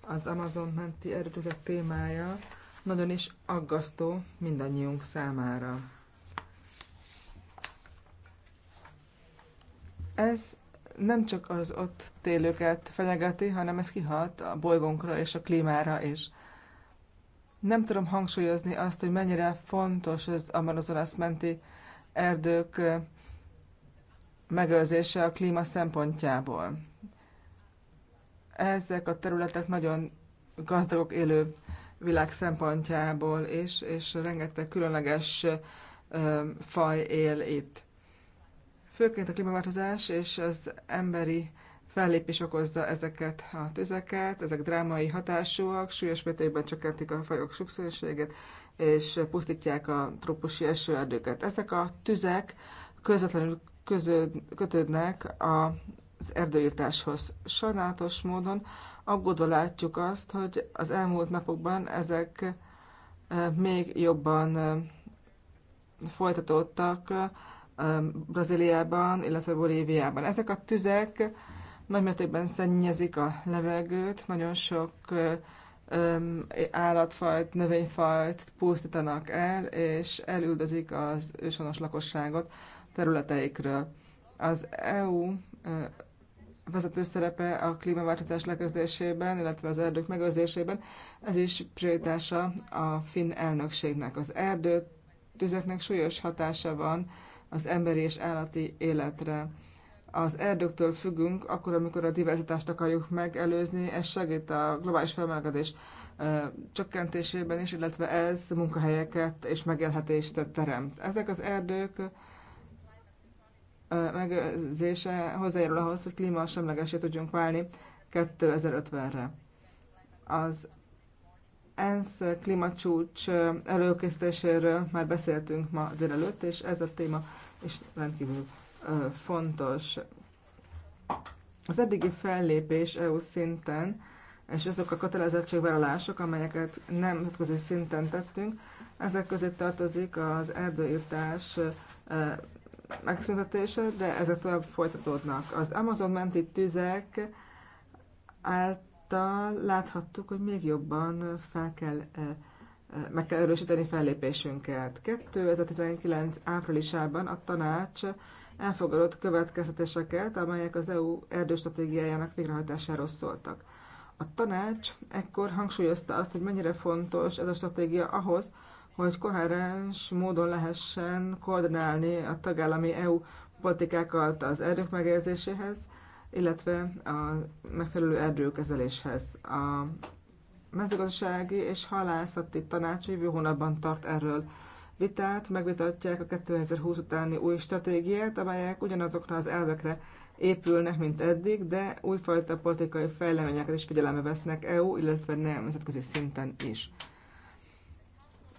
az Amazon menti erőtüzet témája nagyon is aggasztó mindannyiunk számára. Ez nem csak az ott télőket fenyegeti, hanem ez kihat a bolygónkra és a klímára is. Nem tudom hangsúlyozni azt, hogy mennyire fontos az Amazonas menti erdők megőrzése a klíma szempontjából. Ezek a területek nagyon gazdagok élő világ szempontjából is, és rengeteg különleges faj él itt. Főként a klímaváltozás és az emberi fellépés okozza ezeket a tüzeket, ezek drámai hatásúak, súlyos mértékben csökkentik a fajok sokszínűségét, és pusztítják a trópusi esőerdőket. Ezek a tüzek közvetlenül közöd, kötődnek az erdőírtáshoz. Sajnálatos módon aggódva látjuk azt, hogy az elmúlt napokban ezek eh, még jobban eh, folytatódtak eh, Brazíliában, illetve Bolíviában. Ezek a tüzek nagymértékben szennyezik a levegőt, nagyon sok állatfajt, növényfajt pusztítanak el, és elüldözik az őshonos lakosságot területeikről. Az EU vezető szerepe a klímaváltozás leközdésében, illetve az erdők megőrzésében, ez is prioritása a finn elnökségnek. Az erdőtüzeknek súlyos hatása van az emberi és állati életre az erdőktől függünk, akkor, amikor a diverzitást akarjuk megelőzni, ez segít a globális felmelegedés csökkentésében is, illetve ez munkahelyeket és megélhetést teremt. Ezek az erdők megőrzése hozzájárul ahhoz, hogy semlegesé tudjunk válni 2050-re. Az ENSZ klímacsúcs előkészítéséről már beszéltünk ma délelőtt, és ez a téma is rendkívül fontos. Az eddigi fellépés EU szinten, és azok a kötelezettségvállalások, amelyeket nemzetközi szinten tettünk, ezek közé tartozik az erdőírtás megszüntetése, de ezek tovább folytatódnak. Az Amazon menti tüzek által láthattuk, hogy még jobban fel kell, meg kell erősíteni fellépésünket. 2019 áprilisában a tanács elfogadott következtetéseket, amelyek az EU erdőstratégiájának végrehajtásáról szóltak. A tanács ekkor hangsúlyozta azt, hogy mennyire fontos ez a stratégia ahhoz, hogy koherens módon lehessen koordinálni a tagállami EU politikákat az erdők megérzéséhez, illetve a megfelelő erdőkezeléshez. A mezőgazdasági és halászati tanács jövő hónapban tart erről vitát, megvitatják a 2020 utáni új stratégiát, amelyek ugyanazokra az elvekre épülnek, mint eddig, de újfajta politikai fejleményeket is figyelembe vesznek EU, illetve nemzetközi szinten is.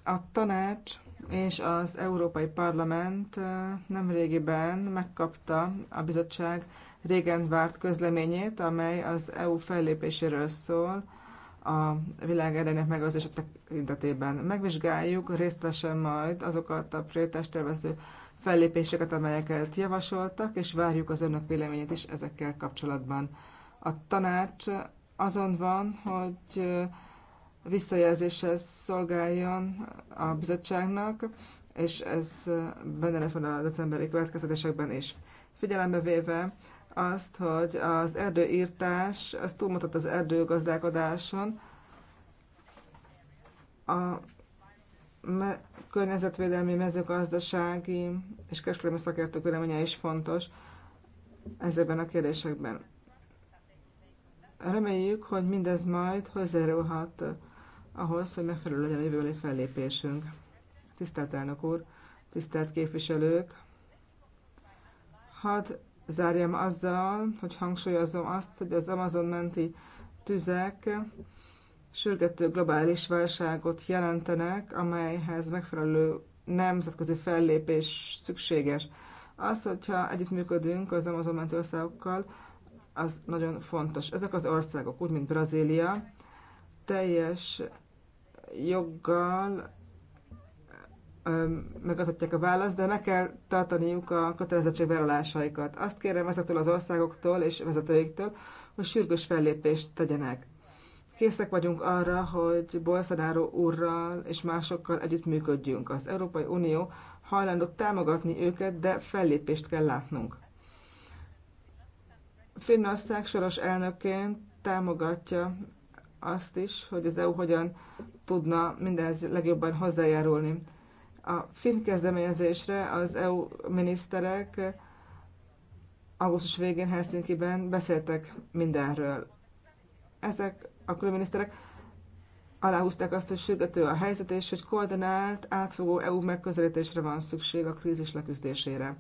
A tanács és az Európai Parlament nemrégiben megkapta a bizottság régen várt közleményét, amely az EU fellépéséről szól, a világ erejének megőrzése tekintetében. Megvizsgáljuk részletesen majd azokat a prioritást tervező fellépéseket, amelyeket javasoltak, és várjuk az önök véleményét is ezekkel kapcsolatban. A tanács azon van, hogy visszajelzéshez szolgáljon a bizottságnak, és ez benne lesz a decemberi következtetésekben is. Figyelembe véve azt, hogy az erdőírtás, az túlmutat az erdőgazdálkodáson, a me- környezetvédelmi, mezőgazdasági és kereskedelmi szakértők véleménye is fontos ezekben a kérdésekben. Reméljük, hogy mindez majd hozzájárulhat ahhoz, hogy megfelelő legyen a jövőbeli fellépésünk. Tisztelt elnök úr, tisztelt képviselők! Hadd zárjam azzal, hogy hangsúlyozom azt, hogy az Amazon menti tüzek sürgető globális válságot jelentenek, amelyhez megfelelő nemzetközi fellépés szükséges. Az, hogyha együttműködünk az Amazon menti országokkal, az nagyon fontos. Ezek az országok, úgy mint Brazília, teljes joggal megadhatják a választ, de meg kell tartaniuk a vállalásaikat. Azt kérem ezektől az országoktól és vezetőiktől, hogy sürgős fellépést tegyenek. Készek vagyunk arra, hogy Bolsonaro úrral és másokkal együttműködjünk. Az Európai Unió hajlandó támogatni őket, de fellépést kell látnunk. Finnország soros elnökként támogatja azt is, hogy az EU hogyan tudna mindez legjobban hozzájárulni a finn kezdeményezésre az EU miniszterek augusztus végén Helsinki-ben beszéltek mindenről. Ezek a külügyminiszterek aláhúzták azt, hogy sürgető a helyzet, és hogy koordinált, átfogó EU megközelítésre van szükség a krízis leküzdésére.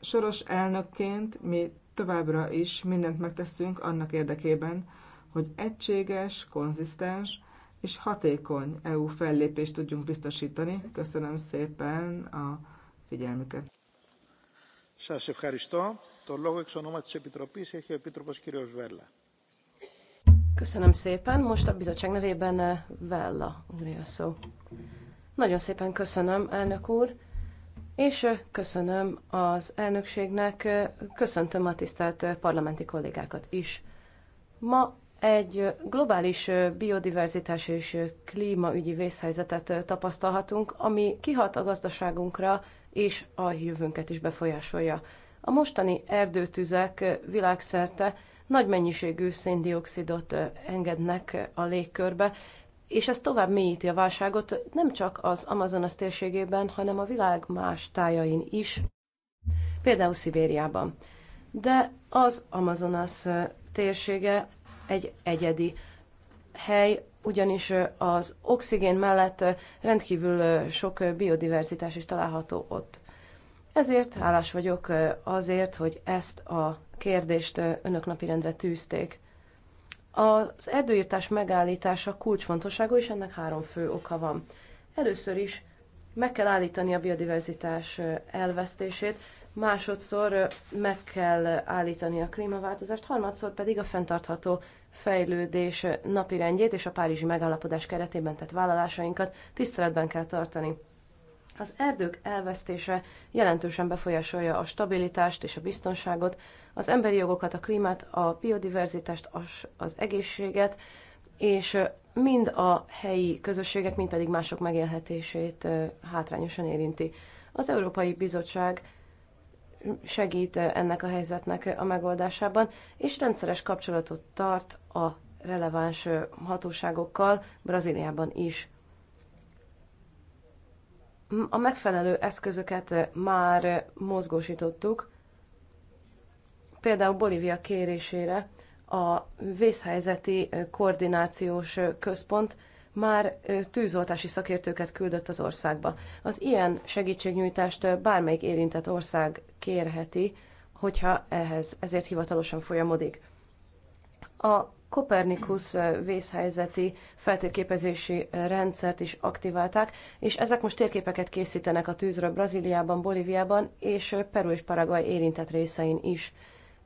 Soros elnökként mi továbbra is mindent megteszünk annak érdekében, hogy egységes, konzisztens és hatékony EU fellépést tudjunk biztosítani. Köszönöm szépen a figyelmüket. Σας ευχαριστώ. Το λόγο εξ ονόματος της Επιτροπής έχει ο Επίτροπος κ. Βέλλα. Köszönöm szépen. Most a bizottság nevében eh, Vella úrja szó. Nagyon szépen köszönöm, elnök úr, és eh, köszönöm az elnökségnek, eh, köszöntöm a tisztelt parlamenti kollégákat is. Ma egy globális biodiverzitás és klímaügyi vészhelyzetet tapasztalhatunk, ami kihat a gazdaságunkra és a jövőnket is befolyásolja. A mostani erdőtüzek világszerte nagy mennyiségű széndiokszidot engednek a légkörbe, és ez tovább mélyíti a válságot nem csak az Amazonas térségében, hanem a világ más tájain is, például Szibériában. De az Amazonas térsége egy egyedi hely, ugyanis az oxigén mellett rendkívül sok biodiverzitás is található ott. Ezért hálás vagyok azért, hogy ezt a kérdést önök napirendre tűzték. Az erdőírtás megállítása kulcsfontosságú, és ennek három fő oka van. Először is meg kell állítani a biodiverzitás elvesztését, másodszor meg kell állítani a klímaváltozást, harmadszor pedig a fenntartható fejlődés napirendjét és a Párizsi megállapodás keretében tett vállalásainkat tiszteletben kell tartani. Az erdők elvesztése jelentősen befolyásolja a stabilitást és a biztonságot, az emberi jogokat, a klímát, a biodiverzitást, az egészséget, és mind a helyi közösségek, mind pedig mások megélhetését hátrányosan érinti. Az Európai Bizottság segít ennek a helyzetnek a megoldásában, és rendszeres kapcsolatot tart a releváns hatóságokkal Brazíliában is. A megfelelő eszközöket már mozgósítottuk, például Bolívia kérésére a vészhelyzeti koordinációs központ már tűzoltási szakértőket küldött az országba. Az ilyen segítségnyújtást bármelyik érintett ország kérheti, hogyha ehhez ezért hivatalosan folyamodik. A Kopernikus vészhelyzeti feltérképezési rendszert is aktiválták, és ezek most térképeket készítenek a tűzről Brazíliában, Bolíviában és Peru és Paraguay érintett részein is.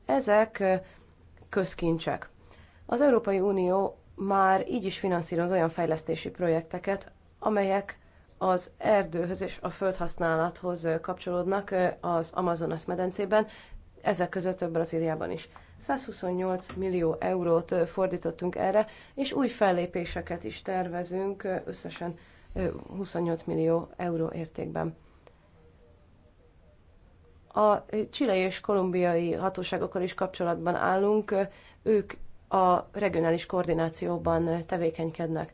Ezek közkincsek. Az Európai Unió már így is finanszíroz olyan fejlesztési projekteket, amelyek az erdőhöz és a földhasználathoz kapcsolódnak az Amazonas medencében, ezek között több Brazíliában is. 128 millió eurót fordítottunk erre, és új fellépéseket is tervezünk összesen 28 millió euró értékben. A csilei és kolumbiai hatóságokkal is kapcsolatban állunk, ők a regionális koordinációban tevékenykednek.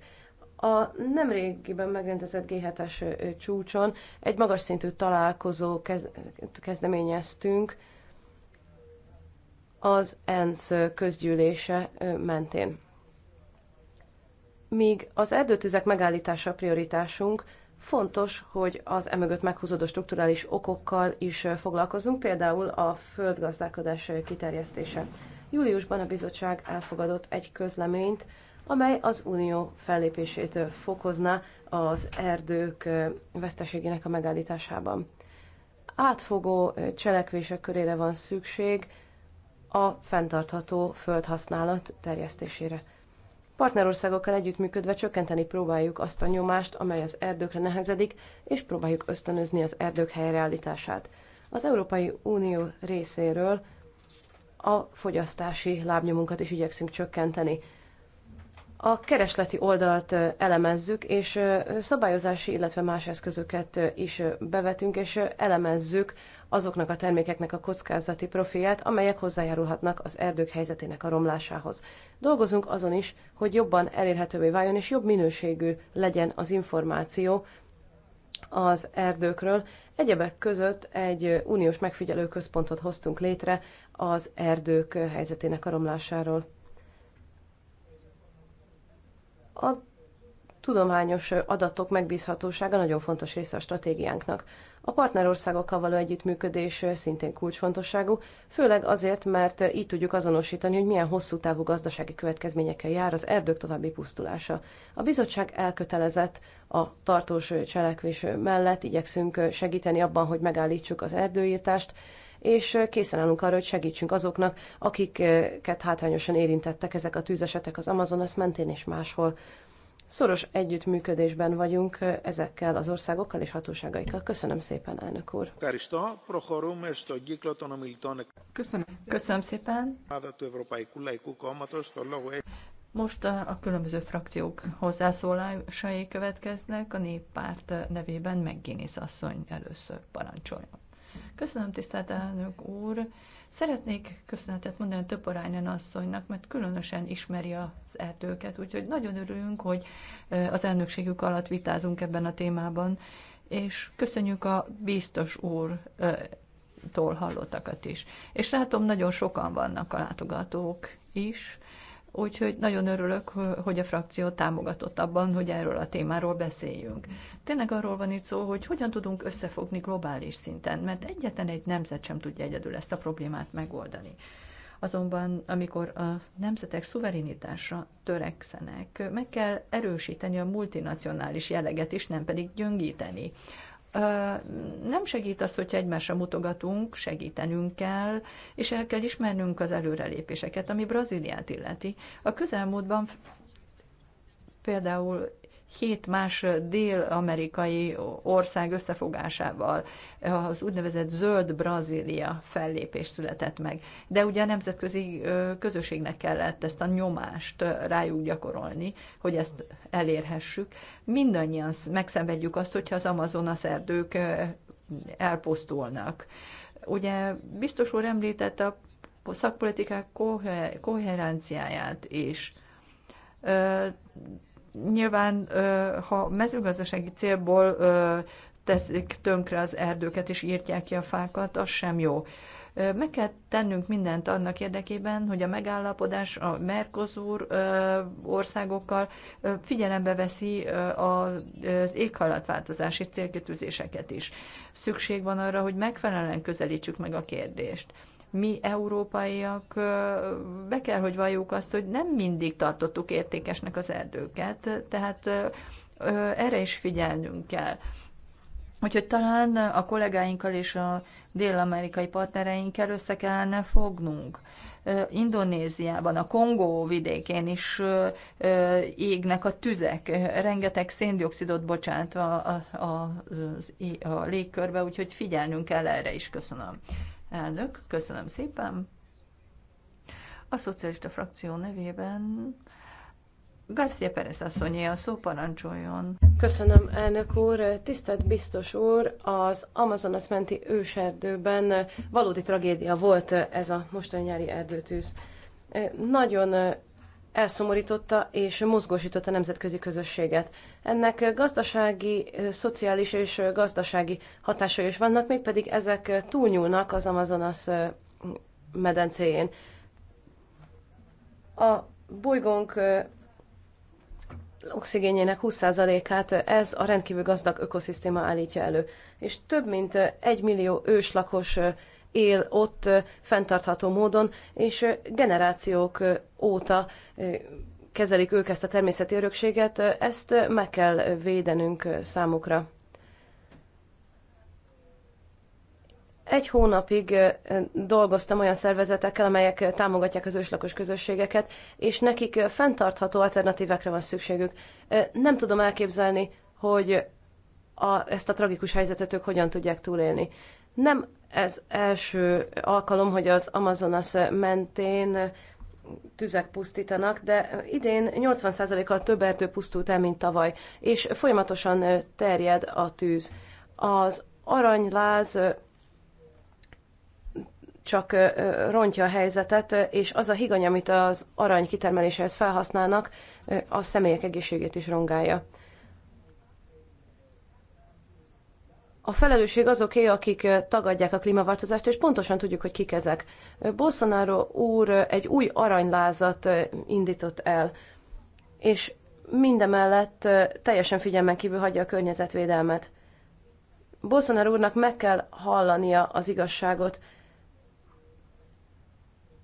A nemrégiben megrendezett G7-es csúcson egy magas szintű találkozó kezdeményeztünk az ENSZ közgyűlése mentén. Míg az erdőtüzek megállítása a prioritásunk, fontos, hogy az emögött meghúzódó strukturális okokkal is foglalkozunk, például a földgazdálkodás kiterjesztése júliusban a bizottság elfogadott egy közleményt, amely az unió fellépését fokozna az erdők veszteségének a megállításában. Átfogó cselekvések körére van szükség a fenntartható földhasználat terjesztésére. Partnerországokkal együttműködve csökkenteni próbáljuk azt a nyomást, amely az erdőkre nehezedik, és próbáljuk ösztönözni az erdők helyreállítását. Az Európai Unió részéről a fogyasztási lábnyomunkat is igyekszünk csökkenteni. A keresleti oldalt elemezzük, és szabályozási, illetve más eszközöket is bevetünk, és elemezzük azoknak a termékeknek a kockázati profilját, amelyek hozzájárulhatnak az erdők helyzetének a romlásához. Dolgozunk azon is, hogy jobban elérhetővé váljon, és jobb minőségű legyen az információ az erdőkről. Egyebek között egy uniós megfigyelőközpontot hoztunk létre, az erdők helyzetének a romlásáról. A tudományos adatok megbízhatósága nagyon fontos része a stratégiánknak. A partnerországokkal való együttműködés szintén kulcsfontosságú, főleg azért, mert így tudjuk azonosítani, hogy milyen hosszú távú gazdasági következményekkel jár az erdők további pusztulása. A bizottság elkötelezett a tartós cselekvés mellett, igyekszünk segíteni abban, hogy megállítsuk az erdőírtást, és készen állunk arra, hogy segítsünk azoknak, akiket hátrányosan érintettek ezek a tűzesetek az Amazonas mentén és máshol. Szoros együttműködésben vagyunk ezekkel az országokkal és hatóságaikkal. Köszönöm szépen, elnök úr. Köszönöm, Köszönöm szépen. Most a különböző frakciók hozzászólásai következnek. A néppárt nevében McGuinness asszony először parancsoljon. Köszönöm, tisztelt elnök úr! Szeretnék köszönetet mondani a Töporányan asszonynak, mert különösen ismeri az erdőket, úgyhogy nagyon örülünk, hogy az elnökségük alatt vitázunk ebben a témában, és köszönjük a biztos úr tól hallottakat is. És látom, nagyon sokan vannak a látogatók is, úgyhogy nagyon örülök, hogy a frakció támogatott abban, hogy erről a témáról beszéljünk. Tényleg arról van itt szó, hogy hogyan tudunk összefogni globális szinten, mert egyetlen egy nemzet sem tudja egyedül ezt a problémát megoldani. Azonban, amikor a nemzetek szuverenitásra törekszenek, meg kell erősíteni a multinacionális jelleget is, nem pedig gyöngíteni nem segít az, hogyha egymásra mutogatunk, segítenünk kell, és el kell ismernünk az előrelépéseket, ami Brazíliát illeti. A közelmúltban például hét más dél-amerikai ország összefogásával az úgynevezett zöld Brazília fellépés született meg. De ugye a nemzetközi közösségnek kellett ezt a nyomást rájuk gyakorolni, hogy ezt elérhessük. Mindannyian megszenvedjük azt, hogyha az Amazonas erdők elpusztulnak. Ugye biztos úr említette a szakpolitikák koherenciáját is nyilván, ha mezőgazdasági célból teszik tönkre az erdőket és írtják ki a fákat, az sem jó. Meg kell tennünk mindent annak érdekében, hogy a megállapodás a Mercosur országokkal figyelembe veszi az éghajlatváltozási célkitűzéseket is. Szükség van arra, hogy megfelelően közelítsük meg a kérdést mi európaiak be kell, hogy valljuk azt, hogy nem mindig tartottuk értékesnek az erdőket, tehát erre is figyelnünk kell. Úgyhogy talán a kollégáinkkal és a dél-amerikai partnereinkkel össze kellene fognunk. Indonéziában, a Kongó vidékén is égnek a tüzek, rengeteg széndiokszidot bocsátva a, a, a, a légkörbe, úgyhogy figyelnünk kell erre is. Köszönöm. Elnök, köszönöm szépen. A szocialista frakció nevében Garcia Perez asszonyé a szó parancsoljon. Köszönöm, elnök úr. Tisztelt biztos úr, az Amazonas menti őserdőben valódi tragédia volt ez a mostani nyári erdőtűz. Nagyon elszomorította és mozgósította a nemzetközi közösséget. Ennek gazdasági, szociális és gazdasági hatásai is vannak, mégpedig ezek túlnyúlnak az Amazonas medencéjén. A bolygónk oxigénjének 20%-át ez a rendkívül gazdag ökoszisztéma állítja elő, és több mint egy millió őslakos él ott fenntartható módon, és generációk óta kezelik ők ezt a természeti örökséget, ezt meg kell védenünk számukra. Egy hónapig dolgoztam olyan szervezetekkel, amelyek támogatják az őslakos közösségeket, és nekik fenntartható alternatívekre van szükségük. Nem tudom elképzelni, hogy a, ezt a tragikus helyzetet ők hogyan tudják túlélni. Nem ez első alkalom, hogy az Amazonas mentén tüzek pusztítanak, de idén 80%-kal több erdő pusztult el, mint tavaly, és folyamatosan terjed a tűz. Az aranyláz csak rontja a helyzetet, és az a higany, amit az arany kitermeléséhez felhasználnak, a személyek egészségét is rongálja. a felelősség azoké, akik tagadják a klímaváltozást, és pontosan tudjuk, hogy kik ezek. Bolsonaro úr egy új aranylázat indított el, és mindemellett teljesen figyelmen kívül hagyja a környezetvédelmet. Bolsonaro úrnak meg kell hallania az igazságot.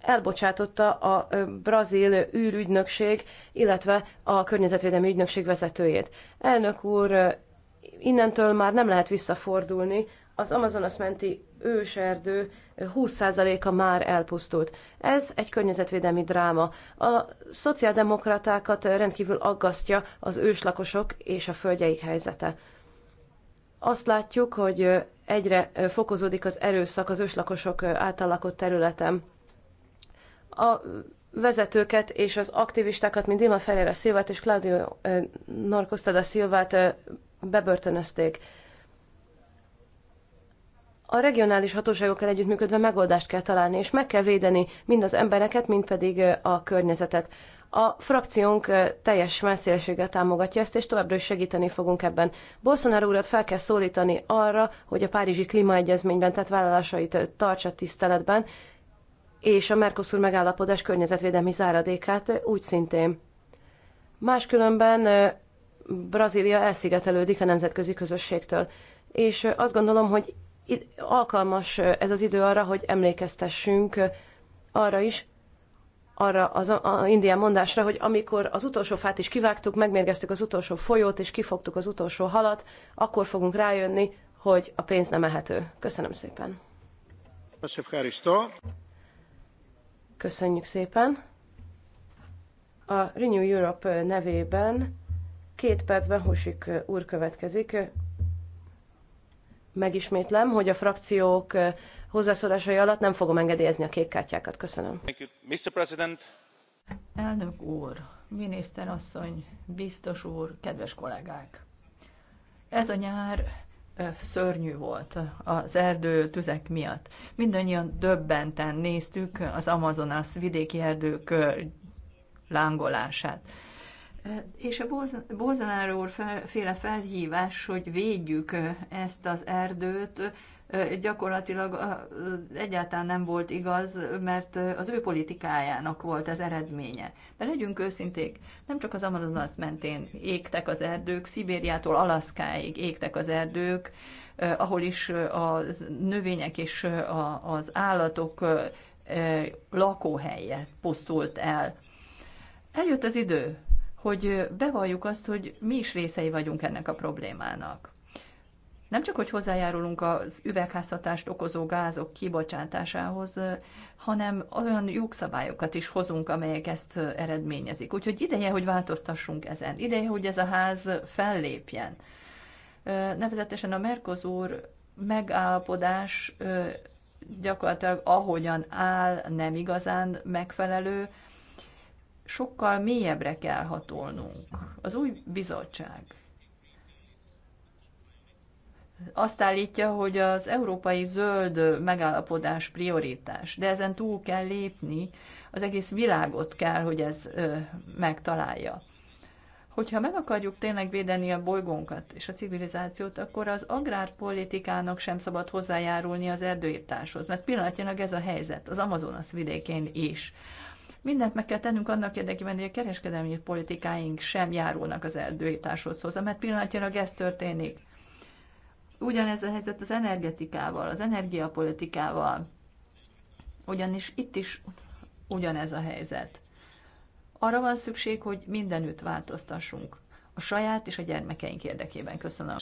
Elbocsátotta a brazil űrügynökség, illetve a környezetvédelmi ügynökség vezetőjét. Elnök úr, innentől már nem lehet visszafordulni, az Amazonas menti őserdő 20%-a már elpusztult. Ez egy környezetvédelmi dráma. A szociáldemokratákat rendkívül aggasztja az őslakosok és a földjeik helyzete. Azt látjuk, hogy egyre fokozódik az erőszak az őslakosok által lakott területen. A vezetőket és az aktivistákat, mint Dilma Ferreira Szilvát és Claudio eh, Norcosta da Silvát eh, bebörtönözték. A regionális hatóságokkal együttműködve megoldást kell találni, és meg kell védeni mind az embereket, mind pedig a környezetet. A frakciónk teljes messzélséggel támogatja ezt, és továbbra is segíteni fogunk ebben. Bolsonaro urat fel kell szólítani arra, hogy a Párizsi Klímaegyezményben tett vállalásait tartsa tiszteletben, és a Mercosur megállapodás környezetvédelmi záradékát úgy szintén. Máskülönben Brazília elszigetelődik a nemzetközi közösségtől. És azt gondolom, hogy alkalmas ez az idő arra, hogy emlékeztessünk arra is, arra az a, a indián mondásra, hogy amikor az utolsó fát is kivágtuk, megmérgeztük az utolsó folyót, és kifogtuk az utolsó halat, akkor fogunk rájönni, hogy a pénz nem ehető. Köszönöm szépen. Köszönjük szépen. A Renew Europe nevében Két percben Hosik úr következik. Megismétlem, hogy a frakciók hozzászólásai alatt nem fogom engedélyezni a kék kártyákat. Köszönöm. Mr. President. Elnök úr, miniszterasszony, biztos úr, kedves kollégák! Ez a nyár szörnyű volt az erdő tüzek miatt. Mindannyian döbbenten néztük az Amazonas vidéki erdők lángolását. Eh, és a Bolsonaro úr féle felhívás, hogy védjük eh, ezt az erdőt, eh, gyakorlatilag egyáltalán nem volt igaz, mert az ő politikájának volt ez eredménye. De legyünk őszinték, nem csak az Amazonas mentén égtek az erdők, Szibériától Alaszkáig égtek az erdők, ahol is a növények és az állatok lakóhelye pusztult el. Eljött az idő, hogy bevalljuk azt, hogy mi is részei vagyunk ennek a problémának. Nem csak, hogy hozzájárulunk az üvegházhatást okozó gázok kibocsátásához, hanem olyan jogszabályokat is hozunk, amelyek ezt eredményezik. Úgyhogy ideje, hogy változtassunk ezen. Ideje, hogy ez a ház fellépjen. Nevezetesen a Mercosur megállapodás gyakorlatilag ahogyan áll, nem igazán megfelelő, sokkal mélyebbre kell hatolnunk. Az új bizottság azt állítja, hogy az európai zöld megállapodás prioritás, de ezen túl kell lépni, az egész világot kell, hogy ez ö, megtalálja. Hogyha meg akarjuk tényleg védeni a bolygónkat és a civilizációt, akkor az agrárpolitikának sem szabad hozzájárulni az erdőírtáshoz, mert pillanatnyilag ez a helyzet az Amazonas vidékén is. Mindent meg kell tennünk annak érdekében, hogy a kereskedelmi politikáink sem járulnak az erdőításhoz hozzá, mert pillanatnyilag ez történik. Ugyanez a helyzet az energetikával, az energiapolitikával. Ugyanis itt is ugyanez a helyzet. Arra van szükség, hogy mindenütt változtassunk a saját és a gyermekeink érdekében. Köszönöm.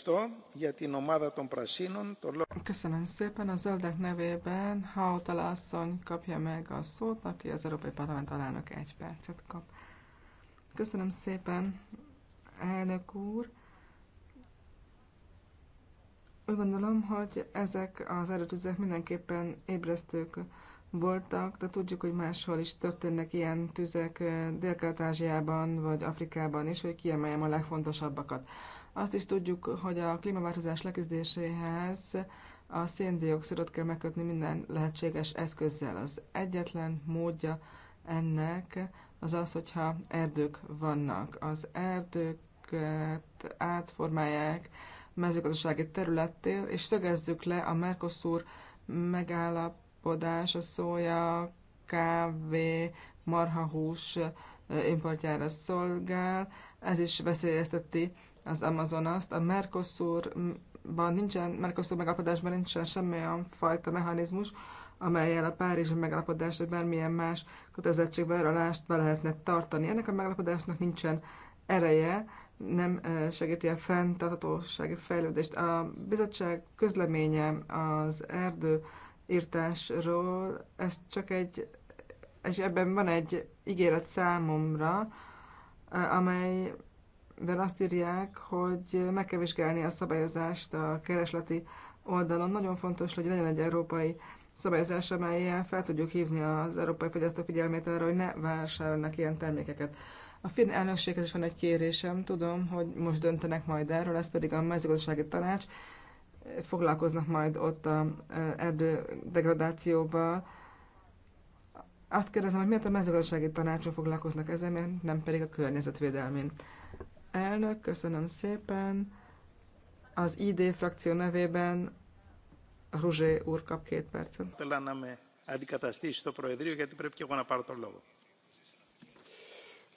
Köszönöm szépen. A zöldek nevében Hautala asszony kapja meg a szót, aki az Európai Parlament alának egy percet kap. Köszönöm szépen, elnök úr. Úgy gondolom, hogy ezek az erőtüzek mindenképpen ébresztők voltak, de tudjuk, hogy máshol is történnek ilyen tüzek dél ázsiában vagy Afrikában is, hogy kiemeljem a legfontosabbakat. Azt is tudjuk, hogy a klímaváltozás leküzdéséhez a széndiokszidot kell megkötni minden lehetséges eszközzel. Az egyetlen módja ennek az az, hogyha erdők vannak. Az erdőket átformálják mezőgazdasági területtél, és szögezzük le a Mercosur megállap megállapodás a szója, kávé, marhahús importjára szolgál. Ez is veszélyezteti az Amazonast. A Mercosurban nincsen, Mercosur megalapodásban nincsen semmilyen fajta mechanizmus, amelyel a Párizsi megalapodás vagy bármilyen más kötelezettségvállalást be lehetne tartani. Ennek a megalapodásnak nincsen ereje, nem segíti a fenntarthatósági fejlődést. A bizottság közleménye az erdő írtásról. Ez csak egy, és ebben van egy ígéret számomra, amelyben azt írják, hogy meg kell vizsgálni a szabályozást a keresleti oldalon. Nagyon fontos, hogy legyen egy európai szabályozás, amelyen fel tudjuk hívni az európai fogyasztó figyelmét arra, hogy ne vásárolnak ilyen termékeket. A finn elnökséghez is van egy kérésem, tudom, hogy most döntenek majd erről, ez pedig a mezőgazdasági tanács, foglalkoznak majd ott a erdő degradációval. Azt kérdezem, hogy miért a mezőgazdasági tanácson foglalkoznak ezzel, mert nem pedig a környezetvédelmén. Elnök, köszönöm szépen. Az ID frakció nevében Ruzsé úr kap két percet. Hát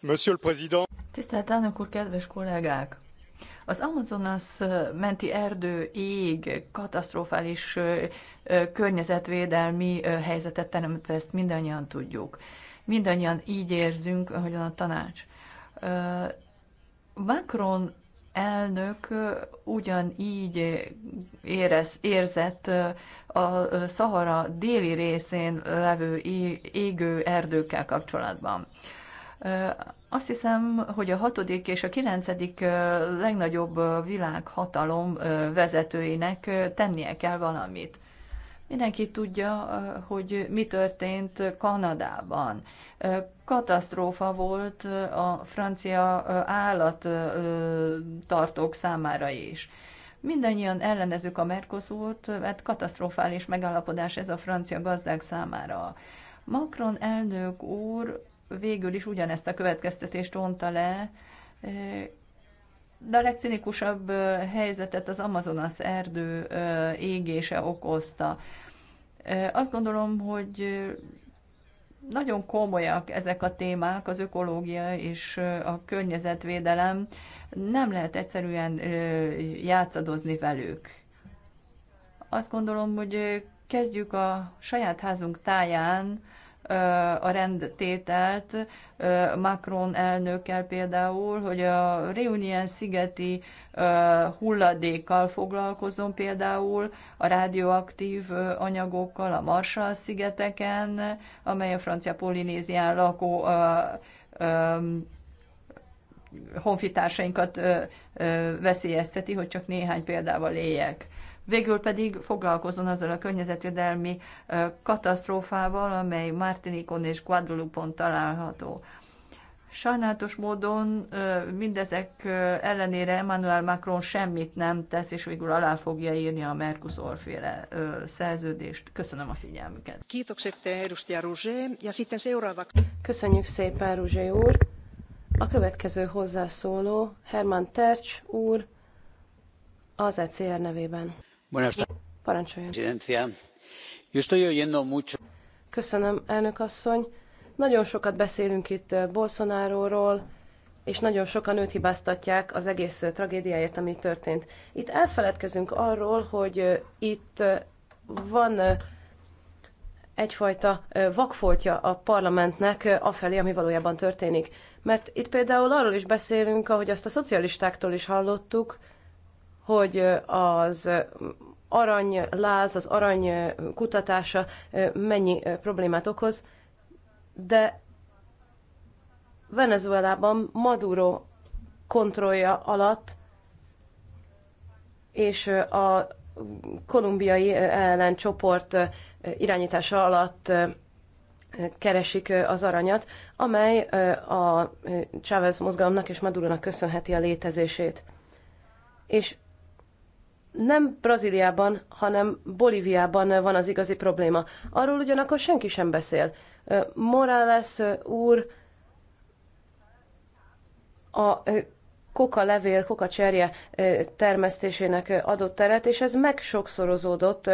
Monsieur le Président! Tisztelt elnök úr, kedves kollégák! Az Amazonas menti erdő ég katasztrofális környezetvédelmi helyzetet teremtve, ezt mindannyian tudjuk. Mindannyian így érzünk, ahogyan a tanács. Macron elnök ugyanígy érez, érzett a Szahara déli részén levő égő erdőkkel kapcsolatban. Azt hiszem, hogy a hatodik és a kilencedik legnagyobb világhatalom vezetőinek tennie kell valamit. Mindenki tudja, hogy mi történt Kanadában. Katasztrófa volt a francia állattartók számára is. Mindannyian ellenezzük a Mercosurt, mert katasztrofális megállapodás ez a francia gazdák számára. Macron elnök úr végül is ugyanezt a következtetést vonta le, de a legcinikusabb helyzetet az Amazonas erdő égése okozta. Azt gondolom, hogy nagyon komolyak ezek a témák, az ökológia és a környezetvédelem. Nem lehet egyszerűen játszadozni velük. Azt gondolom, hogy kezdjük a saját házunk táján, a rendtételt Macron elnökkel például, hogy a Réunion szigeti hulladékkal foglalkozom például, a radioaktív anyagokkal a Marshall szigeteken, amely a francia polinézián lakó honfitársainkat veszélyezteti, hogy csak néhány példával éljek végül pedig foglalkozon azzal a környezetvédelmi katasztrófával, amely Martinikon és Guadalupon található. Sajnálatos módon mindezek ellenére Emmanuel Macron semmit nem tesz, és végül alá fogja írni a Mercosur féle szerződést. Köszönöm a figyelmüket. Köszönjük szépen, Ruzsé úr. A következő hozzászóló Herman Tercs úr az ECR nevében elnök asszony. Nagyon sokat beszélünk itt eh, Bolsonáróról, és nagyon sokan őt hibáztatják az egész eh, tragédiáért, ami történt. Itt elfeledkezünk arról, hogy eh, itt van egyfajta vakfoltja a parlamentnek afelé, ami valójában történik. Mert itt például arról is beszélünk, ahogy azt a szocialistáktól is hallottuk, hogy az arany láz, az arany kutatása mennyi problémát okoz, de Venezuelában Maduro kontrollja alatt és a kolumbiai ellencsoport irányítása alatt keresik az aranyat, amely a Chávez mozgalomnak és Maduronak köszönheti a létezését. És nem Brazíliában, hanem Bolíviában van az igazi probléma. Arról ugyanakkor senki sem beszél. Morales úr a koka levél, koka cserje termesztésének adott teret, és ez megsokszorozódott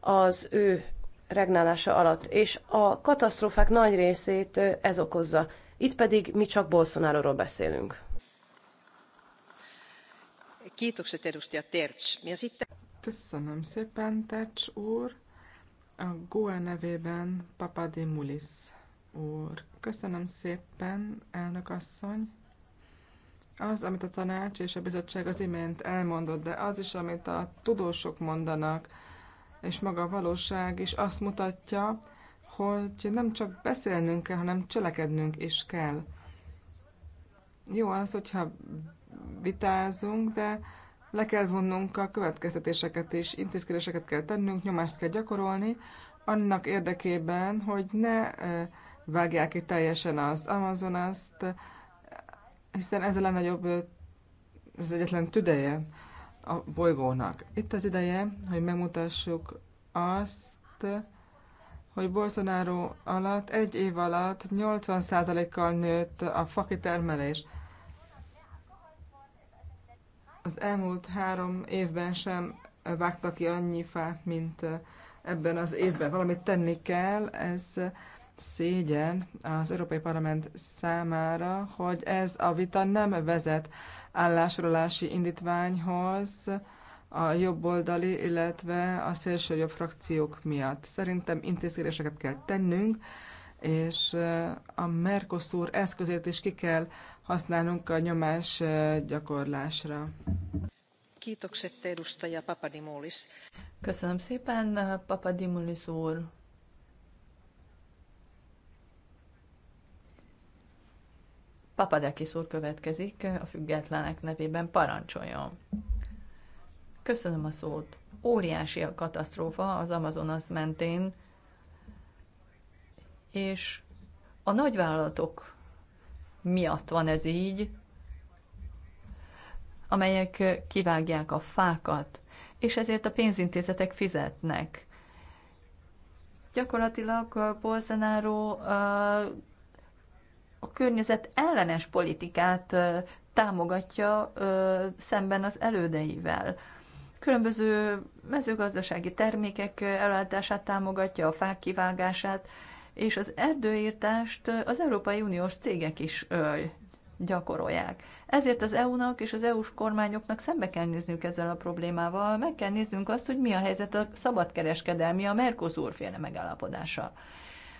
az ő regnálása alatt, és a katasztrófák nagy részét ez okozza. Itt pedig mi csak Bolsonaro-ról beszélünk. Köszönöm szépen, Tecs úr. A GUE nevében Papadimulis úr. Köszönöm szépen, elnök asszony. Az, amit a tanács és a bizottság az imént elmondott, de az is, amit a tudósok mondanak, és maga a valóság is azt mutatja, hogy nem csak beszélnünk kell, hanem cselekednünk is kell. Jó az, hogyha vitázunk, de le kell vonnunk a következtetéseket és intézkedéseket kell tennünk, nyomást kell gyakorolni, annak érdekében, hogy ne vágják ki teljesen az Amazonast, hiszen ez a legnagyobb, ez az egyetlen tüdeje a bolygónak. Itt az ideje, hogy megmutassuk azt, hogy Bolsonaro alatt, egy év alatt 80%-kal nőtt a fakitermelés. termelés az elmúlt három évben sem vágtak ki annyi fát, mint ebben az évben. Valamit tenni kell, ez szégyen az Európai Parlament számára, hogy ez a vita nem vezet állásorolási indítványhoz a jobboldali, illetve a szélső jobb frakciók miatt. Szerintem intézkedéseket kell tennünk, és a Mercosur eszközét is ki kell használnunk a nyomás gyakorlásra. Köszönöm szépen, Papadimulis úr. Papadakis úr következik a függetlenek nevében, parancsoljon. Köszönöm a szót. Óriási a katasztrófa az Amazonas mentén, és a nagyvállalatok miatt van ez így, amelyek kivágják a fákat, és ezért a pénzintézetek fizetnek. Gyakorlatilag Bolsonaro a környezet ellenes politikát támogatja szemben az elődeivel. Különböző mezőgazdasági termékek előállítását támogatja, a fák kivágását, és az erdőírtást az Európai Uniós cégek is gyakorolják. Ezért az EU-nak és az EU-s kormányoknak szembe kell nézniük ezzel a problémával, meg kell néznünk azt, hogy mi a helyzet a szabadkereskedelmi, a Mercosur féle megállapodása.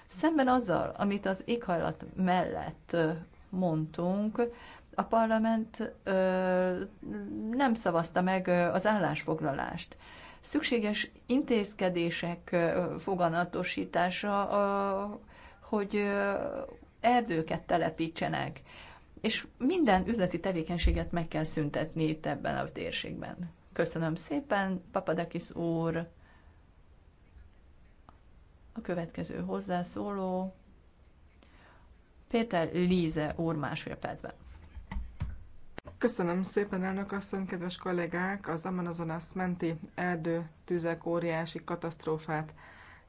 Szemben azzal, amit az éghajlat mellett mondtunk, a parlament ö, nem szavazta meg az állásfoglalást szükséges intézkedések foganatosítása, hogy erdőket telepítsenek, és minden üzleti tevékenységet meg kell szüntetni itt ebben a térségben. Köszönöm szépen, Papadakis úr! A következő hozzászóló Péter Líze úr másfél percben. Köszönöm szépen, elnök asszony, kedves kollégák! Az Amazonas menti erdő tüzek óriási katasztrófát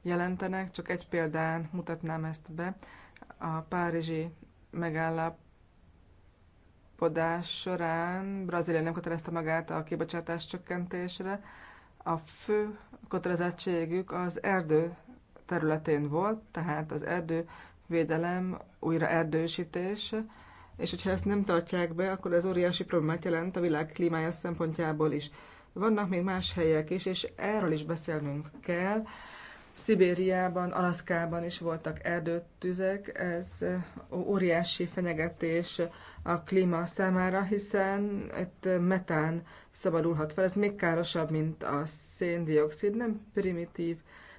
jelentenek. Csak egy példán mutatnám ezt be. A párizsi megállapodás során Brazília nem kötelezte magát a kibocsátás csökkentésre. A fő kötelezettségük az erdő területén volt, tehát az erdővédelem, újra erdősítés, és hogyha ezt nem tartják be, akkor ez óriási problémát jelent a világ klímája szempontjából is. Vannak még más helyek is, és erről is beszélnünk kell. Szibériában, Alaszkában is voltak erdőtüzek, ez óriási fenyegetés a klíma számára, hiszen itt metán szabadulhat fel, ez még károsabb, mint a széndiokszid, nem primitív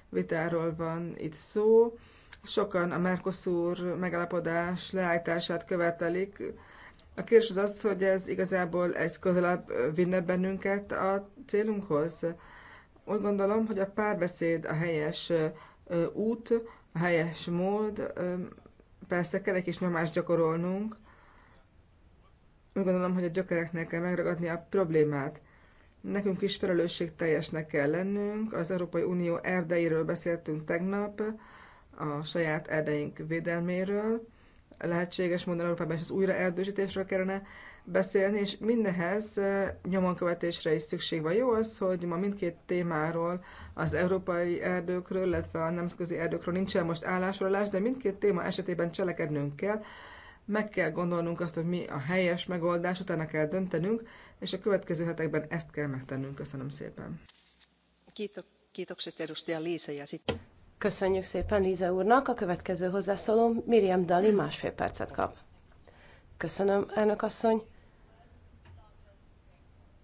vitáról van itt szó, Sokan a Mercosur megállapodás leállítását követelik. A kérdés az az, hogy ez igazából ez közelebb vinne bennünket a célunkhoz. Úgy gondolom, hogy a párbeszéd a helyes út, a helyes mód, persze kell egy kis nyomást gyakorolnunk. Úgy gondolom, hogy a gyökereknek kell megragadni a problémát. Nekünk is felelősségteljesnek kell lennünk. Az Európai Unió erdeiről beszéltünk tegnap a saját erdeink védelméről, lehetséges módon Európában is az újraerdősítésről kellene beszélni, és mindehez nyomonkövetésre is szükség van. Jó az, hogy ma mindkét témáról, az európai erdőkről, illetve a nemzetközi erdőkről nincsen most állásolás, de mindkét téma esetében cselekednünk kell, meg kell gondolnunk azt, hogy mi a helyes megoldás, utána kell döntenünk, és a következő hetekben ezt kell megtennünk. Köszönöm szépen. Kiitok, kiitokset edustaja Liisa ja sitten Köszönjük szépen Líze úrnak. A következő hozzászóló Miriam Dali másfél percet kap. Köszönöm, elnök asszony.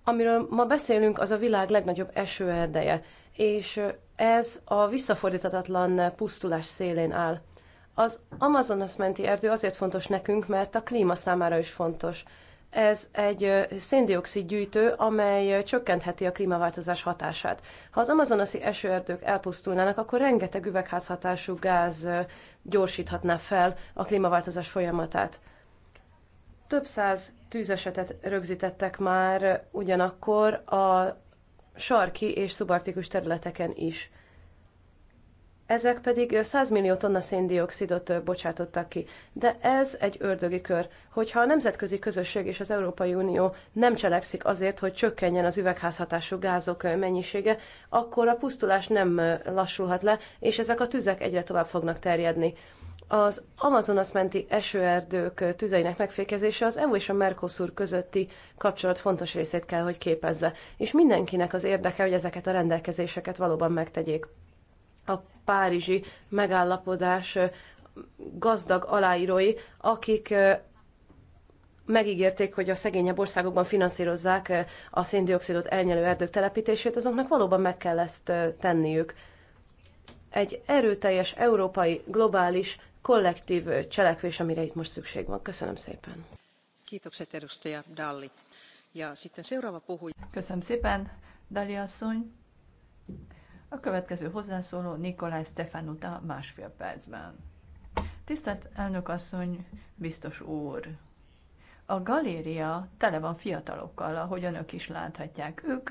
Amiről ma beszélünk, az a világ legnagyobb esőerdeje, és ez a visszafordíthatatlan pusztulás szélén áll. Az Amazonas menti erdő azért fontos nekünk, mert a klíma számára is fontos ez egy széndiokszid gyűjtő, amely csökkentheti a klímaváltozás hatását. Ha az amazonasi esőerdők elpusztulnának, akkor rengeteg üvegházhatású gáz gyorsíthatná fel a klímaváltozás folyamatát. Több száz tűzesetet rögzítettek már ugyanakkor a sarki és szubarktikus területeken is ezek pedig 100 millió tonna széndiokszidot bocsátottak ki. De ez egy ördögi kör. Hogyha a nemzetközi közösség és az Európai Unió nem cselekszik azért, hogy csökkenjen az üvegházhatású gázok mennyisége, akkor a pusztulás nem lassulhat le, és ezek a tüzek egyre tovább fognak terjedni. Az Amazonas menti esőerdők tüzeinek megfékezése az EU és a Mercosur közötti kapcsolat fontos részét kell, hogy képezze, és mindenkinek az érdeke, hogy ezeket a rendelkezéseket valóban megtegyék a párizsi megállapodás gazdag aláírói, akik megígérték, hogy a szegényebb országokban finanszírozzák a széndiokszidot elnyelő erdők telepítését, azoknak valóban meg kell ezt tenniük. Egy erőteljes európai, globális, kollektív cselekvés, amire itt most szükség van. Köszönöm szépen. Ja sitten seuraava Köszönöm szépen, Dali asszony. A következő hozzászóló Nikolaj Stefanuta másfél percben. Tisztelt elnök asszony, biztos úr! A galéria tele van fiatalokkal, ahogy önök is láthatják. Ők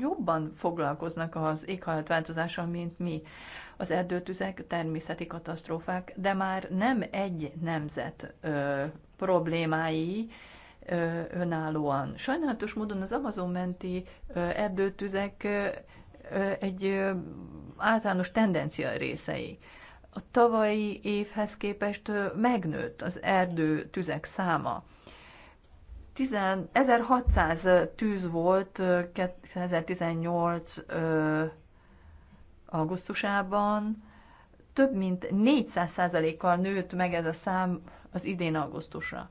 jobban foglalkoznak az éghajlatváltozással, mint mi. Az erdőtüzek, természeti katasztrófák, de már nem egy nemzet ö, problémái, önállóan. Sajnálatos módon az Amazon menti erdőtüzek egy általános tendencia részei. A tavalyi évhez képest megnőtt az erdő tüzek száma. 1600 tűz volt 2018 augusztusában, több mint 400%-kal nőtt meg ez a szám az idén augusztusra.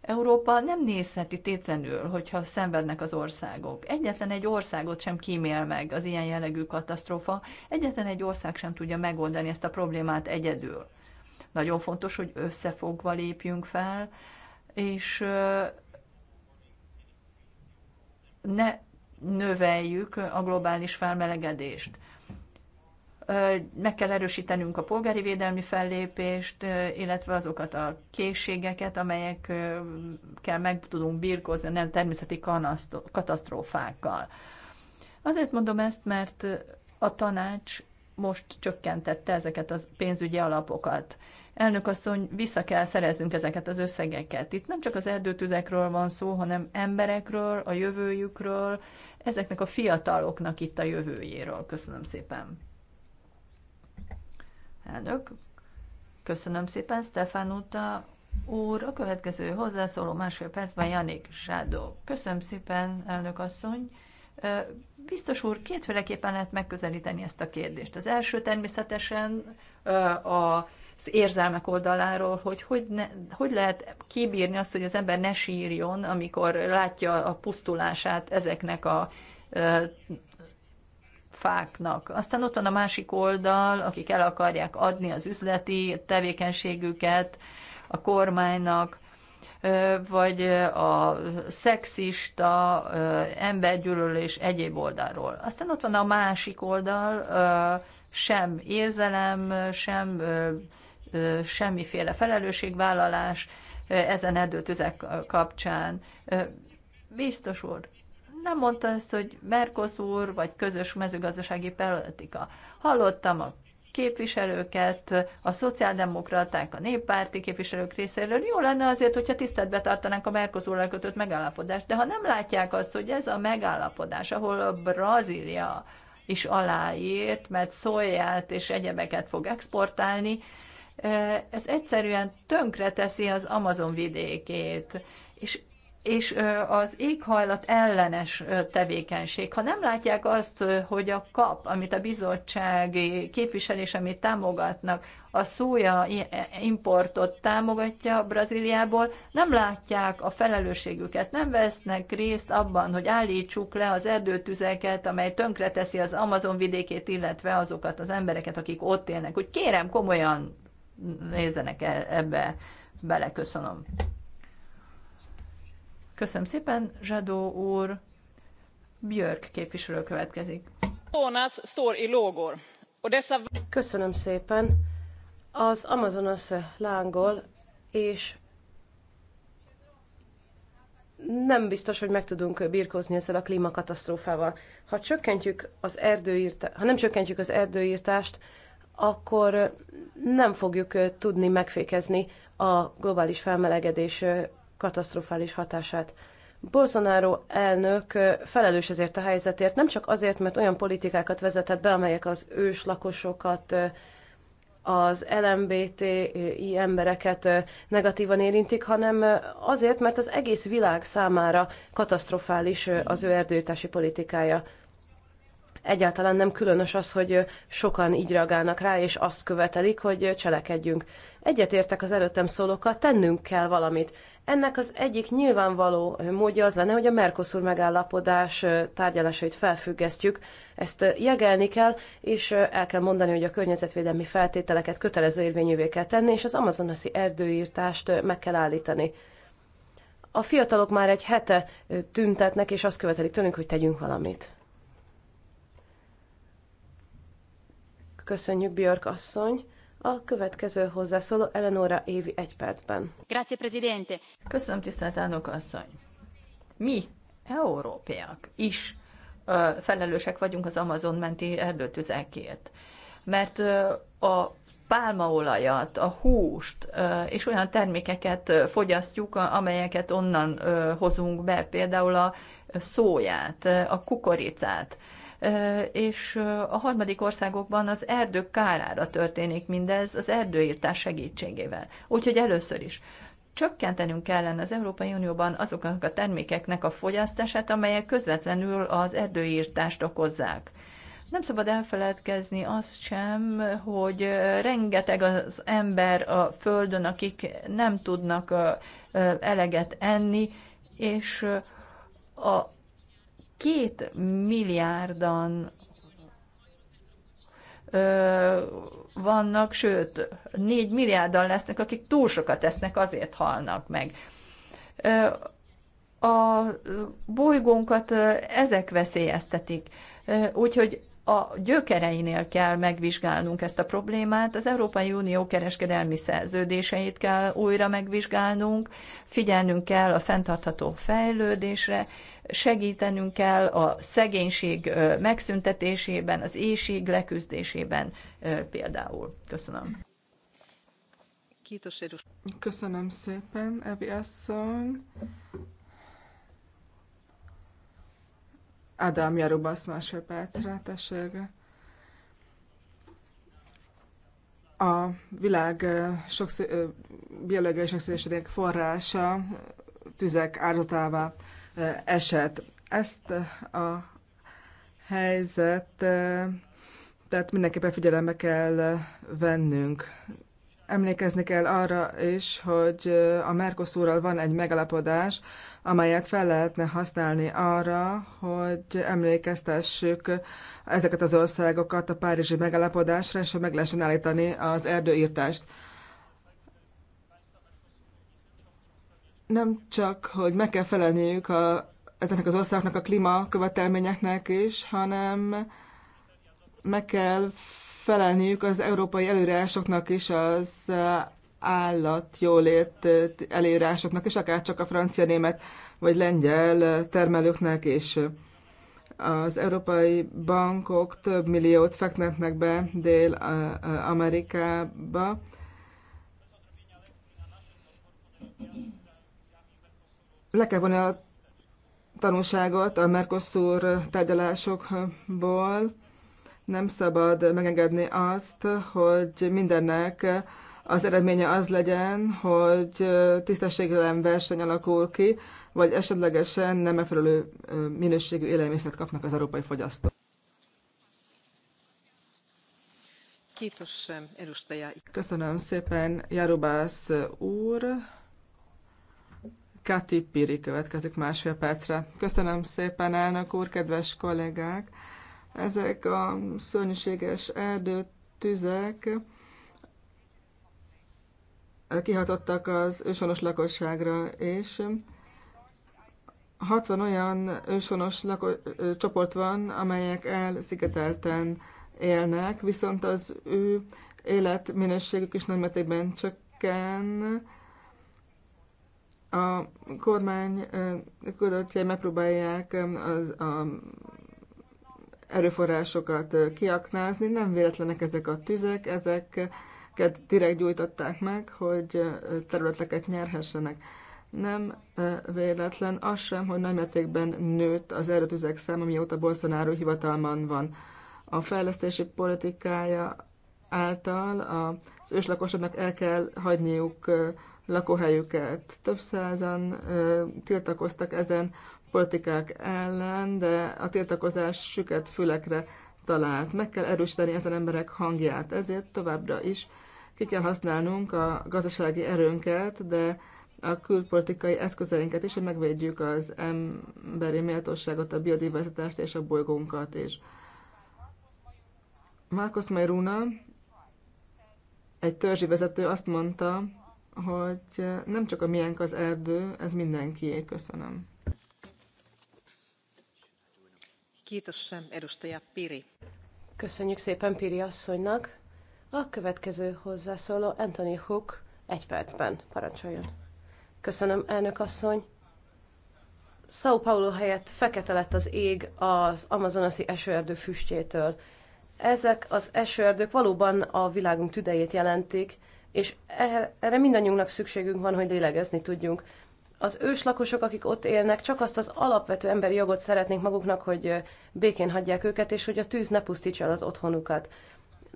Európa nem nézheti tétlenül, hogyha szenvednek az országok. Egyetlen egy országot sem kímél meg az ilyen jellegű katasztrófa, egyetlen egy ország sem tudja megoldani ezt a problémát egyedül. Nagyon fontos, hogy összefogva lépjünk fel, és ne növeljük a globális felmelegedést meg kell erősítenünk a polgári védelmi fellépést, illetve azokat a készségeket, amelyekkel meg tudunk birkózni a nem természeti katasztrófákkal. Azért mondom ezt, mert a tanács most csökkentette ezeket a pénzügyi alapokat. Elnök asszony, vissza kell szereznünk ezeket az összegeket. Itt nem csak az erdőtüzekről van szó, hanem emberekről, a jövőjükről, ezeknek a fiataloknak itt a jövőjéről. Köszönöm szépen. Elnök, köszönöm szépen, Stefan Uta úr. A következő hozzászóló másfél percben Janik Sádó. Köszönöm szépen, elnök asszony. Biztos úr, kétféleképpen lehet megközelíteni ezt a kérdést. Az első természetesen az érzelmek oldaláról, hogy hogy, ne, hogy lehet kibírni azt, hogy az ember ne sírjon, amikor látja a pusztulását ezeknek a fáknak. Aztán ott van a másik oldal, akik el akarják adni az üzleti tevékenységüket a kormánynak, vagy a szexista, embergyűlölés egyéb oldalról. Aztán ott van a másik oldal, sem érzelem, sem semmiféle felelősségvállalás ezen edőtüzek kapcsán. Biztos úr, nem mondta ezt, hogy Mercosur vagy közös mezőgazdasági politika. Hallottam a képviselőket, a szociáldemokraták, a néppárti képviselők részéről. Jó lenne azért, hogyha tiszteletbe tartanánk a Mercosur kötött megállapodást, de ha nem látják azt, hogy ez a megállapodás, ahol a Brazília is aláírt, mert szóját és egyebeket fog exportálni, eh, ez egyszerűen tönkreteszi az Amazon vidékét. És és az éghajlat ellenes tevékenység. Ha nem látják azt, hogy a kap, amit a bizottsági képviselés, amit támogatnak, a szója e, importot támogatja Brazíliából, nem látják a felelősségüket, nem vesznek részt abban, hogy állítsuk le az erdőtüzeket, amely tönkreteszi az Amazon vidékét, illetve azokat az embereket, akik ott élnek. Úgy kérem, komolyan nézzenek e-, ebbe bele, köszönöm. Köszönöm szépen, Zsadó úr. Björk képviselő következik. Köszönöm szépen. Az Amazonas lángol, és nem biztos, hogy meg tudunk birkózni ezzel a klímakatasztrófával. Ha csökkentjük az erdőírta... ha nem csökkentjük az erdőírtást, akkor nem fogjuk tudni megfékezni a globális felmelegedés katasztrofális hatását. Bolsonaro elnök felelős ezért a helyzetért, nem csak azért, mert olyan politikákat vezetett be, amelyek az ős lakosokat, az LMBTI embereket negatívan érintik, hanem azért, mert az egész világ számára katasztrofális az ő erdőtási politikája. Egyáltalán nem különös az, hogy sokan így reagálnak rá, és azt követelik, hogy cselekedjünk. Egyetértek az előttem szólókkal, tennünk kell valamit ennek az egyik nyilvánvaló módja az lenne, hogy a Mercosur megállapodás tárgyalásait felfüggesztjük. Ezt jegelni kell, és el kell mondani, hogy a környezetvédelmi feltételeket kötelező érvényűvé kell tenni, és az amazonasi erdőírtást meg kell állítani. A fiatalok már egy hete tüntetnek, és azt követelik tőlünk, hogy tegyünk valamit. Köszönjük, Björk asszony! A következő hozzászóló Eleonora Évi egy percben. Grazie, Presidente. Köszönöm, tisztelt elnök asszony. Mi, európaiak is ö, felelősek vagyunk az Amazon menti erdőtüzekért. Mert ö, a pálmaolajat, a húst és olyan termékeket fogyasztjuk, amelyeket onnan hozunk be, például a szóját, a kukoricát és a harmadik országokban az erdők kárára történik mindez az erdőírtás segítségével. Úgyhogy először is csökkentenünk kellene az Európai Unióban azoknak a termékeknek a fogyasztását, amelyek közvetlenül az erdőírtást okozzák. Nem szabad elfeledkezni azt sem, hogy rengeteg az ember a Földön, akik nem tudnak eleget enni, és a két milliárdan ö, vannak, sőt, négy milliárdan lesznek, akik túl sokat esznek, azért halnak meg. Ö, a bolygónkat ezek veszélyeztetik. Úgyhogy a gyökereinél kell megvizsgálnunk ezt a problémát, az Európai Unió kereskedelmi szerződéseit kell újra megvizsgálnunk, figyelnünk kell a fenntartható fejlődésre, segítenünk kell a szegénység megszüntetésében, az éjség leküzdésében például. Köszönöm. Köszönöm szépen, Evi asszony. Adam Jarubasz másfél percre, A világ sokszor, biológiai sokszínűségének forrása tüzek áldozatává esett. Ezt a helyzet tehát mindenképpen figyelembe kell vennünk emlékezni kell arra is, hogy a Mercosurral van egy megalapodás, amelyet fel lehetne használni arra, hogy emlékeztessük ezeket az országokat a Párizsi megalapodásra, és hogy meg lehessen állítani az erdőírtást. Nem csak, hogy meg kell felelniük a, ezeknek az országoknak a klímakövetelményeknek is, hanem meg kell felelniük az európai előírásoknak is, az állat jólét előírásoknak is, akár csak a francia, német vagy lengyel termelőknek is. Az európai bankok több milliót fektetnek be Dél-Amerikába. Le kell vonni a tanulságot a Mercosur tárgyalásokból nem szabad megengedni azt, hogy mindennek az eredménye az legyen, hogy tisztességtelen verseny alakul ki, vagy esetlegesen nem megfelelő minőségű élelmiszert kapnak az európai fogyasztók. Köszönöm szépen, Jarubász úr. Kati Piri következik másfél percre. Köszönöm szépen, elnök úr, kedves kollégák! Ezek a szörnyűséges erdőtüzek eh, kihatottak az őshonos lakosságra, és 60 eh, olyan őshonos lako- eh, csoport van, amelyek elszigetelten élnek, viszont az ő életminőségük is nagy mértékben csökken. A kormány küldöttjei megpróbálják az, a erőforrásokat kiaknázni. Nem véletlenek ezek a tüzek, ezeket direkt gyújtották meg, hogy területeket nyerhessenek. Nem véletlen az sem, hogy nagymértékben nőtt az erőtüzek száma, mióta Bolsonaro hivatalman van. A fejlesztési politikája által az őslakosoknak el kell hagyniuk lakóhelyüket. Több százan tiltakoztak ezen politikák ellen, de a tiltakozás süket fülekre talált. Meg kell erősíteni ezen emberek hangját, ezért továbbra is ki kell használnunk a gazdasági erőnket, de a külpolitikai eszközeinket is, hogy megvédjük az emberi méltóságot, a biodiverzitást és a bolygónkat is. Marcos Mayruna, egy törzsi vezető azt mondta, hogy nem csak a miénk az erdő, ez mindenkié. Köszönöm. Köszönjük szépen Piri asszonynak. A következő hozzászóló Anthony Hook egy percben. Parancsoljon. Köszönöm, elnök asszony. São Paulo helyett fekete lett az ég az amazonasi esőerdő füstjétől. Ezek az esőerdők valóban a világunk tüdejét jelentik, és e- erre mindannyiunknak szükségünk van, hogy lélegezni tudjunk az őslakosok, akik ott élnek, csak azt az alapvető emberi jogot szeretnék maguknak, hogy békén hagyják őket, és hogy a tűz ne pusztítsa el az otthonukat.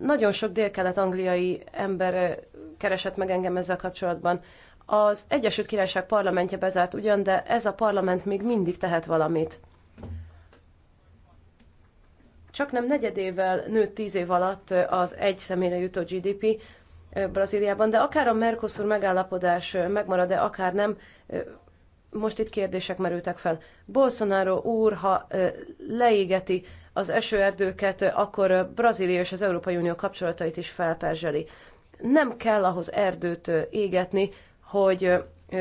Nagyon sok dél-kelet-angliai ember keresett meg engem ezzel kapcsolatban. Az Egyesült Királyság parlamentje bezárt ugyan, de ez a parlament még mindig tehet valamit. Csak nem negyedével nőtt tíz év alatt az egy személyre jutó GDP Brazíliában, de akár a Mercosur megállapodás megmarad-e, akár nem, most itt kérdések merültek fel. Bolsonaro úr, ha leégeti az esőerdőket, akkor Brazília és az Európai Unió kapcsolatait is felperzseli. Nem kell ahhoz erdőt égetni, hogy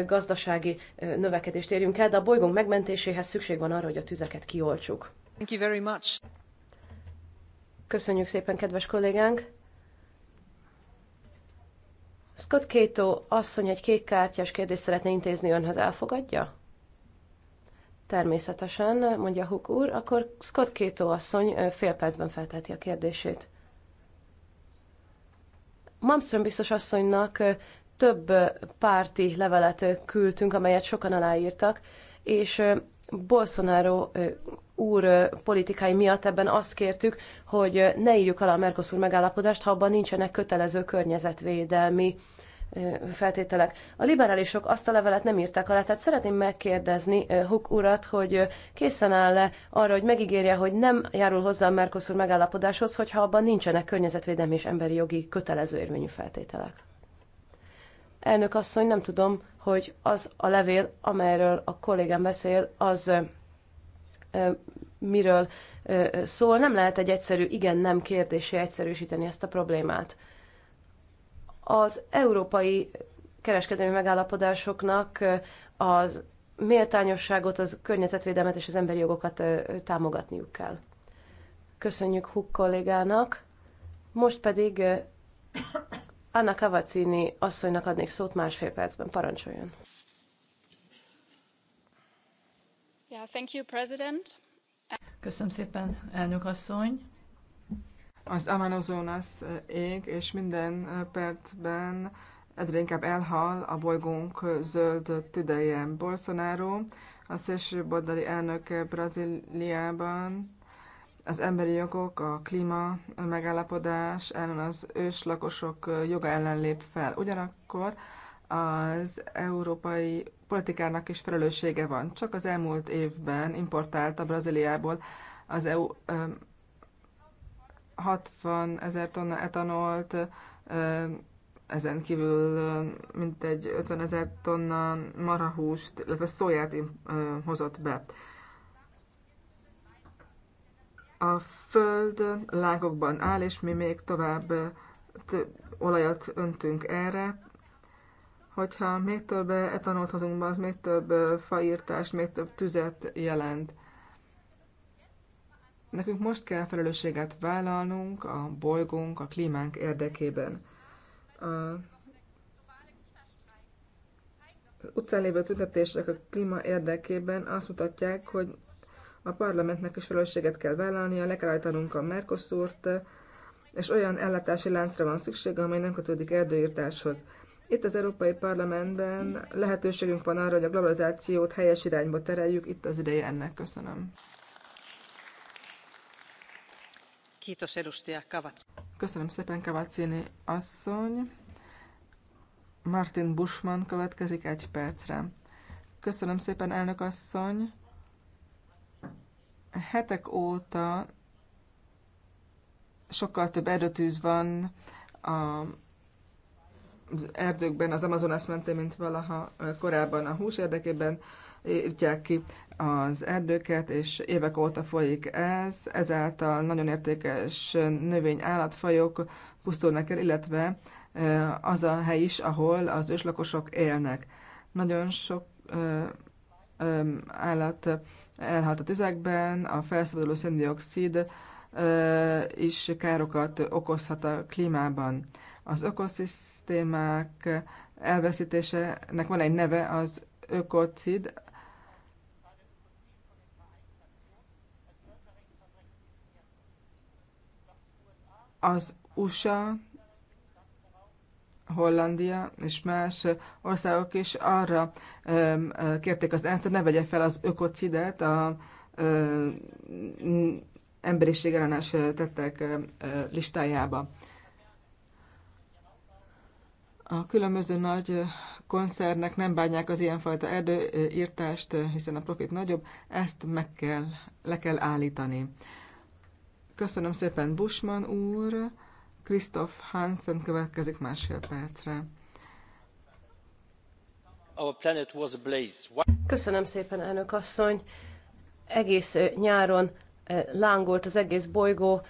gazdasági növekedést érjünk el, de a bolygónk megmentéséhez szükség van arra, hogy a tüzeket kioltsuk. Thank you very much. Köszönjük szépen, kedves kollégánk! Scott Kato asszony egy kék kártyás kérdést szeretne intézni önhöz, elfogadja? Természetesen, mondja Hook úr, akkor Scott Kato asszony fél percben felteheti a kérdését. Mamström biztos asszonynak több párti levelet küldtünk, amelyet sokan aláírtak, és Bolsonaro úr politikai miatt ebben azt kértük, hogy ne írjuk alá a Mercosur megállapodást, ha abban nincsenek kötelező környezetvédelmi feltételek. A liberálisok azt a levelet nem írták alá, tehát szeretném megkérdezni Huk urat, hogy készen áll-e arra, hogy megígérje, hogy nem járul hozzá a Mercosur megállapodáshoz, hogyha abban nincsenek környezetvédelmi és emberi jogi kötelező érvényű feltételek. Elnök asszony, nem tudom, hogy az a levél, amelyről a kollégám beszél, az miről szól. Nem lehet egy egyszerű igen-nem kérdésé egyszerűsíteni ezt a problémát. Az európai kereskedelmi megállapodásoknak az méltányosságot, az környezetvédelmet és az emberi jogokat támogatniuk kell. Köszönjük Huck kollégának. Most pedig Anna Cavazzini asszonynak adnék szót másfél percben. Parancsoljon! Köszönöm szépen, elnök asszony. Az Amazonas eh, ég, és minden eh, percben egyre inkább elhal a bolygónk zöld tüdeje. Bolsonaro, a szélsőbordali elnök Brazíliában, az emberi jogok, a klíma a megállapodás ellen az őslakosok joga ellen lép fel. Ugyanakkor az Európai politikának is felelőssége van. Csak az elmúlt évben importált a Brazíliából az EU 60 ezer tonna etanolt, ezen kívül mintegy 50 ezer tonna marahúst, illetve szóját hozott be. A föld lángokban áll, és mi még tovább olajat öntünk erre, hogyha még több etanolt hozunk be, az még több faírtást, még több tüzet jelent. Nekünk most kell felelősséget vállalnunk a bolygónk, a klímánk érdekében. A utcán lévő tüntetések a klíma érdekében azt mutatják, hogy a parlamentnek is felelősséget kell vállalnia, le kell állítanunk a Mercosurt, és olyan ellátási láncra van szükség, amely nem kötődik erdőírtáshoz. Itt az Európai Parlamentben lehetőségünk van arra, hogy a globalizációt helyes irányba tereljük, itt az ideje ennek. Köszönöm. Köszönöm szépen, Kavacini asszony. Martin Bushman következik egy percre. Köszönöm szépen, elnök asszony. Hetek óta sokkal több erőtűz van a az erdőkben, az Amazonas mentén, mint valaha korábban a hús érdekében írtják ki az erdőket, és évek óta folyik ez, ezáltal nagyon értékes növény-állatfajok pusztulnak el, illetve az a hely is, ahol az őslakosok élnek. Nagyon sok állat elhalt a tüzekben, a felszabaduló széndiokszid is károkat okozhat a klímában. Az ökoszisztémák elveszítésének van egy neve, az ökocid, az USA, Hollandia és más országok is arra kérték az ENSZ-t, ne vegye fel az ökocidet a emberiség ellenes tettek listájába. A különböző nagy koncernek nem bánják az ilyenfajta erdőírtást, hiszen a profit nagyobb, ezt meg kell, le kell állítani. Köszönöm szépen Bushman úr, Christoph Hansen következik másfél percre. Köszönöm szépen, elnök asszony. Egész nyáron lángolt az egész bolygó,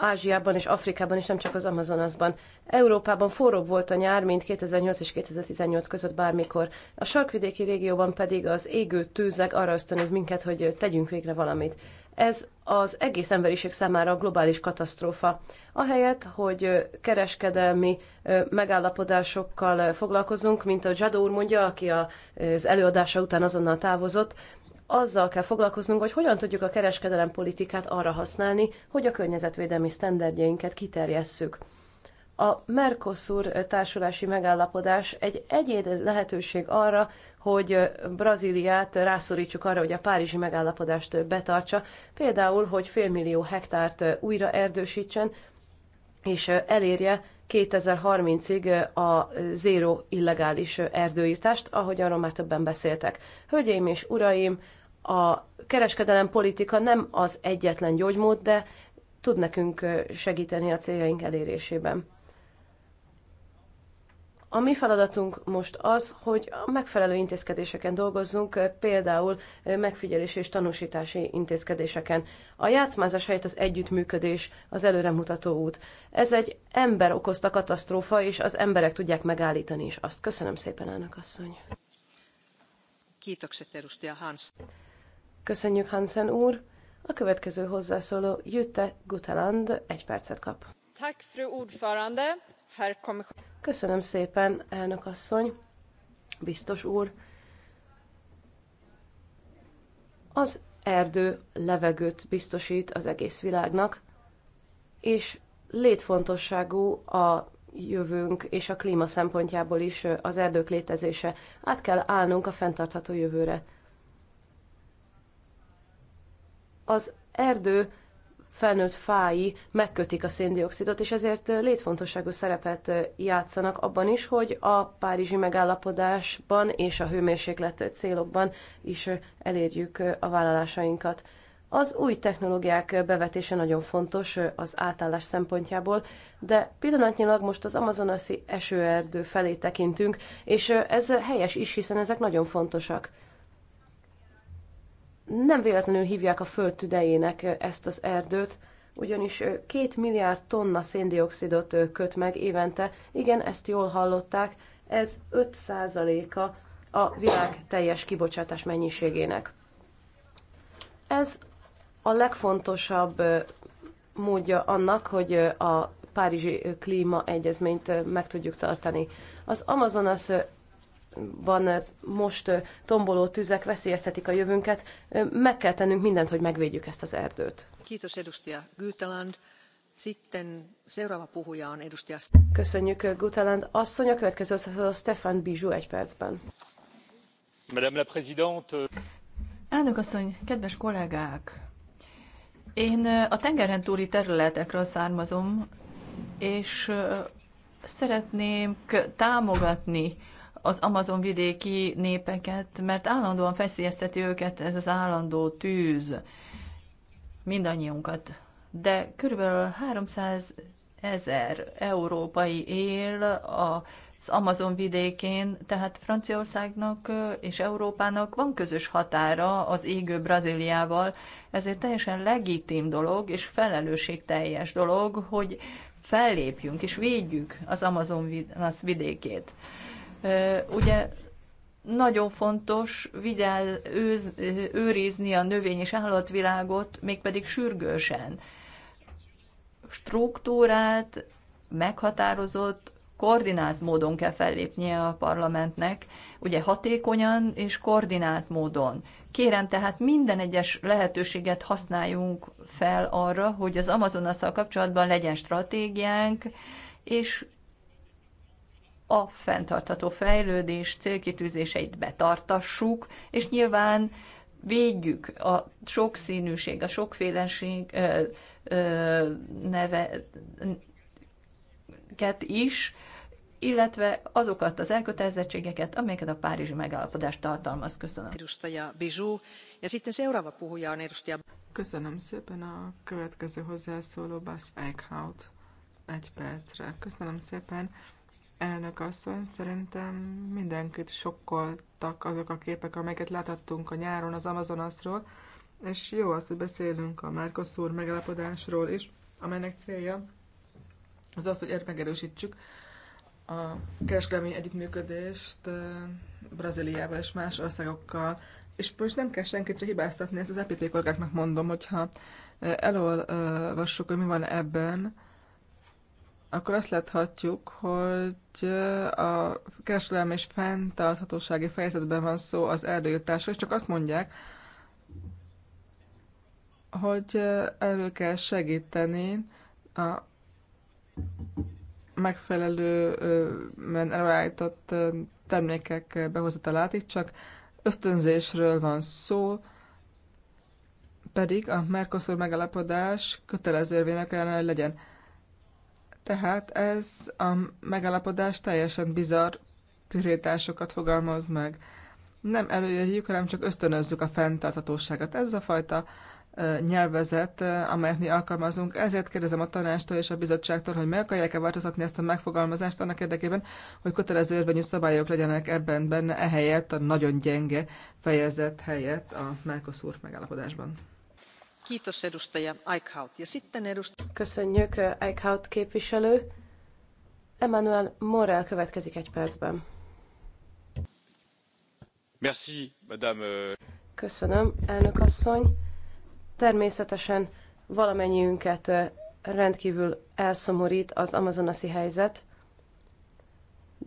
Ázsiában és Afrikában, és nem csak az Amazonasban. Európában forróbb volt a nyár, mint 2008 és 2018 között bármikor. A sarkvidéki régióban pedig az égő tűzeg arra ösztönöz minket, hogy tegyünk végre valamit. Ez az egész emberiség számára globális katasztrófa. Ahelyett, hogy kereskedelmi megállapodásokkal foglalkozunk, mint a Zsadó úr mondja, aki az előadása után azonnal távozott, azzal kell foglalkoznunk, hogy hogyan tudjuk a kereskedelem politikát arra használni, hogy a környezetvédelmi sztenderdjeinket kiterjesszük. A Mercosur társulási megállapodás egy egyéb lehetőség arra, hogy Brazíliát rászorítsuk arra, hogy a párizsi megállapodást betartsa, például, hogy félmillió hektárt újra erdősítsen, és elérje 2030-ig a zéró illegális erdőírtást, arról már többen beszéltek. Hölgyeim és uraim, a kereskedelem politika nem az egyetlen gyógymód, de tud nekünk segíteni a céljaink elérésében. A mi feladatunk most az, hogy a megfelelő intézkedéseken dolgozzunk, például megfigyelés és tanúsítási intézkedéseken. A játszmázás helyett az együttműködés, az előremutató út. Ez egy ember okozta katasztrófa, és az emberek tudják megállítani is azt. Köszönöm szépen, elnök asszony! Kiitokset, Hans. Köszönjük, Hansen úr! A következő hozzászóló Jütte Guteland egy percet kap. Köszönöm szépen, elnök asszony, biztos úr. Az erdő levegőt biztosít az egész világnak, és létfontosságú a jövőnk és a klíma szempontjából is az erdők létezése. Át kell állnunk a fenntartható jövőre. az erdő felnőtt fái megkötik a széndiokszidot, és ezért létfontosságú szerepet játszanak abban is, hogy a párizsi megállapodásban és a hőmérséklet célokban is elérjük a vállalásainkat. Az új technológiák bevetése nagyon fontos az átállás szempontjából, de pillanatnyilag most az amazonaszi esőerdő felé tekintünk, és ez helyes is, hiszen ezek nagyon fontosak. Nem véletlenül hívják a föld tüdejének ezt az erdőt, ugyanis két milliárd tonna széndiokszidot köt meg évente. Igen, ezt jól hallották, ez 5%-a a világ teljes kibocsátás mennyiségének. Ez a legfontosabb módja annak, hogy a Párizsi klímaegyezményt meg tudjuk tartani. Az Amazonas van eh, most eh, tomboló tüzek veszélyeztetik a jövőnket, eh, meg kell tennünk mindent, hogy megvédjük ezt az erdőt. Kiitos Güteland. Sitten seuraava puhuja on Köszönjük Guteland. Asszony, a következő szó Stefan Bizsú egy percben. Madame la Présidente... Euh, Elnök asszony, kedves kollégák! Én a tengeren túli területekről származom, és szeretném támogatni az Amazon vidéki népeket, mert állandóan feszélyezteti őket ez az állandó tűz, mindannyiunkat. De körülbelül 300 ezer európai él az Amazon vidékén, tehát Franciaországnak és Európának van közös határa az égő Brazíliával, ezért teljesen legitim dolog és felelősségteljes dolog, hogy fellépjünk és védjük az Amazon vidékét. Ugye nagyon fontos vigyáz, őz, őrizni a növény és állatvilágot, mégpedig sürgősen. Struktúrát, meghatározott, koordinált módon kell fellépnie a parlamentnek, ugye hatékonyan és koordinált módon. Kérem tehát minden egyes lehetőséget használjunk fel arra, hogy az Amazonasszal kapcsolatban legyen stratégiánk, és a fenntartható fejlődés célkitűzéseit betartassuk, és nyilván védjük a sokszínűség, a sokféleség ö, ö, neveket is, illetve azokat az elkötelezettségeket, amelyeket a Párizsi megállapodás tartalmaz. Köszönöm. Köszönöm szépen a következő hozzászóló Bas Eichhout egy percre. Köszönöm szépen. Elnök asszony, szerintem mindenkit sokkoltak azok a képek, amelyeket láthattunk a nyáron az Amazonasról, és jó az, hogy beszélünk a Márkoszúr megalapodásról is, amelynek célja az az, hogy megerősítsük a kereskedelmi együttműködést Brazíliával és más országokkal. És most nem kell senkit se hibáztatni, ezt az EPP kollégáknak mondom, hogyha elolvassuk, hogy mi van ebben, akkor azt láthatjuk, hogy a kereskedelmi és fenntarthatósági fejezetben van szó az erdőírtásról, és csak azt mondják, hogy elő kell segíteni a megfelelő előállított termékek behozatalát, itt csak ösztönzésről van szó, pedig a Mercosur megalapodás kötelező érvénynek kellene, hogy legyen. Tehát ez a megállapodás teljesen bizarr prioritásokat fogalmaz meg. Nem előírjuk, hanem csak ösztönözzük a fenntarthatóságot. Ez a fajta nyelvezet, amelyet mi alkalmazunk. Ezért kérdezem a tanástól és a bizottságtól, hogy meg akarják-e változtatni ezt a megfogalmazást annak érdekében, hogy kötelező érvényű szabályok legyenek ebben benne, ehelyett a nagyon gyenge fejezet helyett a Mercosur megállapodásban. Köszönjük, eh, Eichhout képviselő. Emmanuel Morel következik egy percben. Merci, madame. Eh. Köszönöm, elnök asszony. Természetesen valamennyiünket eh, rendkívül elszomorít az amazonasi helyzet,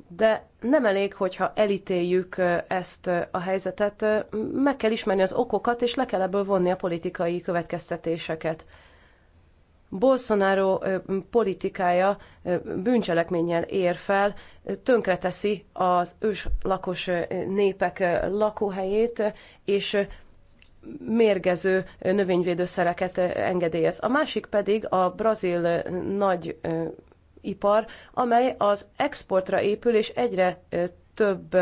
de nem elég, hogyha elítéljük ezt a helyzetet, meg kell ismerni az okokat, és le kell ebből vonni a politikai következtetéseket. Bolsonaro politikája bűncselekménnyel ér fel, tönkreteszi az ős lakos népek lakóhelyét, és mérgező növényvédőszereket engedélyez. A másik pedig a brazil nagy ipar, amely az exportra épül, és egyre több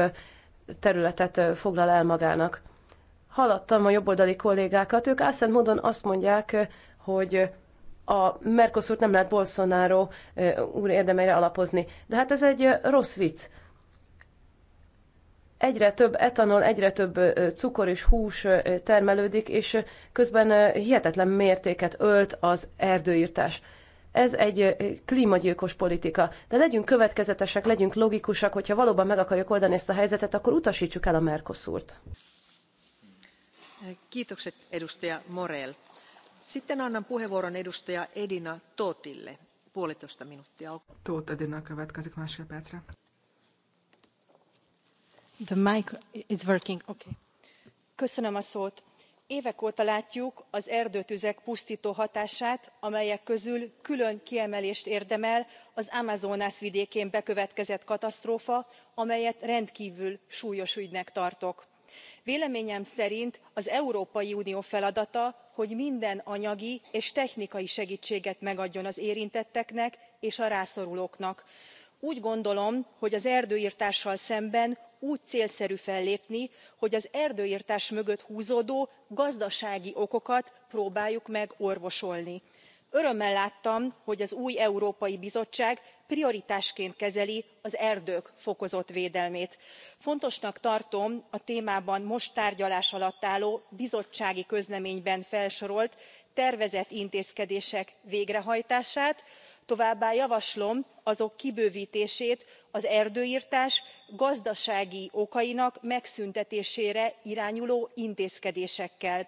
területet foglal el magának. Hallattam a jobboldali kollégákat, ők álszent módon azt mondják, hogy a mercosur nem lehet Bolsonaro úr érdemeire alapozni. De hát ez egy rossz vicc. Egyre több etanol, egyre több cukor és hús termelődik, és közben hihetetlen mértéket ölt az erdőírtás ez egy klímagyilkos politika. De legyünk következetesek, legyünk logikusak, hogyha valóban meg akarjuk oldani ezt a helyzetet, akkor utasítsuk el a Mercosurt. Kiitokset edustaja Morel. Sitten annan puheenvuoron edustaja Edina Totille. Puolitoista minuuttia. Tot Edina következik másfél percre. The mic, it's working, okay. Köszönöm a szót évek óta látjuk az erdőtüzek puszttó hatását amelyek közül külön kiemelést érdemel az amazonas vidékén bekövetkezett katasztrófa amelyet rendkvül súlyos ügynek tartok. véleményem szerint az európai unió feladata hogy minden anyagi és technikai segtséget megadjon az érintetteknek és a rászorulóknak. úgy gondolom hogy az erdőirtással szemben úgy célszerű fellépni hogy az erdőirtás mögött húzódó gazdasági okokat próbáljuk meg orvosolni. örömmel láttam hogy az új európai bizottság prioritásként kezeli az erdők fokozott védelmét. fontosnak tartom a témában most tárgyalás alatt álló bizottsági közleményben felsorolt tervezett intézkedések végrehajtását továbbá javaslom azok kibővtését az erdőirtás gazdasági okainak megszüntetésére irányuló intézkedésekkel.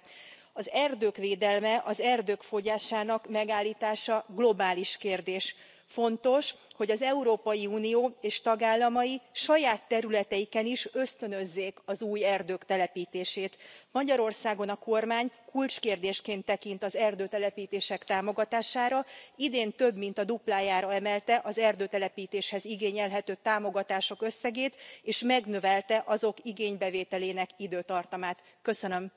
az erdők védelme az erdők fogyásának megálltása globális kérdés fontos hogy az európai unió és tagállamai saját területeiken is ösztönözzék az új erdők teleptését. magyarországon a kormány kulcskérdésként tekint az erdőteleptések támogatására idén több mint a duplájára emelte az erdőteleptéshez igényelhető támogatások összegét és megnövelte azok igénybevételének időtartamát. köszönöm.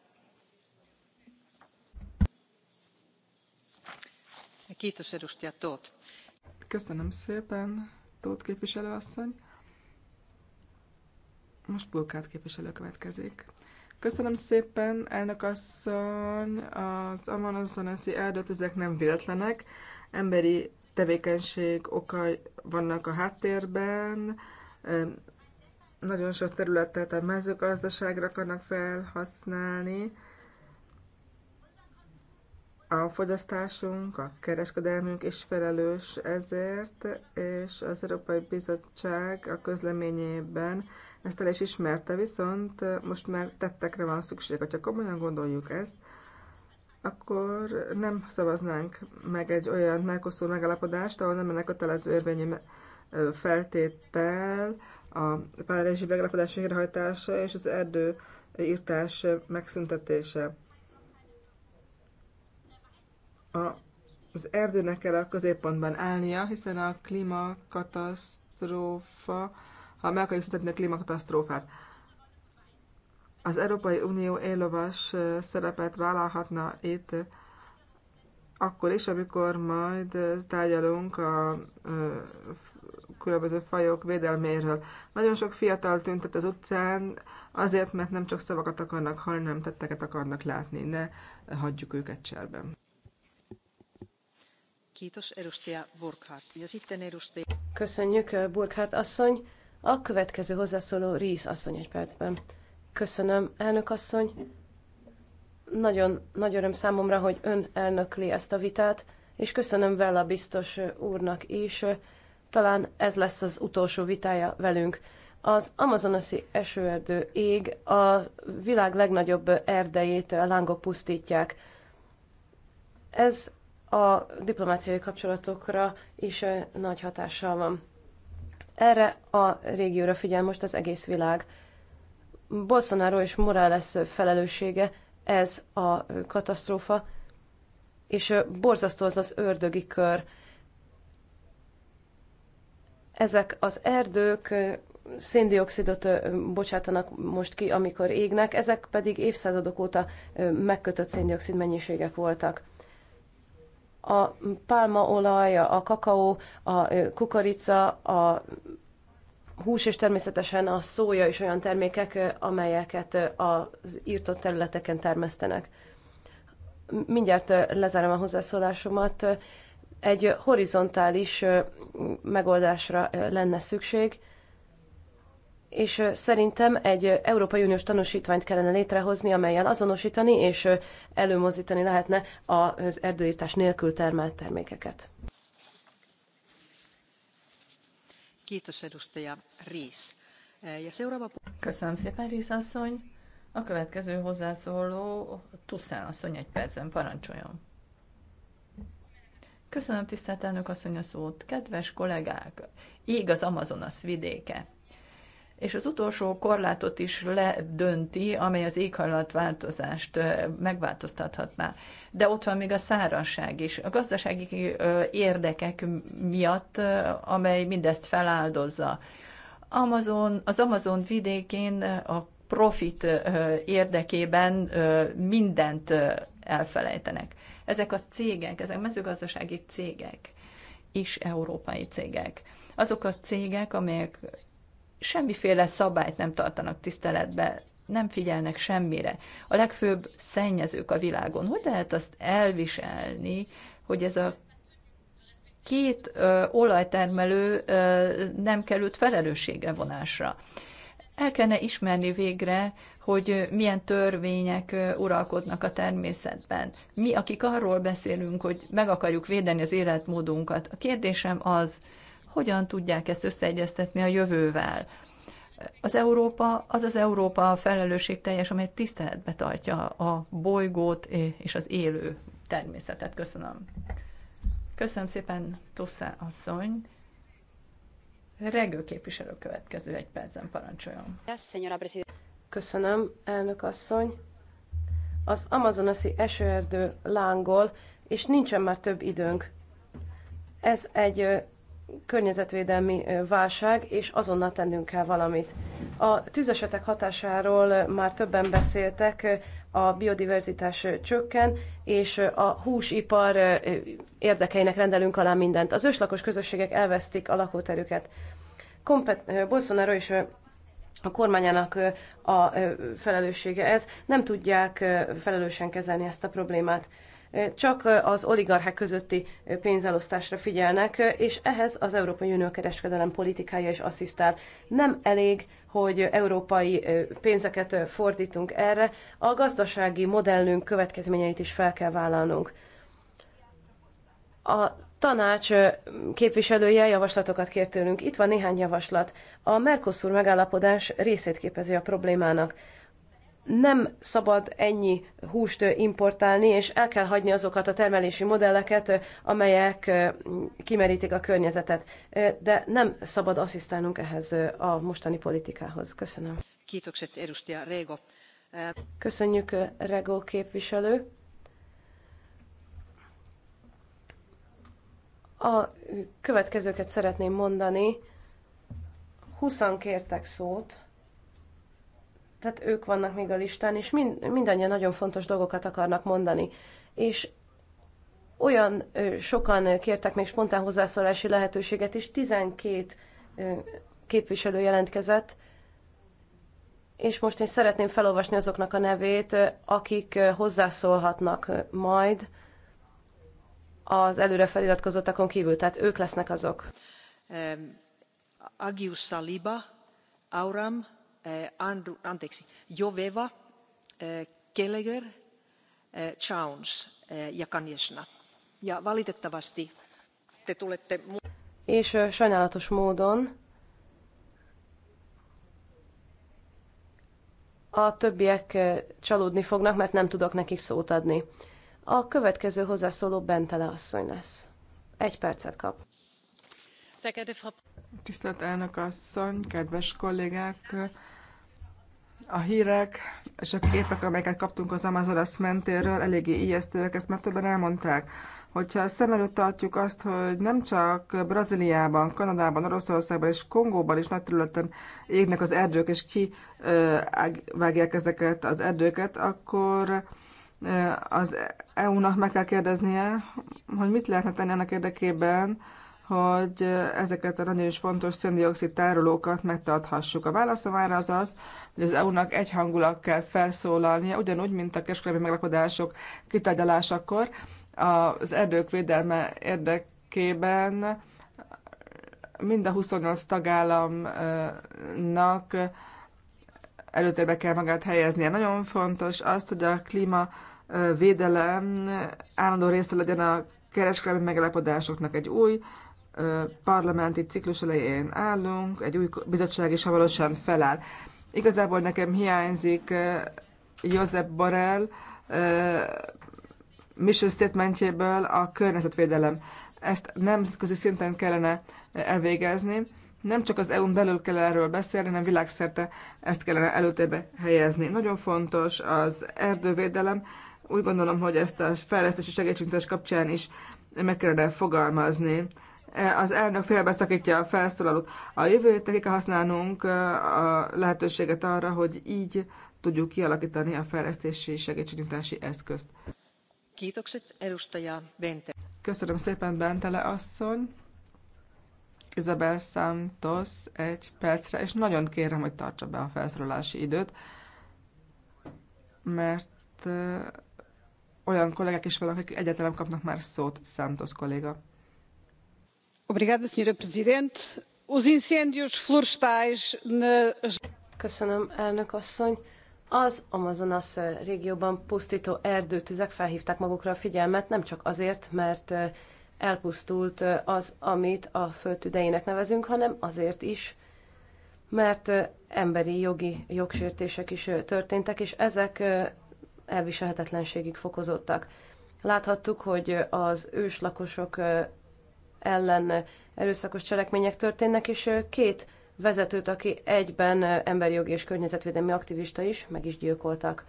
Köszönöm szépen, Tóth képviselőasszony. Most Pulkát képviselő következik. Köszönöm szépen, elnök asszony, az amazonaszi erdőtüzek nem véletlenek, emberi tevékenység oka vannak a háttérben, nagyon sok területet a mezőgazdaságra akarnak felhasználni, a fogyasztásunk, a kereskedelmünk is felelős ezért, és az Európai Bizottság a közleményében ezt el is ismerte, viszont most már tettekre van szükség. Ha komolyan gondoljuk ezt, akkor nem szavaznánk meg egy olyan Mercosur megállapodást, ahol nem a telező érvényű feltétel a párizsi megállapodás végrehajtása és az erdő írtás megszüntetése az erdőnek kell a középpontban állnia, hiszen a klímakatasztrófa, ha meg akarjuk szüntetni a klímakatasztrófát, az Európai Unió élovas szerepet vállalhatna itt, akkor is, amikor majd tárgyalunk a különböző fajok védelméről. Nagyon sok fiatal tüntet az utcán, azért, mert nem csak szavakat akarnak hallani, hanem tetteket akarnak látni. Ne hagyjuk őket cserben. Köszönjük, eh, Burkhardt asszony. A következő hozzászóló Ries asszony egy percben. Köszönöm, elnök asszony. Nagyon nagy öröm számomra, hogy ön elnökli ezt a vitát, és köszönöm Vella biztos eh, úrnak is. Talán ez lesz az utolsó vitája velünk. Az amazonasi esőerdő ég a világ legnagyobb erdejét a lángok pusztítják. Ez a diplomáciai kapcsolatokra is nagy hatással van. Erre a régióra figyel most az egész világ. Bolsonaro és Morales felelőssége ez a katasztrófa, és borzasztó az az ördögi kör. Ezek az erdők széndiokszidot bocsátanak most ki, amikor égnek, ezek pedig évszázadok óta megkötött széndiokszid mennyiségek voltak a pálmaolaj, a kakaó, a kukorica, a hús és természetesen a szója is olyan termékek, amelyeket az írtott területeken termesztenek. Mindjárt lezárom a hozzászólásomat. Egy horizontális megoldásra lenne szükség, és szerintem egy Európai Uniós tanúsítványt kellene létrehozni, amelyen azonosítani és előmozdítani lehetne az erdőírtás nélkül termelt termékeket. Köszönöm szépen, Rész asszony. A következő hozzászóló Tuszán asszony egy percen parancsoljon. Köszönöm, tisztelt elnök asszony a szót. Kedves kollégák, ég az Amazonas vidéke és az utolsó korlátot is ledönti, amely az éghajlatváltozást megváltoztathatná. De ott van még a szárazság is. A gazdasági érdekek miatt, amely mindezt feláldozza. Amazon, az Amazon vidékén a profit érdekében mindent elfelejtenek. Ezek a cégek, ezek mezőgazdasági cégek is európai cégek. Azok a cégek, amelyek semmiféle szabályt nem tartanak tiszteletbe, nem figyelnek semmire. A legfőbb szennyezők a világon. Hogy lehet azt elviselni, hogy ez a két ö, olajtermelő ö, nem került felelősségre vonásra? El kellene ismerni végre, hogy milyen törvények uralkodnak a természetben. Mi, akik arról beszélünk, hogy meg akarjuk védeni az életmódunkat, a kérdésem az, hogyan tudják ezt összeegyeztetni a jövővel. Az Európa az az Európa a teljes, amely tiszteletbe tartja a bolygót és az élő természetet. Köszönöm. Köszönöm szépen, Tusszá asszony. Regő képviselő következő egy percen parancsoljon. Köszönöm, elnök asszony. Az amazonasi esőerdő lángol, és nincsen már több időnk. Ez egy környezetvédelmi válság, és azonnal tennünk kell valamit. A tűzesetek hatásáról már többen beszéltek, a biodiverzitás csökken, és a húsipar érdekeinek rendelünk alá mindent. Az őslakos közösségek elvesztik a lakóterüket. Kompet- Bolsonaro is a kormányának a felelőssége ez, nem tudják felelősen kezelni ezt a problémát csak az oligarchák közötti pénzelosztásra figyelnek, és ehhez az Európai Unió kereskedelem politikája is asszisztál. Nem elég, hogy európai pénzeket fordítunk erre, a gazdasági modellünk következményeit is fel kell vállalnunk. A tanács képviselője javaslatokat kért tőlünk. Itt van néhány javaslat. A Mercosur megállapodás részét képezi a problémának nem szabad ennyi húst importálni, és el kell hagyni azokat a termelési modelleket, amelyek kimerítik a környezetet. De nem szabad asszisztálnunk ehhez a mostani politikához. Köszönöm. Köszönjük, Rego képviselő. A következőket szeretném mondani. Huszan kértek szót tehát ők vannak még a listán, és mind, mindannyian nagyon fontos dolgokat akarnak mondani. És olyan ö, sokan kértek még spontán hozzászólási lehetőséget, és 12 ö, képviselő jelentkezett, és most én szeretném felolvasni azoknak a nevét, akik hozzászólhatnak majd az előre feliratkozottakon kívül, tehát ők lesznek azok. Um, Agius Saliba, Auram, Eh, Andru, anteeksi joveva eh, gallagher jones eh, ja kanyete és sajnálatos módon a többiek csalódni fognak, mert nem tudok nekik szót adni. A következő hozzászóló Bentele asszony lesz. Egy percet kap. Tisztelt elnök asszony, kedves kollégák! a hírek és a képek, amelyeket kaptunk az Amazonas mentéről, eléggé ijesztőek, ezt már többen elmondták. Hogyha szem előtt tartjuk azt, hogy nem csak Brazíliában, Kanadában, Oroszországban és Kongóban is nagy területen égnek az erdők, és ki vágják ezeket az erdőket, akkor az EU-nak meg kell kérdeznie, hogy mit lehetne tenni ennek érdekében, hogy ezeket a nagyon is fontos széndiokszid tárolókat megtarthassuk. A válaszom erre az az, hogy az EU-nak egyhangulag kell felszólalnia, ugyanúgy, mint a kereskedelmi meglapodások kitárgyalásakor, az erdők védelme érdekében mind a 28 tagállamnak előtérbe kell magát helyeznie. Nagyon fontos az, hogy a klímavédelem állandó része legyen a kereskedelmi megállapodásoknak egy új parlamenti ciklus elején állunk, egy új bizottság is hamarosan feláll. Igazából nekem hiányzik Josep Borrell mission statementjéből a környezetvédelem. Ezt nemzetközi szinten kellene elvégezni. Nem csak az EU-n belül kell erről beszélni, hanem világszerte ezt kellene előtérbe helyezni. Nagyon fontos az erdővédelem. Úgy gondolom, hogy ezt a fejlesztési segítségnyújtás kapcsán is meg kellene fogalmazni az elnök félbeszakítja a felszólalót. A jövő nekik kell használnunk a lehetőséget arra, hogy így tudjuk kialakítani a fejlesztési segítségnyújtási eszközt. Köszönöm szépen, Bentele asszony. Isabel Santos egy percre, és nagyon kérem, hogy tartsa be a felszólalási időt, mert olyan kollégák is vannak, akik egyáltalán kapnak már szót, Santos kolléga elnök asszony. Az Amazonas régióban puszttó erdőtüzek felhívták magukra a figyelmet, nem csak azért, mert eh, elpusztult eh, az, amit a tüdejének nevezünk, hanem azért is, mert eh, emberi jogi jogsértések is történtek, és ezek elviselhetetlenségig fokozottak. Láthattuk, hogy az őslakosok ellen erőszakos cselekmények történnek, és két vezetőt, aki egyben emberi jogi és környezetvédelmi aktivista is, meg is gyilkoltak.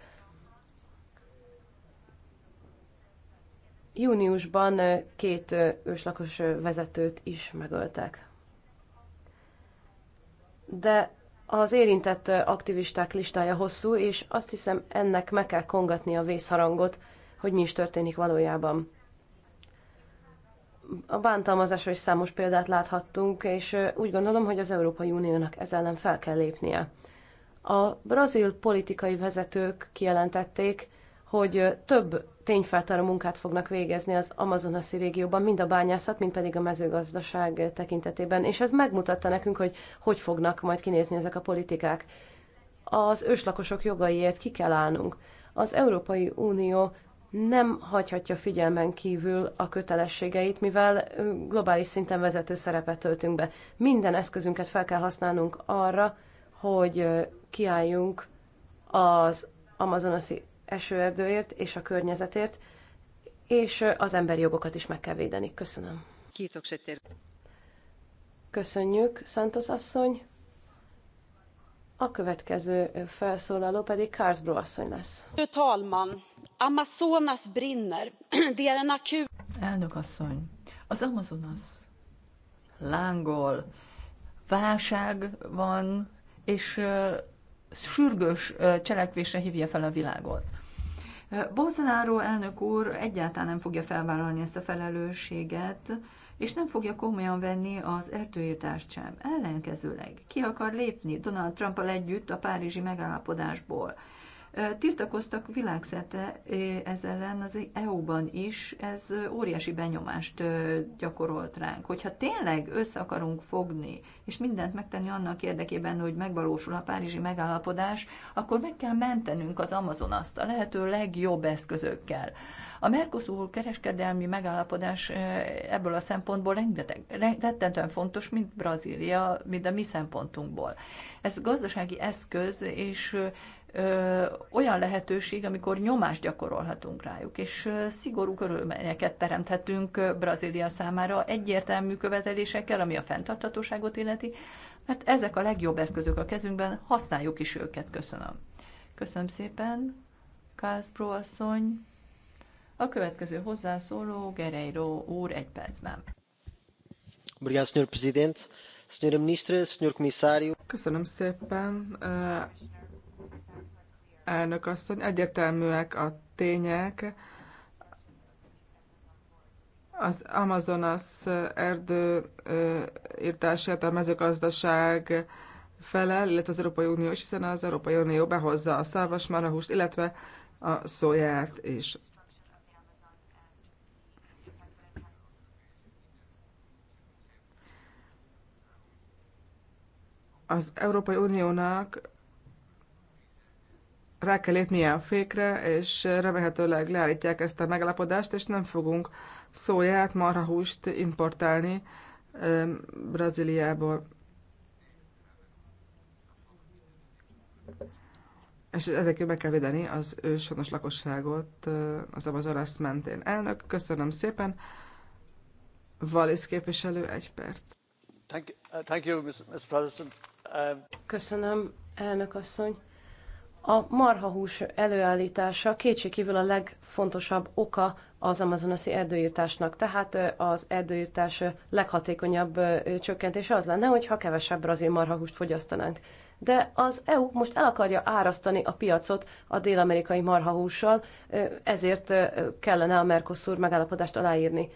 Júniusban két őslakos vezetőt is megöltek. De az érintett aktivisták listája hosszú, és azt hiszem ennek meg kell kongatni a vészharangot, hogy mi is történik valójában a bántalmazásra is számos példát láthattunk, és úgy gondolom, hogy az Európai Uniónak ezzel ellen fel kell lépnie. A brazil politikai vezetők kijelentették, hogy több tényfeltáró munkát fognak végezni az amazonasi régióban, mind a bányászat, mind pedig a mezőgazdaság tekintetében, és ez megmutatta nekünk, hogy hogy fognak majd kinézni ezek a politikák. Az őslakosok jogaiért ki kell állnunk. Az Európai Unió nem hagyhatja figyelmen kívül a kötelességeit, mivel globális szinten vezető szerepet töltünk be. Minden eszközünket fel kell használnunk arra, hogy kiálljunk az amazonasi esőerdőért és a környezetért, és az emberi jogokat is meg kell védeni. Köszönöm. Köszönjük, Santos asszony. A következő felszólaló pedig Karsbro asszony lesz. Fru talman, Amazonas brinner. Det är en akut... Elnök asszony, az Amazonas lángol, válság van, és uh, sürgős uh, cselekvésre hívja fel a világot. Bolsonaro elnök úr egyáltalán nem fogja felvállalni ezt a felelősséget, és nem fogja komolyan venni az erdőírtást sem. Ellenkezőleg ki akar lépni Donald Trumpal együtt a párizsi megállapodásból tiltakoztak világszerte ez ellen az EU-ban is, ez óriási benyomást gyakorolt ránk. Hogyha tényleg össze akarunk fogni, és mindent megtenni annak érdekében, hogy megvalósul a párizsi megállapodás, akkor meg kell mentenünk az Amazonaszt a lehető legjobb eszközökkel. A Mercosur kereskedelmi megállapodás ebből a szempontból rengeteg, rettentően fontos, mint Brazília, mint a mi szempontunkból. Ez gazdasági eszköz, és ö, olyan lehetőség, amikor nyomást gyakorolhatunk rájuk, és ö, szigorú körülményeket teremthetünk ö, Brazília számára egyértelmű követelésekkel, ami a fenntarthatóságot illeti, mert ezek a legjobb eszközök a kezünkben, használjuk is őket. Köszönöm. Köszönöm szépen, Kászpró asszony. A következő hozzászóló Gereiro úr egy percben. Obrigado, Sr. Presidente. Sra. Ministra, Sr. Comissário. Köszönöm szépen, elnök asszony. Egyértelműek a tények. Az Amazonas erdő írtását a mezőgazdaság felel, illetve az Európai Unió is, hiszen az Európai Unió behozza a szávas illetve a szóját is. Az Európai Uniónak rá kell lépnie a fékre, és remélhetőleg leállítják ezt a megállapodást, és nem fogunk szóját, marhahúst importálni Brazíliából. És ezekül meg kell védeni az őshonos lakosságot az Amazonas mentén. Elnök, köszönöm szépen. Valisz képviselő, egy perc. Thank you, uh, thank you, Mr. President. Um, köszönöm, elnök asszony. A marhahús előállítása kétségkívül a legfontosabb oka az amazonasi erdőírtásnak. Tehát az erdőírtás leghatékonyabb csökkentése az lenne, hogyha kevesebb brazil marhahúst fogyasztanánk. De az EU most el akarja árasztani a piacot a dél-amerikai marhahússal, ezért kellene a Mercosur megállapodást aláírni.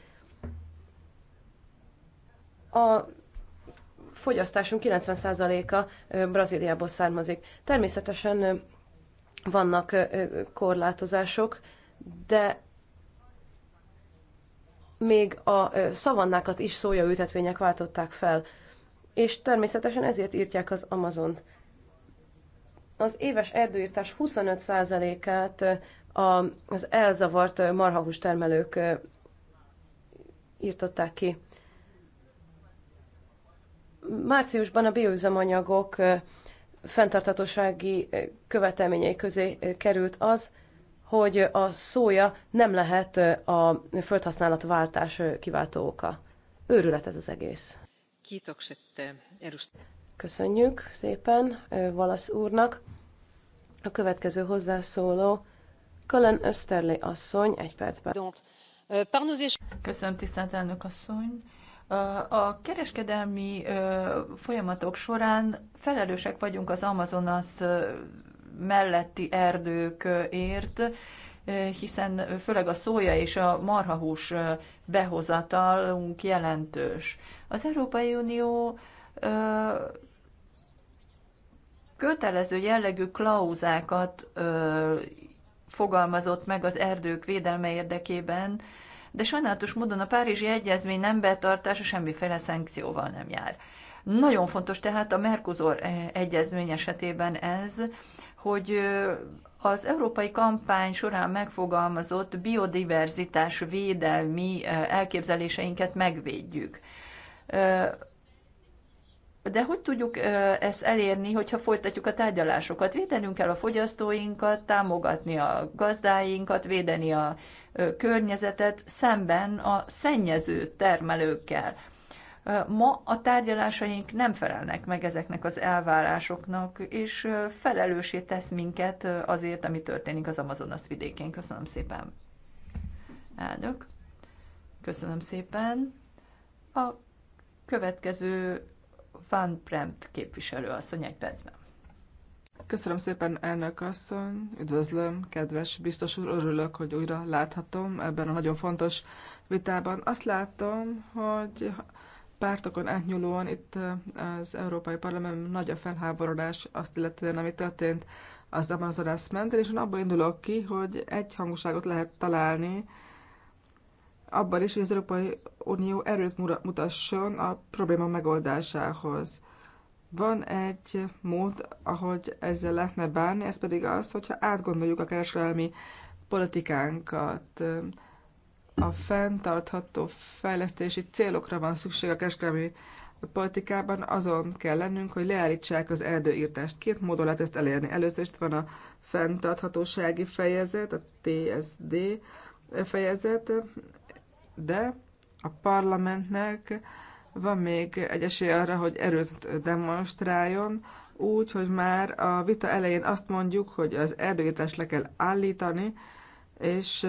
A fogyasztásunk 90%-a Brazíliából származik. Természetesen vannak korlátozások, de még a szavannákat is ültetvények váltották fel, és természetesen ezért írtják az Amazont. Az éves erdőírtás 25%-át az elzavart marhahús termelők írtották ki. Márciusban a bioüzemanyagok fenntartatósági eh, követelményei közé eh, került az, hogy a szója nem lehet eh, a földhasználat váltás kiváltó oka. Őrület ez az egész. Köszönjük szépen Valasz úrnak. A következő hozzászóló Colin Österley asszony, egy percben. Euh, Köszönöm, tisztelt elnök asszony. A kereskedelmi folyamatok során felelősek vagyunk az Amazonas melletti erdőkért, hiszen főleg a szója és a marhahús behozatalunk jelentős. Az Európai Unió kötelező jellegű klauzákat fogalmazott meg az erdők védelme érdekében, de sajnálatos módon a Párizsi Egyezmény nem betartása semmiféle szankcióval nem jár. Nagyon fontos tehát a Mercosur eh, egyezmény esetében ez, hogy az európai kampány során megfogalmazott biodiverzitás védelmi eh, elképzeléseinket megvédjük. De hogy tudjuk ezt elérni, hogyha folytatjuk a tárgyalásokat? Védenünk kell a fogyasztóinkat, támogatni a gazdáinkat, védeni a környezetet szemben a szennyező termelőkkel. Ma a tárgyalásaink nem felelnek meg ezeknek az elvárásoknak, és felelősé tesz minket azért, ami történik az Amazonas vidékén. Köszönöm szépen. Elnök, köszönöm szépen. A következő Van Premt képviselő asszony egy percben. Köszönöm szépen, elnök asszony, üdvözlöm, kedves biztos úr, örülök, hogy újra láthatom ebben a nagyon fontos vitában. Azt látom, hogy pártokon átnyúlóan itt az Európai Parlament nagy a felháborodás azt illetően, ami történt az Amazonas mentén, és én abból indulok ki, hogy egy hangoságot lehet találni, abban is, hogy az Európai Unió erőt mutasson a probléma megoldásához. Van egy mód, ahogy ezzel lehetne bánni, ez pedig az, hogyha átgondoljuk a kereskedelmi politikánkat. A fenntartható fejlesztési célokra van szükség a kereskedelmi politikában, azon kell lennünk, hogy leállítsák az erdőírtást. Két módon lehet ezt elérni. Először is van a fenntarthatósági fejezet, a TSD fejezet, de a parlamentnek van még egy esély arra, hogy erőt demonstráljon, úgy, hogy már a vita elején azt mondjuk, hogy az erdőítást le kell állítani, és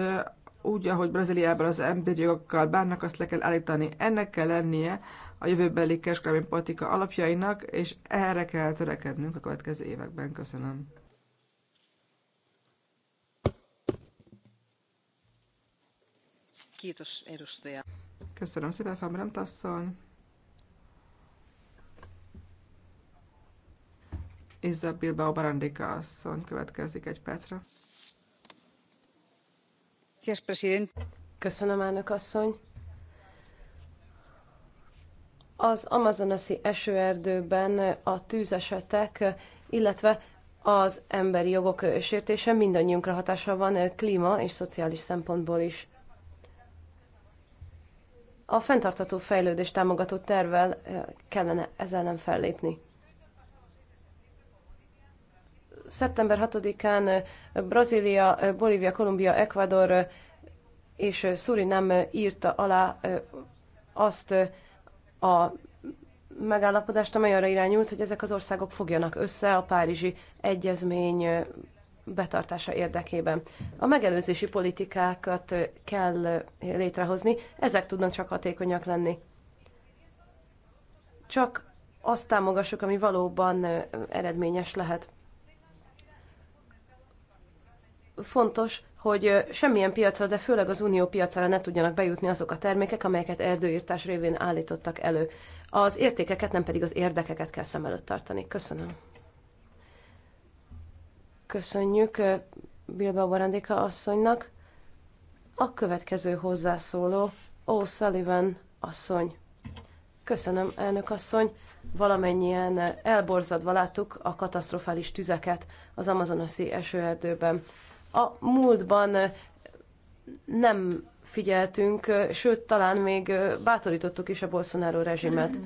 úgy, ahogy Brazíliában az emberi jogokkal bánnak, azt le kell állítani. Ennek kell lennie a jövőbeli kereskedelmi politika alapjainak, és erre kell törekednünk a következő években. Köszönöm. Köszönöm szépen, Fábrem Tasszony. Izabel Barandika asszony következik egy percre. Köszönöm, elnök asszony. Az amazonasi esőerdőben a tűzesetek, illetve az emberi jogok sértése mindannyiunkra hatása van klíma és szociális szempontból is. A fenntartató fejlődés támogató tervvel eh, kellene ezzel nem fellépni. Szeptember 6-án Brazília, Bolívia, Kolumbia, Ecuador és Surinam írta alá azt a megállapodást, amely arra irányult, hogy ezek az országok fogjanak össze a Párizsi Egyezmény betartása érdekében. A megelőzési politikákat kell létrehozni, ezek tudnak csak hatékonyak lenni. Csak azt támogassuk, ami valóban eredményes lehet fontos, hogy semmilyen piacra, de főleg az unió piacára ne tudjanak bejutni azok a termékek, amelyeket erdőírtás révén állítottak elő. Az értékeket, nem pedig az érdekeket kell szem előtt tartani. Köszönöm. Köszönjük Bilba Barandika asszonynak. A következő hozzászóló Sullivan asszony. Köszönöm, elnök asszony. Valamennyien elborzadva láttuk a katasztrofális tüzeket az amazonasi esőerdőben. A múltban nem figyeltünk, sőt, talán még bátorítottuk is a Bolsonaro rezsimet.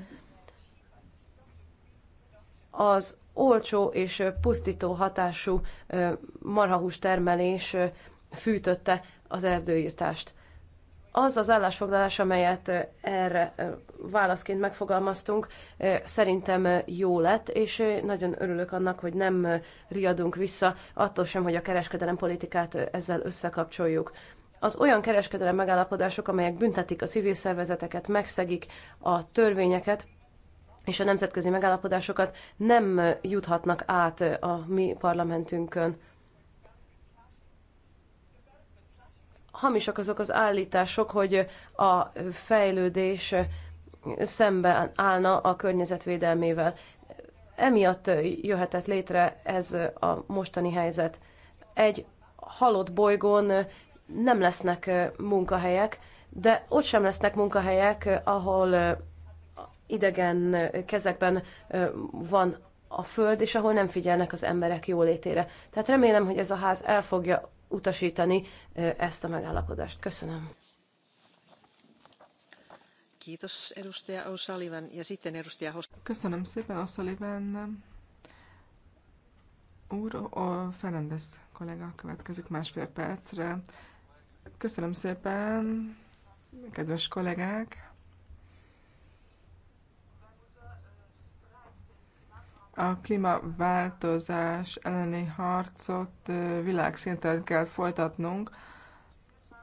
Az olcsó és pusztító hatású marhahús termelés fűtötte az erdőírtást az az állásfoglalás, amelyet erre válaszként megfogalmaztunk, szerintem jó lett, és nagyon örülök annak, hogy nem riadunk vissza, attól sem, hogy a kereskedelem politikát ezzel összekapcsoljuk. Az olyan kereskedelem megállapodások, amelyek büntetik a civil szervezeteket, megszegik a törvényeket, és a nemzetközi megállapodásokat nem juthatnak át a mi parlamentünkön. hamisak azok az állítások, hogy a fejlődés szembe állna a környezetvédelmével. Emiatt jöhetett létre ez a mostani helyzet. Egy halott bolygón nem lesznek munkahelyek, de ott sem lesznek munkahelyek, ahol idegen kezekben van a föld, és ahol nem figyelnek az emberek jólétére. Tehát remélem, hogy ez a ház el fogja utasítani ezt a megállapodást. Köszönöm. Köszönöm szépen, O'Sullivan úr. A Ferendez kollega következik másfél percre. Köszönöm szépen, kedves kollégák! a klímaváltozás elleni harcot világszinten kell folytatnunk.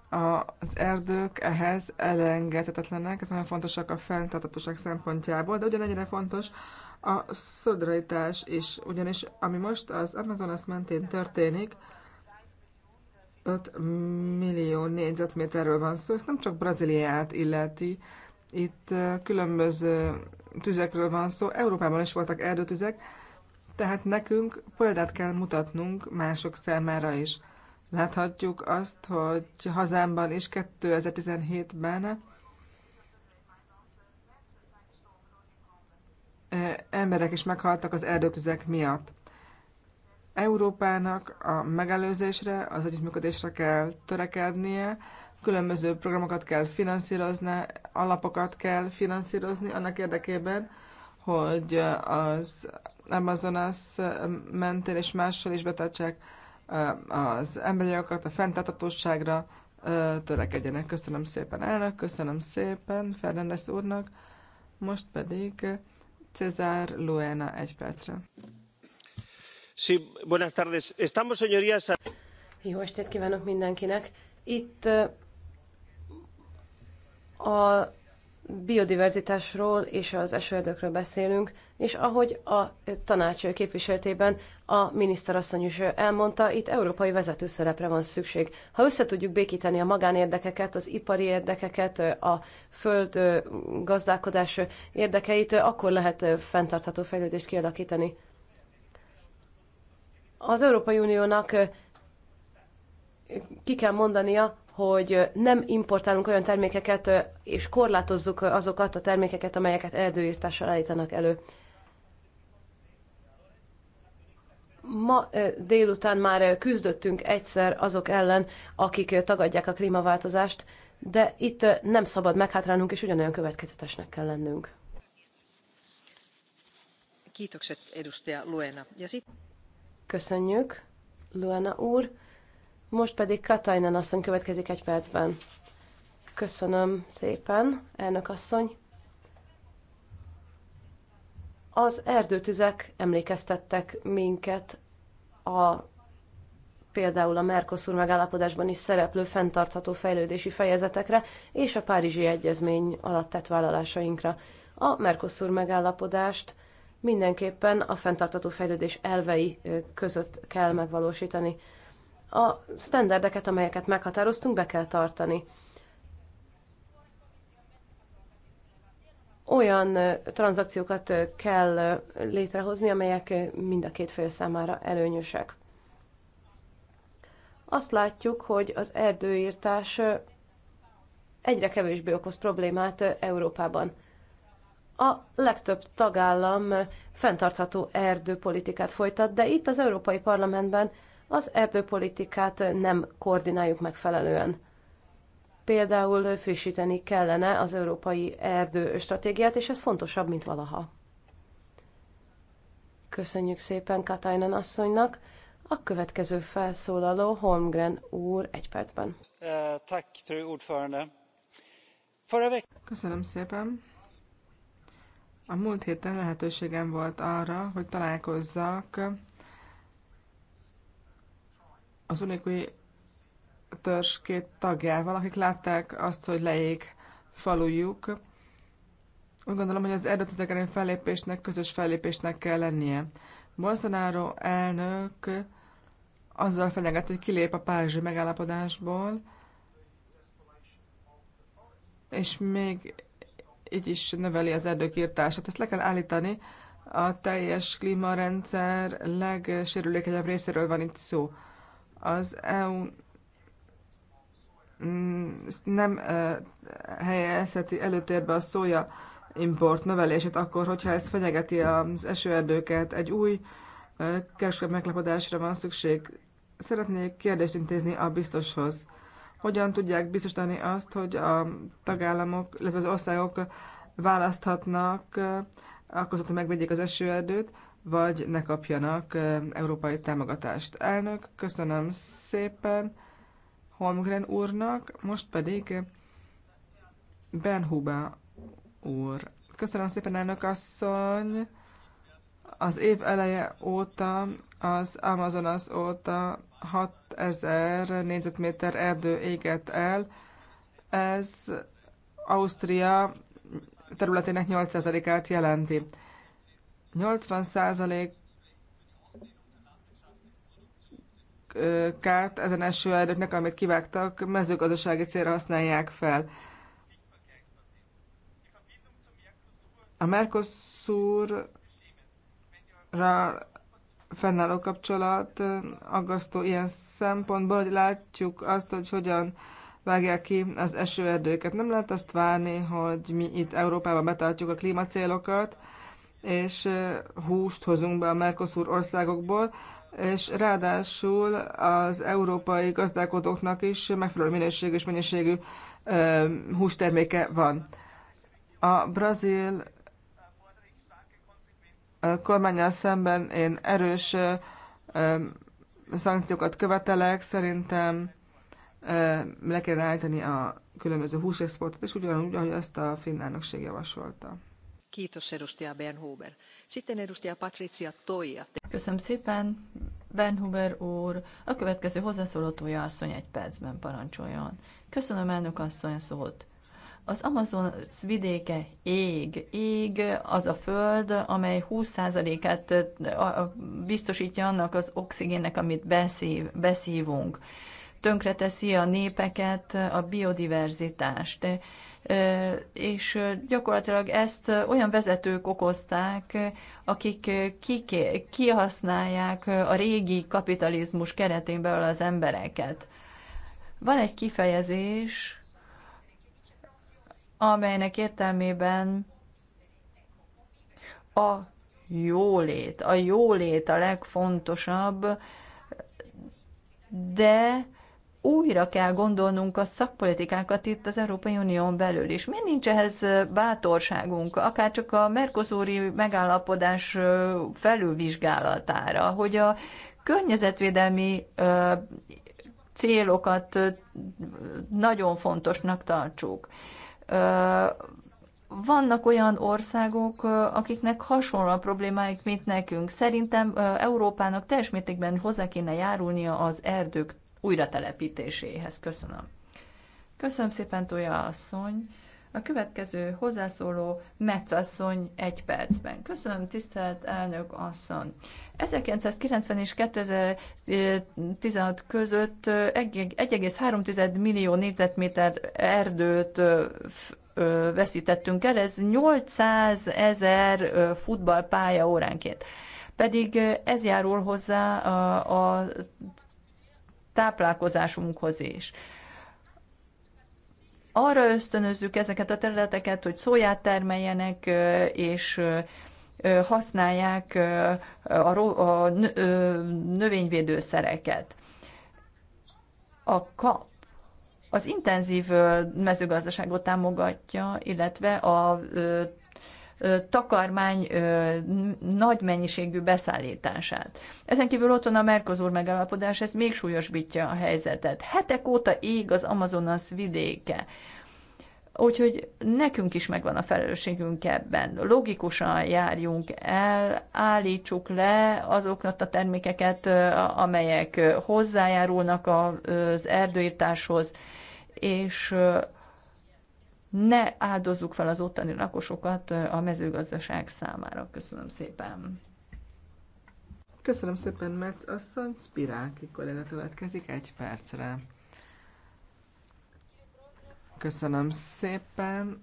Az erdők ehhez elengedhetetlenek, ez nagyon fontosak a fenntartatóság szempontjából, de ugyanennyire fontos a szolidaritás is, ugyanis ami most az Amazonas mentén történik, 5 millió négyzetméterről van szó, ez nem csak Brazíliát illeti, itt különböző tüzekről van szó, Európában is voltak erdőtüzek, tehát nekünk példát kell mutatnunk mások számára is. Láthatjuk azt, hogy hazámban is 2017-ben emberek is meghaltak az erdőtüzek miatt. Európának a megelőzésre, az együttműködésre kell törekednie, különböző programokat kell finanszírozni, alapokat kell finanszírozni annak érdekében, hogy az Amazonas mentén és máshol is betartsák az emberi jogokat, a fenntartatóságra törekedjenek. Köszönöm szépen elnök, köszönöm szépen Fernandez úrnak, most pedig Cezár Luena egy percre. Sí, buenas tardes. Estamos, señorías... Jó estét kívánok mindenkinek! Itt a biodiverzitásról és az esőerdőkről beszélünk, és ahogy a tanács képviseltében a miniszterasszony is elmondta, itt európai vezető szerepre van szükség. Ha össze tudjuk békíteni a magánérdekeket, az ipari érdekeket, a föld gazdálkodás érdekeit, akkor lehet fenntartható fejlődést kialakítani. Az Európai Uniónak ki kell mondania, hogy nem importálunk olyan termékeket, és korlátozzuk azokat a termékeket, amelyeket erdőírtással állítanak elő. Ma délután már küzdöttünk egyszer azok ellen, akik tagadják a klímaváltozást, de itt nem szabad meghátrálnunk, és ugyanolyan következetesnek kell lennünk. Köszönjük, Luena úr. Most pedig Katajnán asszony következik egy percben. Köszönöm szépen, elnök asszony. Az erdőtüzek emlékeztettek minket a például a Mercosur megállapodásban is szereplő fenntartható fejlődési fejezetekre és a Párizsi Egyezmény alatt tett vállalásainkra. A Mercosur megállapodást mindenképpen a fenntartható fejlődés elvei között kell megvalósítani a sztenderdeket, amelyeket meghatároztunk, be kell tartani. Olyan tranzakciókat kell létrehozni, amelyek mind a két fél számára előnyösek. Azt látjuk, hogy az erdőírtás egyre kevésbé okoz problémát Európában. A legtöbb tagállam fenntartható erdőpolitikát folytat, de itt az Európai Parlamentben az erdőpolitikát nem koordináljuk megfelelően. Például frissíteni kellene az európai erdőstratégiát, és ez fontosabb, mint valaha. Köszönjük szépen Katajnan asszonynak. A következő felszólaló Holmgren úr egy percben. Köszönöm szépen. A múlt héten lehetőségem volt arra, hogy találkozzak az unikui törzs két tagjával, akik látták azt, hogy leég falujuk. Úgy gondolom, hogy az erőtüzegerén fellépésnek, közös fellépésnek kell lennie. Bolsonaro elnök azzal fenyeget, hogy kilép a párizsi megállapodásból, és még így is növeli az erdők írtását. Ezt le kell állítani, a teljes klímarendszer legsérülékenyebb részéről van itt szó az EU mm, nem helyezheti előtérbe a szója import növelését akkor, hogyha ez fenyegeti az esőerdőket. Egy új kereskedelmi meglepodásra van szükség. Szeretnék kérdést intézni a biztoshoz. Hogyan tudják biztosítani azt, hogy a tagállamok, illetve az országok választhatnak, akkor hogy megvegyék az esőerdőt, vagy ne kapjanak európai támogatást. Elnök, köszönöm szépen Holmgren úrnak, most pedig Ben Huba úr. Köszönöm szépen, elnök asszony! Az év eleje óta, az Amazonas óta 6000 négyzetméter erdő égett el. Ez Ausztria területének 8%-át jelenti. 80%-át ezen esőerdőknek, amit kivágtak, mezőgazdasági célra használják fel. A Mercosurra fennálló kapcsolat aggasztó ilyen szempontból, hogy látjuk azt, hogy hogyan vágják ki az esőerdőket. Nem lehet azt várni, hogy mi itt Európában betartjuk a klímacélokat, és húst hozunk be a Mercosur országokból, és ráadásul az európai gazdálkodóknak is megfelelő minőségű, és mennyiségű hústerméke van. A brazil kormányjal szemben én erős szankciókat követelek, szerintem le kell állítani a különböző húsexportot, és ugyanúgy, ahogy ezt a finn elnökség javasolta. Köszönöm szépen, Bernhuber úr. A következő hozzászólótója asszony egy percben parancsoljon. Köszönöm, elnök asszony szót. Az Amazon vidéke ég. Ég az a föld, amely 20%-át biztosítja annak az oxigénnek, amit beszív, beszívunk. Tönkreteszi a népeket, a biodiverzitást és gyakorlatilag ezt olyan vezetők okozták, akik kihasználják a régi kapitalizmus keretén belül az embereket. Van egy kifejezés, amelynek értelmében a jólét, a jólét a legfontosabb, de újra kell gondolnunk a szakpolitikákat itt az Európai Unión belül is. Miért nincs ehhez bátorságunk, akár csak a Mercosuri megállapodás felülvizsgálatára, hogy a környezetvédelmi célokat nagyon fontosnak tartsuk. Vannak olyan országok, akiknek hasonló a problémáik, mint nekünk. Szerintem Európának teljes mértékben hozzá kéne járulnia az erdők újratelepítéséhez. Köszönöm. Köszönöm szépen, Tója asszony. A következő hozzászóló Metz egy percben. Köszönöm, tisztelt elnök asszony. 1990 és 2016 között 1,3 millió négyzetméter erdőt veszítettünk el, ez 800 ezer futballpálya óránként. Pedig ez járul hozzá a, a táplálkozásunkhoz is. Arra ösztönözzük ezeket a területeket, hogy szóját termeljenek, és használják a növényvédőszereket. A kap az intenzív mezőgazdaságot támogatja, illetve a takarmány nagy mennyiségű beszállítását. Ezen kívül ott van a Mercosur megállapodás, ez még súlyosbítja a helyzetet. Hetek óta ég az Amazonas vidéke. Úgyhogy nekünk is megvan a felelősségünk ebben. Logikusan járjunk el, állítsuk le azokat a termékeket, amelyek hozzájárulnak az erdőírtáshoz, és ne áldozzuk fel az ottani lakosokat a mezőgazdaság számára. Köszönöm szépen. Köszönöm szépen, mert asszony. Spiráki kolléga következik egy percre. Köszönöm szépen,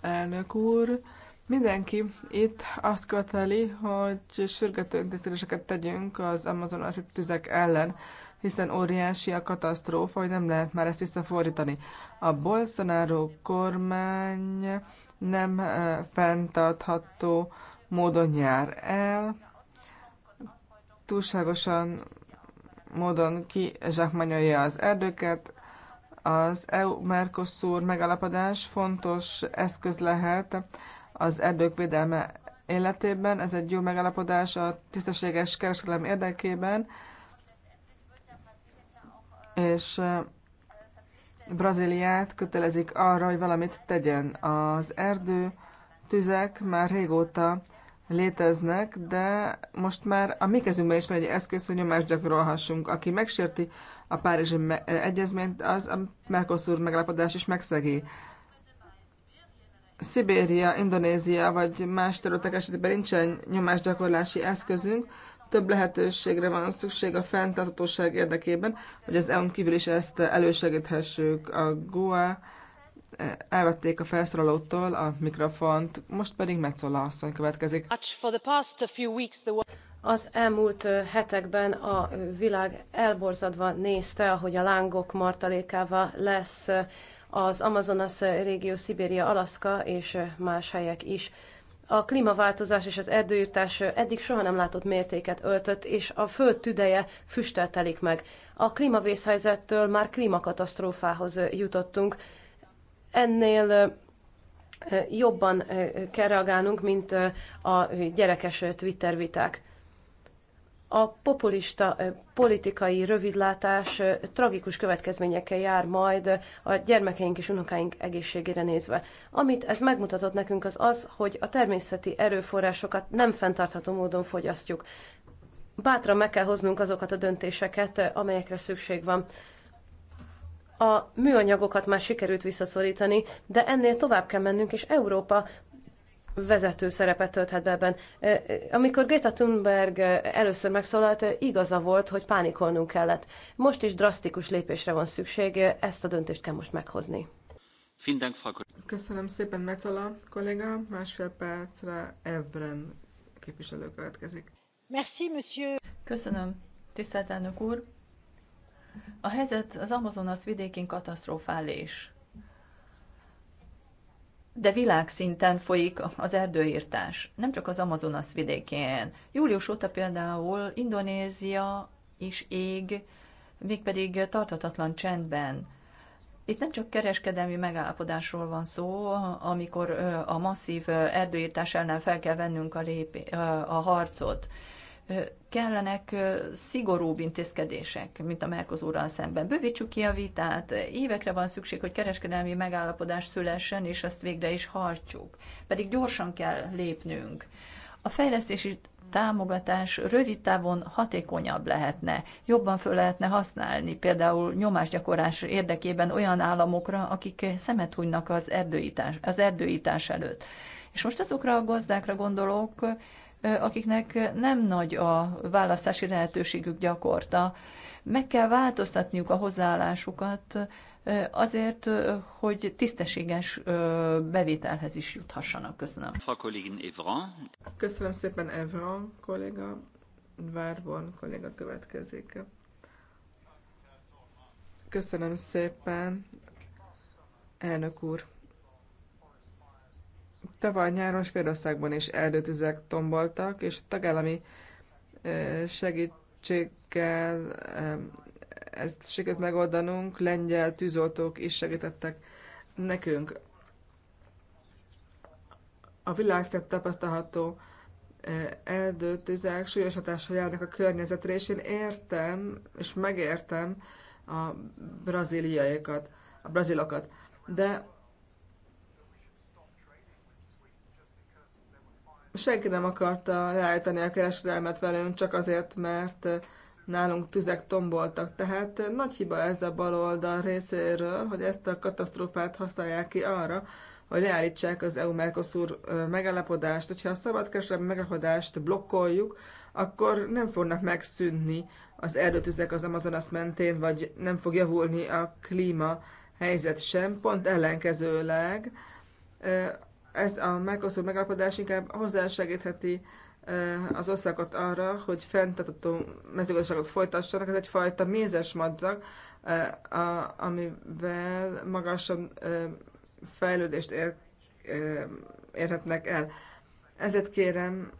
elnök úr. Mindenki itt azt követeli, hogy sürgető intézkedéseket tegyünk az amazonasi tüzek ellen, hiszen óriási a katasztrófa, hogy nem lehet már ezt visszafordítani. A Bolsonaro kormány nem eh, fenntartható módon jár el, túlságosan módon kizsákmányolja az erdőket. Az EU-Mercosur megalapodás fontos eszköz lehet az erdők védelme életében. Ez egy jó megalapodás a tisztességes kereskedelem érdekében, és eh, Brazíliát kötelezik arra, hogy valamit tegyen. Az erdő tüzek már régóta léteznek, de most már a mi kezünkben is van egy eszköz, hogy nyomást gyakorolhassunk. Aki megsérti a Párizsi egyezményt, az a Mercosur megállapodás is megszegi. Szibéria, Indonézia vagy más területek esetében nincsen nyomásgyakorlási eszközünk, több lehetőségre van szükség a fenntarthatóság érdekében, hogy az EU-n kívül is ezt elősegíthessük. A Goa elvették a felszólalótól a mikrofont, most pedig Metzola asszony következik. Az elmúlt hetekben a világ elborzadva nézte, ahogy a lángok martalékával lesz az Amazonas régió, Szibéria, Alaszka és más helyek is a klímaváltozás és az erdőírtás eddig soha nem látott mértéket öltött, és a föld tüdeje füsteltelik meg. A klímavészhelyzettől már klímakatasztrófához jutottunk. Ennél jobban kell reagálnunk, mint a gyerekes Twitter viták a populista politikai rövidlátás tragikus következményekkel jár majd a gyermekeink és unokáink egészségére nézve. Amit ez megmutatott nekünk az az, hogy a természeti erőforrásokat nem fenntartható módon fogyasztjuk. Bátran meg kell hoznunk azokat a döntéseket, amelyekre szükség van. A műanyagokat már sikerült visszaszorítani, de ennél tovább kell mennünk, és Európa vezető szerepet tölthet be ebben. Amikor Greta Thunberg először megszólalt, igaza volt, hogy pánikolnunk kellett. Most is drasztikus lépésre van szükség, ezt a döntést kell most meghozni. Köszönöm szépen, Metzola kolléga. Másfél percre Evren képviselő következik. Merci, monsieur. Köszönöm, tisztelt elnök úr. A helyzet az Amazonas vidékén katasztrofális de világszinten folyik az erdőírtás, nem csak az Amazonas vidékén. Július óta például Indonézia is ég, mégpedig tartatatlan csendben. Itt nem csak kereskedelmi megállapodásról van szó, amikor a masszív erdőírtás ellen fel kell vennünk a, lép, a harcot kellenek szigorúbb intézkedések, mint a Merkozóral szemben. Bővítsük ki a vitát, évekre van szükség, hogy kereskedelmi megállapodás szülessen, és azt végre is hajtsuk. Pedig gyorsan kell lépnünk. A fejlesztési támogatás rövid távon hatékonyabb lehetne, jobban föl lehetne használni, például nyomásgyakorlás érdekében olyan államokra, akik szemet hunynak az erdőítás, az erdőítás előtt. És most azokra a gazdákra gondolok, akiknek nem nagy a választási lehetőségük gyakorta. Meg kell változtatniuk a hozzáállásukat azért, hogy tisztességes bevételhez is juthassanak. Köszönöm. Köszönöm szépen Evron kolléga. Várbon kolléga következik. Köszönöm szépen, elnök úr. Tavaly nyáron Svédországban is erdőtüzek tomboltak, és a tagállami segítséggel ezt sikerült megoldanunk, lengyel tűzoltók is segítettek nekünk. A világszerte tapasztalható erdőtüzek súlyos hatással járnak a környezetre, és én értem, és megértem a braziliaiakat, a brazilokat. De senki nem akarta leállítani a kereskedelmet velünk, csak azért, mert eh, nálunk tüzek tomboltak. Tehát eh, nagy hiba ez a baloldal részéről, hogy ezt a katasztrófát használják ki arra, hogy leállítsák az EU-Mercosur eh, megállapodást. Hogyha a szabadkereskedelmi megállapodást blokkoljuk, akkor nem fognak megszűnni az erdőtüzek az Amazonas mentén, vagy nem fog javulni a klíma helyzet sem, pont ellenkezőleg ez a Mercosur megállapodás inkább hozzásegítheti eh, az országot arra, hogy fenntartató mezőgazdaságot folytassanak. Ez egyfajta mézes madzag, eh, amivel magasabb eh, fejlődést ér, érhetnek el. Ezért kérem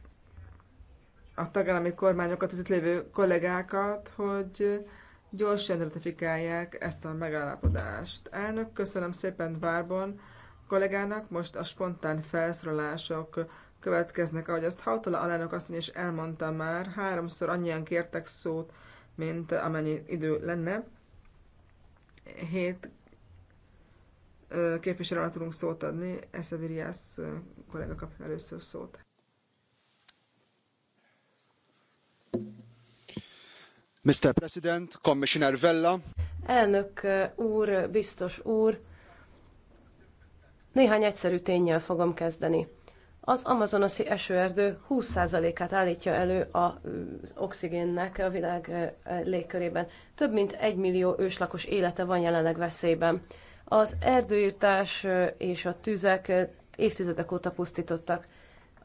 a tagállami kormányokat, az itt lévő kollégákat, hogy gyorsan ratifikálják ezt a megállapodást. Elnök, köszönöm szépen Várbon kollégának. Most a spontán felszólalások következnek, ahogy azt Hautala alelnök asszony is elmondta már, háromszor annyian kértek szót, mint amennyi idő lenne. Hét képviselő alatt tudunk szót adni. Esze Viriász kollega kapja először szót. Mr. President, Commissioner Vella. Elnök úr, biztos úr, néhány egyszerű tényel fogom kezdeni. Az amazonasi esőerdő 20%-át állítja elő az oxigénnek a világ légkörében. Több mint egy millió őslakos élete van jelenleg veszélyben. Az erdőírtás és a tüzek évtizedek óta pusztítottak.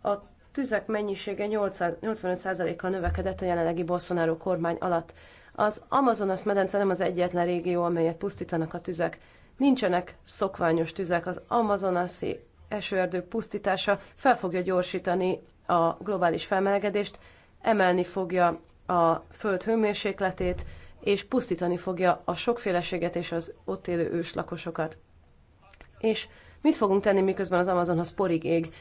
A tüzek mennyisége 85%-kal növekedett a jelenlegi Bolsonaro kormány alatt. Az Amazonas medence nem az egyetlen régió, amelyet pusztítanak a tüzek. Nincsenek szokványos tüzek, az amazonaszi esőerdő pusztítása fel fogja gyorsítani a globális felmelegedést, emelni fogja a föld hőmérsékletét, és pusztítani fogja a sokféleséget és az ott élő őslakosokat. És mit fogunk tenni, miközben az Amazonhoz porig ég?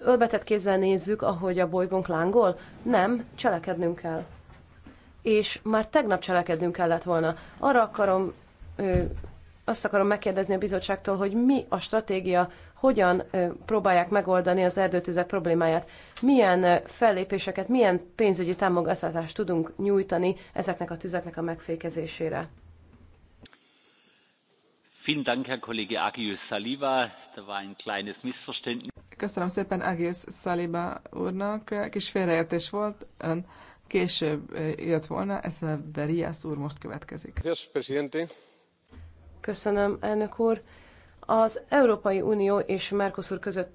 Ölbetett kézzel nézzük, ahogy a bolygónk lángol? Nem, cselekednünk kell. És már tegnap cselekednünk kellett volna. Arra akarom ö, azt akarom megkérdezni a bizottságtól, hogy mi a stratégia, hogyan próbálják megoldani az erdőtüzek problémáját, milyen fellépéseket, milyen pénzügyi támogatást tudunk nyújtani ezeknek a tüzeknek a megfékezésére. Köszönöm szépen Agius Saliba úrnak. Kis félreértés volt, ön később jött volna, ezt a Berias úr most következik. Köszönöm, Köszönöm, elnök úr. Az Európai Unió és Mercosur között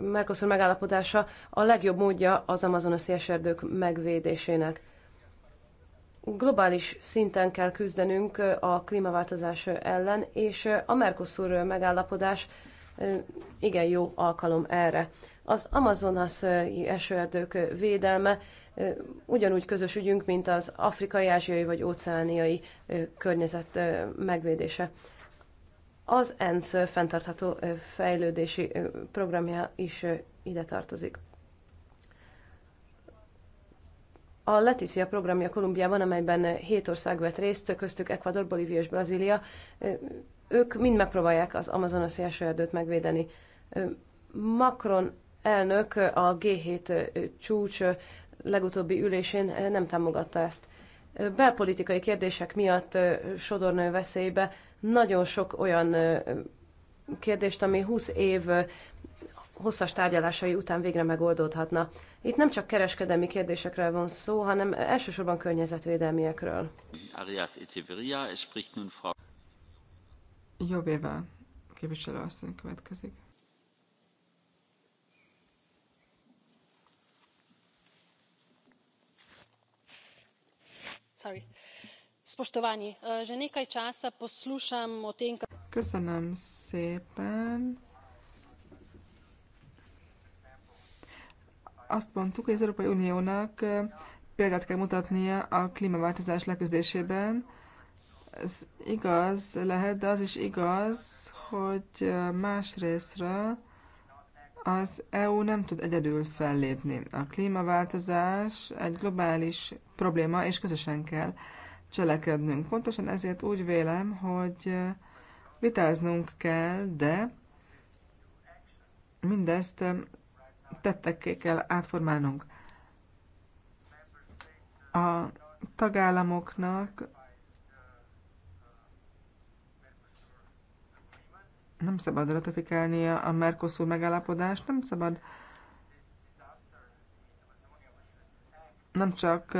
Mercosur megállapodása a legjobb módja az Amazonas eserdők megvédésének. Globális szinten kell küzdenünk a klímaváltozás ellen, és a Mercosur megállapodás igen jó alkalom erre. Az amazonas esőerdők védelme ugyanúgy közös ügyünk, mint az afrikai, ázsiai vagy óceániai környezet megvédése. Az ENSZ fenntartható fejlődési programja is ide tartozik. A Leticia programja Kolumbiában, amelyben hét ország vett részt, köztük Ecuador, Bolívia és Brazília, ők mind megpróbálják az amazonasi esőerdőt megvédeni. Macron elnök a G7 csúcs legutóbbi ülésén eh, nem támogatta ezt. Eh, belpolitikai kérdések miatt eh, sodornő veszélybe nagyon sok olyan kérdést, ami 20 év hosszas tárgyalásai után végre megoldódhatna. Itt nem csak kereskedelmi kérdésekről van szó, hanem elsősorban környezetvédelmiekről. Arias Echeverria spricht nun Frau. Jobb éve képviselő asszony következik. Eh, Köszönöm szépen. Azt mondtuk, hogy az Európai Uniónak eh, példát kell mutatnia a klímaváltozás leküzdésében. Ez igaz lehet, de az is igaz, hogy eh, másrésztről az EU nem tud egyedül fellépni. A klímaváltozás egy globális probléma, és közösen kell cselekednünk. Pontosan ezért úgy vélem, hogy vitáznunk kell, de mindezt tettekké kell átformálnunk. A tagállamoknak nem szabad ratifikálni a Mercosur megállapodást, nem szabad nem csak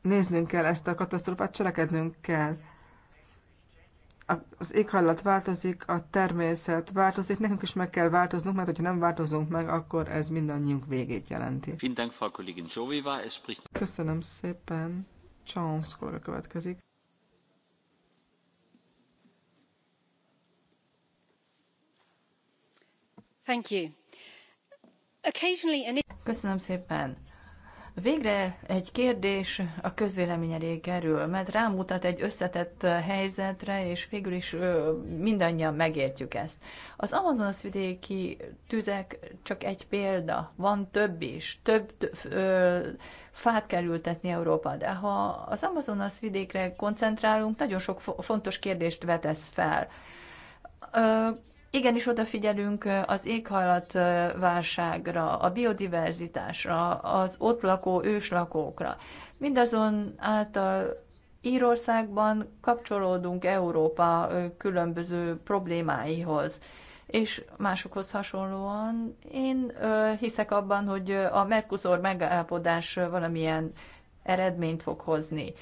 néznünk kell ezt a katasztrófát, cselekednünk kell. Az éghajlat változik, a természet változik, nekünk is meg kell változnunk, mert hogyha nem változunk meg, akkor ez mindannyiunk végét jelenti. Köszönöm szépen. Charles kollega következik. Köszönöm szépen. Végre egy kérdés a közvélemény elé kerül, mert rámutat egy összetett helyzetre, és végül is mindannyian megértjük ezt. Az Amazonas vidéki tüzek csak egy példa, van több is, több ö, fát kell ültetni Európa, de ha az Amazonas vidékre koncentrálunk, nagyon sok fontos kérdést vetesz fel. Ö, Igenis odafigyelünk az éghajlatválságra, a biodiverzitásra, az ott lakó őslakókra. Mindazon által Írországban kapcsolódunk Európa különböző problémáihoz. És másokhoz hasonlóan én hiszek abban, hogy a Mercosur megállapodás valamilyen eredményt fog hozni.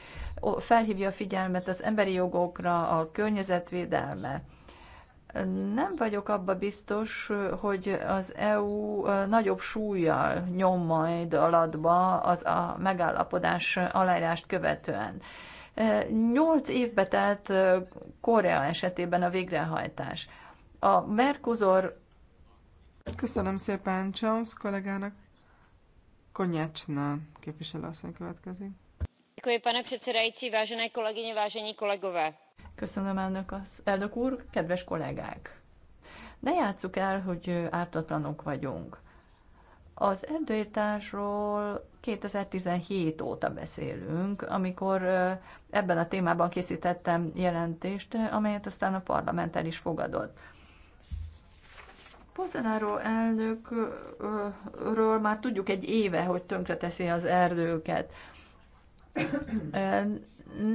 Felhívja a figyelmet az emberi jogokra, a környezetvédelme nem vagyok abba biztos, hogy az EU nagyobb súlyjal nyom majd alatba az a megállapodás aláírást követően. Nyolc évbe telt Korea esetében a végrehajtás. A Mercosur... Köszönöm szépen Jones kollégának. képviselő asszony következik. Děkuji, pane předsedající, vážené kolegyně, vážení kolegové Köszönöm, elnök, az, elnök úr, kedves kollégák! Ne játsszuk el, hogy ártatlanok vagyunk. Az erdőírtásról 2017 óta beszélünk, amikor ebben a témában készítettem jelentést, amelyet aztán a parlament el is fogadott. Pozanáró elnökről már tudjuk egy éve, hogy tönkreteszi az erdőket.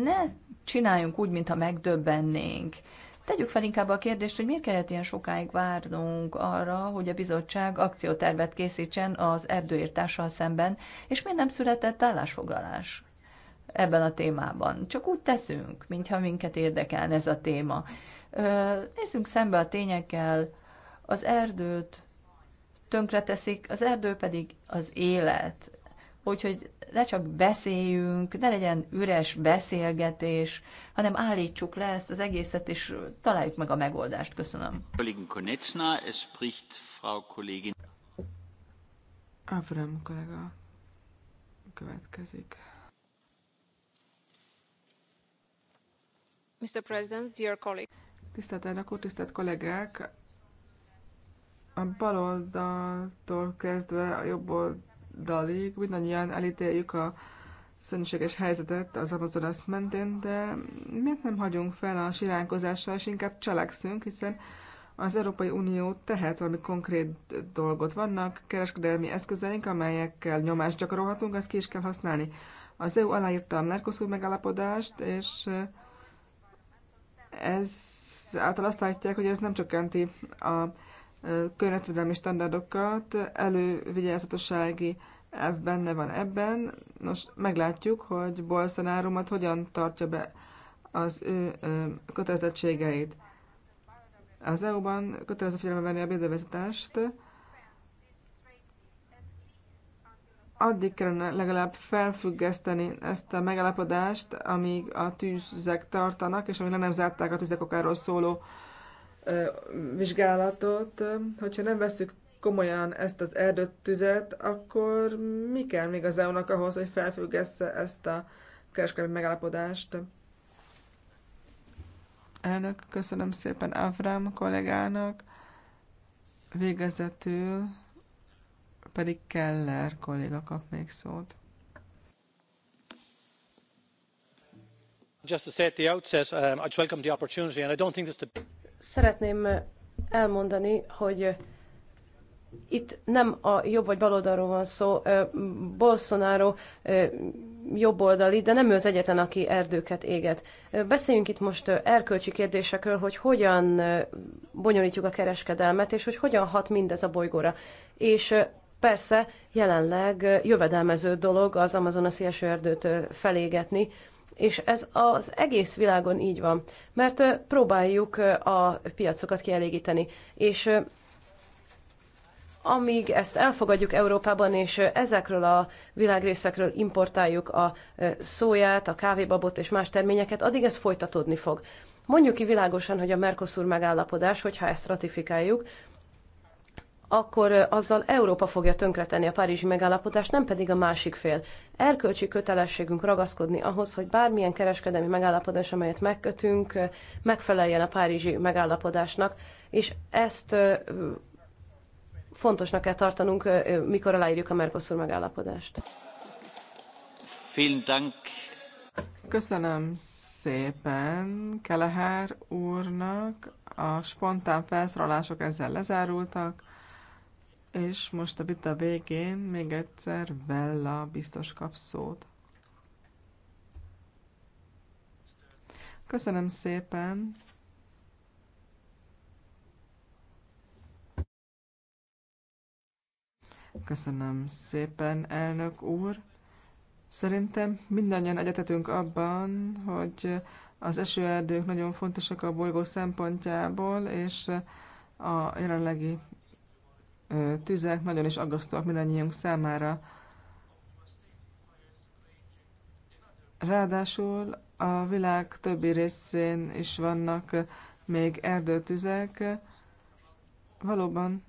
Ne csináljunk úgy, mintha megdöbbennénk. Tegyük fel inkább a kérdést, hogy miért kellett ilyen sokáig várnunk arra, hogy a bizottság akciótervet készítsen az erdőírtással szemben, és miért nem született állásfoglalás ebben a témában. Csak úgy teszünk, mintha minket érdekelne ez a téma. Nézzünk szembe a tényekkel, az erdőt tönkreteszik, az erdő pedig az élet. Úgyhogy ne csak beszéljünk, ne legyen üres beszélgetés, hanem állítsuk le ezt az egészet, és találjuk meg a megoldást. Köszönöm. Avram kollega következik. Mr. President, dear colleague. Tisztelt elnök úr, tisztelt kollégák! A baloldaltól kezdve a jobb dalig. Mindannyian elítéljük a szönséges helyzetet az Amazonas mentén, de miért nem hagyunk fel a siránkozással, és inkább cselekszünk, hiszen az Európai Unió tehet valami konkrét dolgot. Vannak kereskedelmi eszközeink, amelyekkel nyomást gyakorolhatunk, ezt ki is kell használni. Az EU aláírta a Mercosur megállapodást, és eh, ez által azt látják, hogy ez nem csökkenti a környezetvédelmi standardokat, elővigyázatossági ez benne van ebben. Nos, meglátjuk, hogy bolsonaro hogyan tartja be az ő kötelezettségeit. Az EU-ban kötelező figyelembe venni a bédővezetást. addig kellene legalább felfüggeszteni ezt a megállapodást, amíg a tűzek tartanak, és amíg nem zárták a tűzek okáról szóló vizsgálatot, hogyha nem veszük komolyan ezt az tüzet, akkor mi kell még az EU-nak ahhoz, hogy felfüggesse ezt a kereskedelmi megállapodást? Elnök, köszönöm szépen Avram kollégának, végezetül pedig Keller kolléga kap még szót. Just to say at the outset, um, I'd welcome the opportunity, and I don't think this. to szeretném elmondani, hogy itt nem a jobb vagy baloldalról van szó, Bolsonaro jobboldali, de nem ő az egyetlen, aki erdőket éget. Beszéljünk itt most erkölcsi kérdésekről, hogy hogyan bonyolítjuk a kereskedelmet, és hogy hogyan hat mindez a bolygóra. És persze jelenleg jövedelmező dolog az amazonasi erdőt felégetni, és ez az egész világon így van, mert próbáljuk a piacokat kielégíteni, és amíg ezt elfogadjuk Európában, és ezekről a világrészekről importáljuk a szóját, a kávébabot és más terményeket, addig ez folytatódni fog. Mondjuk ki világosan, hogy a Mercosur megállapodás, hogyha ezt ratifikáljuk, akkor azzal Európa fogja tönkretenni a párizsi megállapodást, nem pedig a másik fél. Erkölcsi kötelességünk ragaszkodni ahhoz, hogy bármilyen kereskedelmi megállapodás, amelyet megkötünk, megfeleljen a párizsi megállapodásnak, és ezt fontosnak kell tartanunk, mikor aláírjuk a Mercosur megállapodást. Köszönöm szépen Kelehár úrnak. A spontán felszólalások ezzel lezárultak. És most a vita végén még egyszer Vella biztos kap szót. Köszönöm szépen! Köszönöm szépen, elnök úr! Szerintem mindannyian egyetetünk abban, hogy az esőerdők nagyon fontosak a bolygó szempontjából, és a jelenlegi tüzek nagyon is aggasztóak mindannyiunk számára. Ráadásul a világ többi részén is vannak még erdőtüzek. Valóban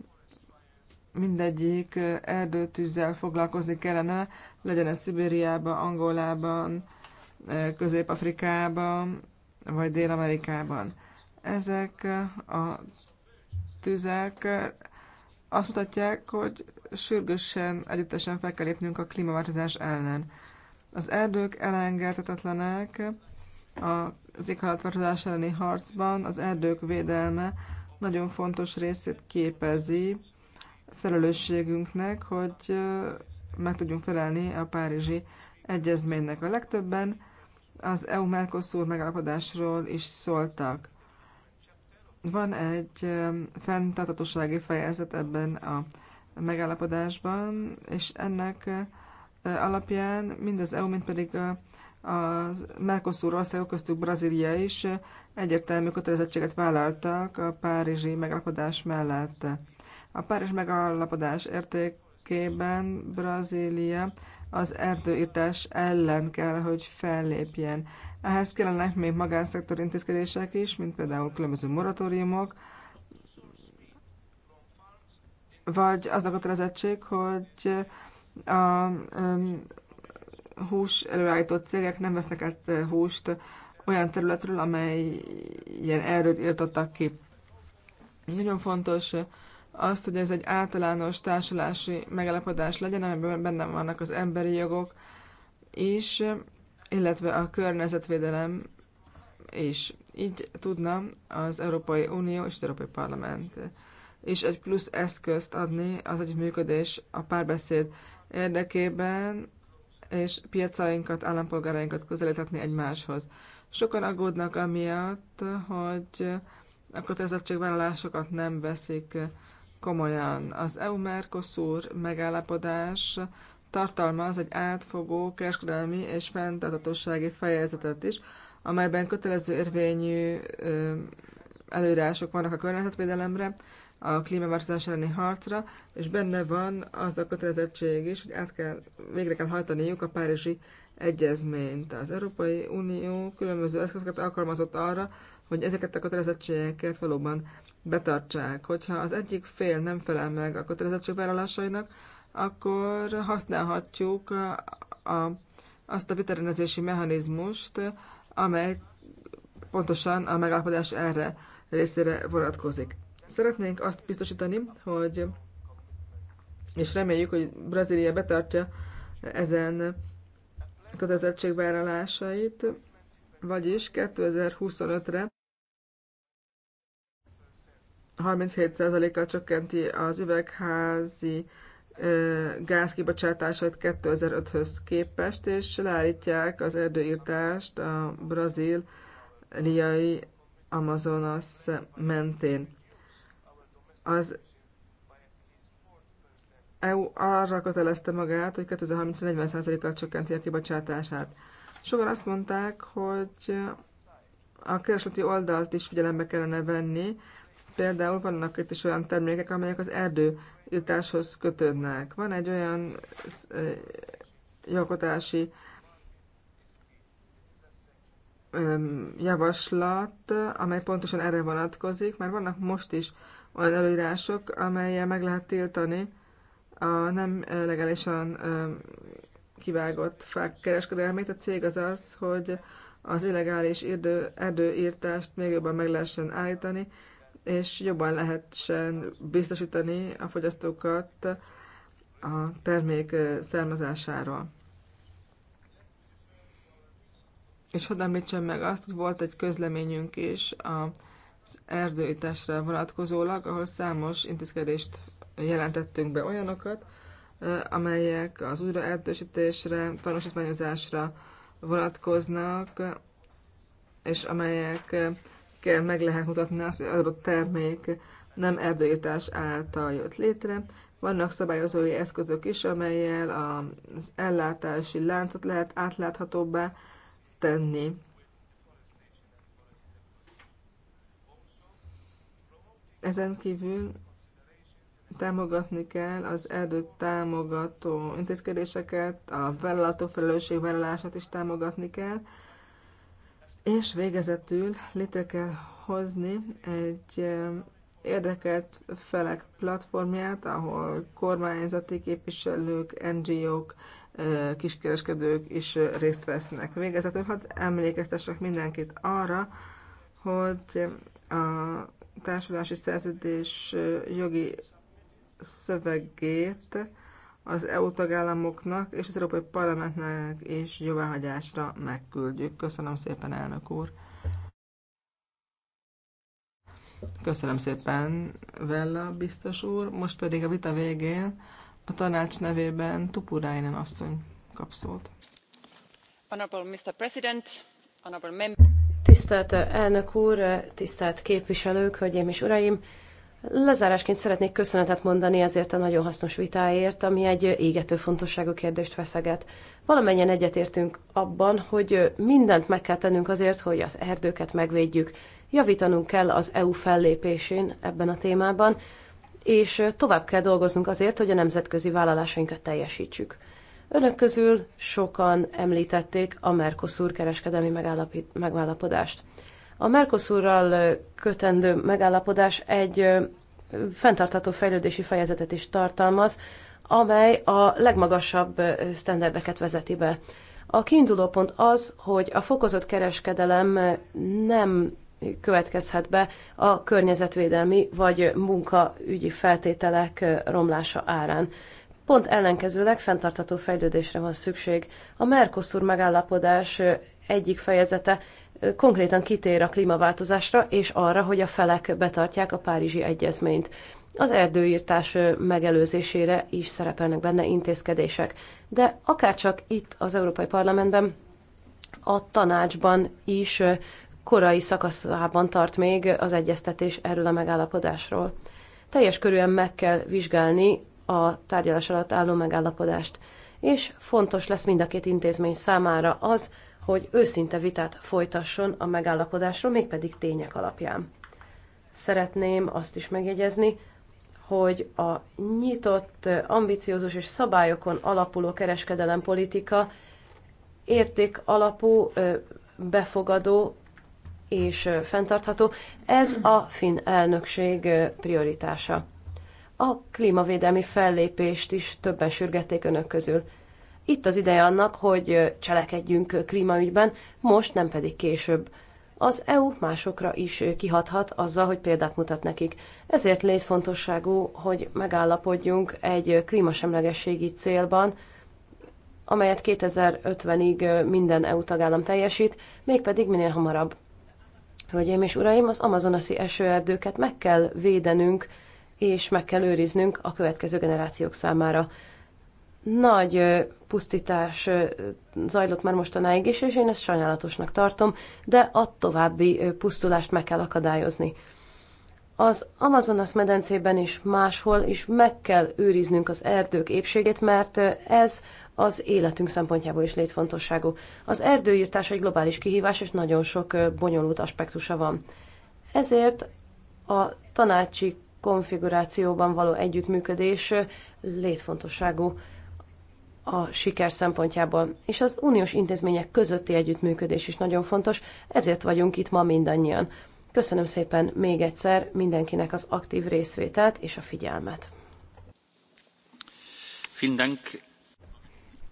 mindegyik erdőtűzzel foglalkozni kellene, legyen ez Szibériában, Angolában, Közép-Afrikában, vagy Dél-Amerikában. Ezek a tüzek azt mutatják, hogy sürgősen, együttesen fel kell lépnünk a klímaváltozás ellen. Az erdők elengedhetetlenek az éghajlatváltozás elleni harcban, az erdők védelme nagyon fontos részét képezi felelősségünknek, hogy meg tudjunk felelni a Párizsi Egyezménynek. A legtöbben az EU-Mercosur megállapodásról is szóltak. Van egy fenntartatósági fejezet ebben a megállapodásban, és ennek alapján mind az EU, mint pedig a Mercosur országok köztük Brazília is egyértelmű kötelezettséget vállaltak a párizsi megállapodás mellett. A párizsi megállapodás értékében Brazília az erdőírtás ellen kell, hogy fellépjen. Ehhez kellene még magánszektor intézkedések is, mint például különböző moratóriumok, vagy az a kötelezettség, hogy a um, hús előállító cégek nem vesznek át eh, húst olyan területről, amely ilyen erőt írtottak ki. Nagyon fontos az, hogy ez egy általános társulási megalapodás legyen, amiben benne vannak az emberi jogok, és illetve a környezetvédelem is. Így tudna az Európai Unió és az Európai Parlament és egy plusz eszközt adni az együttműködés a párbeszéd érdekében, és piacainkat, állampolgárainkat közelíthetni egymáshoz. Sokan aggódnak amiatt, hogy a kötelezettségvállalásokat nem veszik komolyan. Az EU-Mercosur megállapodás tartalmaz egy átfogó kereskedelmi és fenntarthatósági fejezetet is, amelyben kötelező érvényű előírások vannak a környezetvédelemre, a klímaváltozás elleni harcra, és benne van az a kötelezettség is, hogy át kell, végre kell hajtaniuk a Párizsi Egyezményt. Az Európai Unió különböző eszközöket alkalmazott arra, hogy ezeket a kötelezettségeket valóban betartsák. Hogyha az egyik fél nem felel meg a kötelezettségvállalásainak, akkor használhatjuk a, azt a vitarendezési mechanizmust, amely pontosan a megállapodás erre részére vonatkozik. Szeretnénk azt biztosítani, hogy és reméljük, hogy Brazília betartja ezen kötelezettségvállalásait, vagyis 2025-re 37%-kal csökkenti az üvegházi gázkibocsátásait 2005-höz képest, és leállítják az erdőírtást a brazíliai Amazonas mentén. Az EU arra kötelezte magát, hogy 2030-40%-kal csökkenti a kibocsátását. Sokan azt mondták, hogy a keresleti oldalt is figyelembe kellene venni, Például vannak itt is olyan termékek, amelyek az erdőjutáshoz kötődnek. Van egy olyan jogotási javaslat, amely pontosan erre vonatkozik, mert vannak most is olyan előírások, amelyel meg lehet tiltani a nem legálisan kivágott fák kereskedelmét. A cég az az, hogy az illegális erdő, erdőírtást még jobban meg lehessen állítani, és jobban lehessen biztosítani a fogyasztókat a termék származásáról. És hadd említsem meg azt, hogy volt egy közleményünk is az erdőításra vonatkozólag, ahol számos intézkedést jelentettünk be olyanokat, amelyek az újraerdősítésre, tanúsítványozásra vonatkoznak, és amelyek kell meg lehet mutatni azt, hogy az adott termék nem erdőírtás által jött létre. Vannak szabályozói eszközök is, amelyel az ellátási láncot lehet átláthatóbbá tenni. Ezen kívül támogatni kell az erdőt támogató intézkedéseket, a vállalatok felelősségvállalását is támogatni kell, és végezetül létre kell hozni egy érdekelt felek platformját, ahol kormányzati képviselők, NGO-k, kiskereskedők is részt vesznek. Végezetül hadd hát emlékeztessek mindenkit arra, hogy a társulási szerződés jogi szövegét az EU tagállamoknak és az Európai Parlamentnek is jóváhagyásra megküldjük. Köszönöm szépen, elnök úr! Köszönöm szépen, Vella biztos úr. Most pedig a vita végén a tanács nevében Tupuráinen asszony kap szót. Mr. President, Tisztelt elnök úr, tisztelt képviselők, hölgyeim és uraim! Lezárásként szeretnék köszönetet mondani ezért a nagyon hasznos vitáért, ami egy égető fontosságú kérdést feszeget. Valamennyien egyetértünk abban, hogy mindent meg kell tennünk azért, hogy az erdőket megvédjük. Javítanunk kell az EU fellépésén ebben a témában, és tovább kell dolgoznunk azért, hogy a nemzetközi vállalásainkat teljesítsük. Önök közül sokan említették a Mercosur kereskedelmi megállapodást. A Mercosurral kötendő megállapodás egy fenntartható fejlődési fejezetet is tartalmaz, amely a legmagasabb sztenderdeket vezeti be. A kiinduló pont az, hogy a fokozott kereskedelem nem következhet be a környezetvédelmi vagy munkaügyi feltételek romlása árán. Pont ellenkezőleg fenntartható fejlődésre van szükség. A Mercosur megállapodás egyik fejezete konkrétan kitér a klímaváltozásra és arra, hogy a felek betartják a Párizsi Egyezményt. Az erdőírtás megelőzésére is szerepelnek benne intézkedések, de akárcsak itt az Európai Parlamentben, a tanácsban is korai szakaszában tart még az egyeztetés erről a megállapodásról. Teljes körűen meg kell vizsgálni a tárgyalás alatt álló megállapodást, és fontos lesz mind a két intézmény számára az, hogy őszinte vitát folytasson a megállapodásról, mégpedig tények alapján. Szeretném azt is megjegyezni, hogy a nyitott, ambiciózus és szabályokon alapuló kereskedelempolitika érték alapú, befogadó és fenntartható. Ez a finn elnökség prioritása. A klímavédelmi fellépést is többen sürgették önök közül. Itt az ideje annak, hogy cselekedjünk klímaügyben, most nem pedig később. Az EU másokra is kihathat azzal, hogy példát mutat nekik. Ezért létfontosságú, hogy megállapodjunk egy klímasemlegességi célban, amelyet 2050-ig minden EU tagállam teljesít, mégpedig minél hamarabb. Hölgyeim és uraim, az amazonasi esőerdőket meg kell védenünk, és meg kell őriznünk a következő generációk számára nagy pusztítás zajlott már mostanáig is, és én ezt sajnálatosnak tartom, de a további pusztulást meg kell akadályozni. Az Amazonas medencében is máshol is meg kell őriznünk az erdők épségét, mert ez az életünk szempontjából is létfontosságú. Az erdőírtás egy globális kihívás, és nagyon sok bonyolult aspektusa van. Ezért a tanácsi konfigurációban való együttműködés létfontosságú a siker szempontjából, és az uniós intézmények közötti együttműködés is nagyon fontos, ezért vagyunk itt ma mindannyian. Köszönöm szépen még egyszer mindenkinek az aktív részvételt és a figyelmet.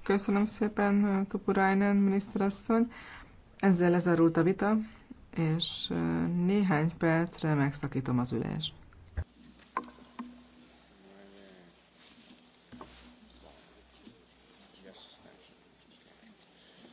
Köszönöm szépen, Tupurainen miniszterasszony. Ezzel lezárult a vita, és néhány percre megszakítom az ülést.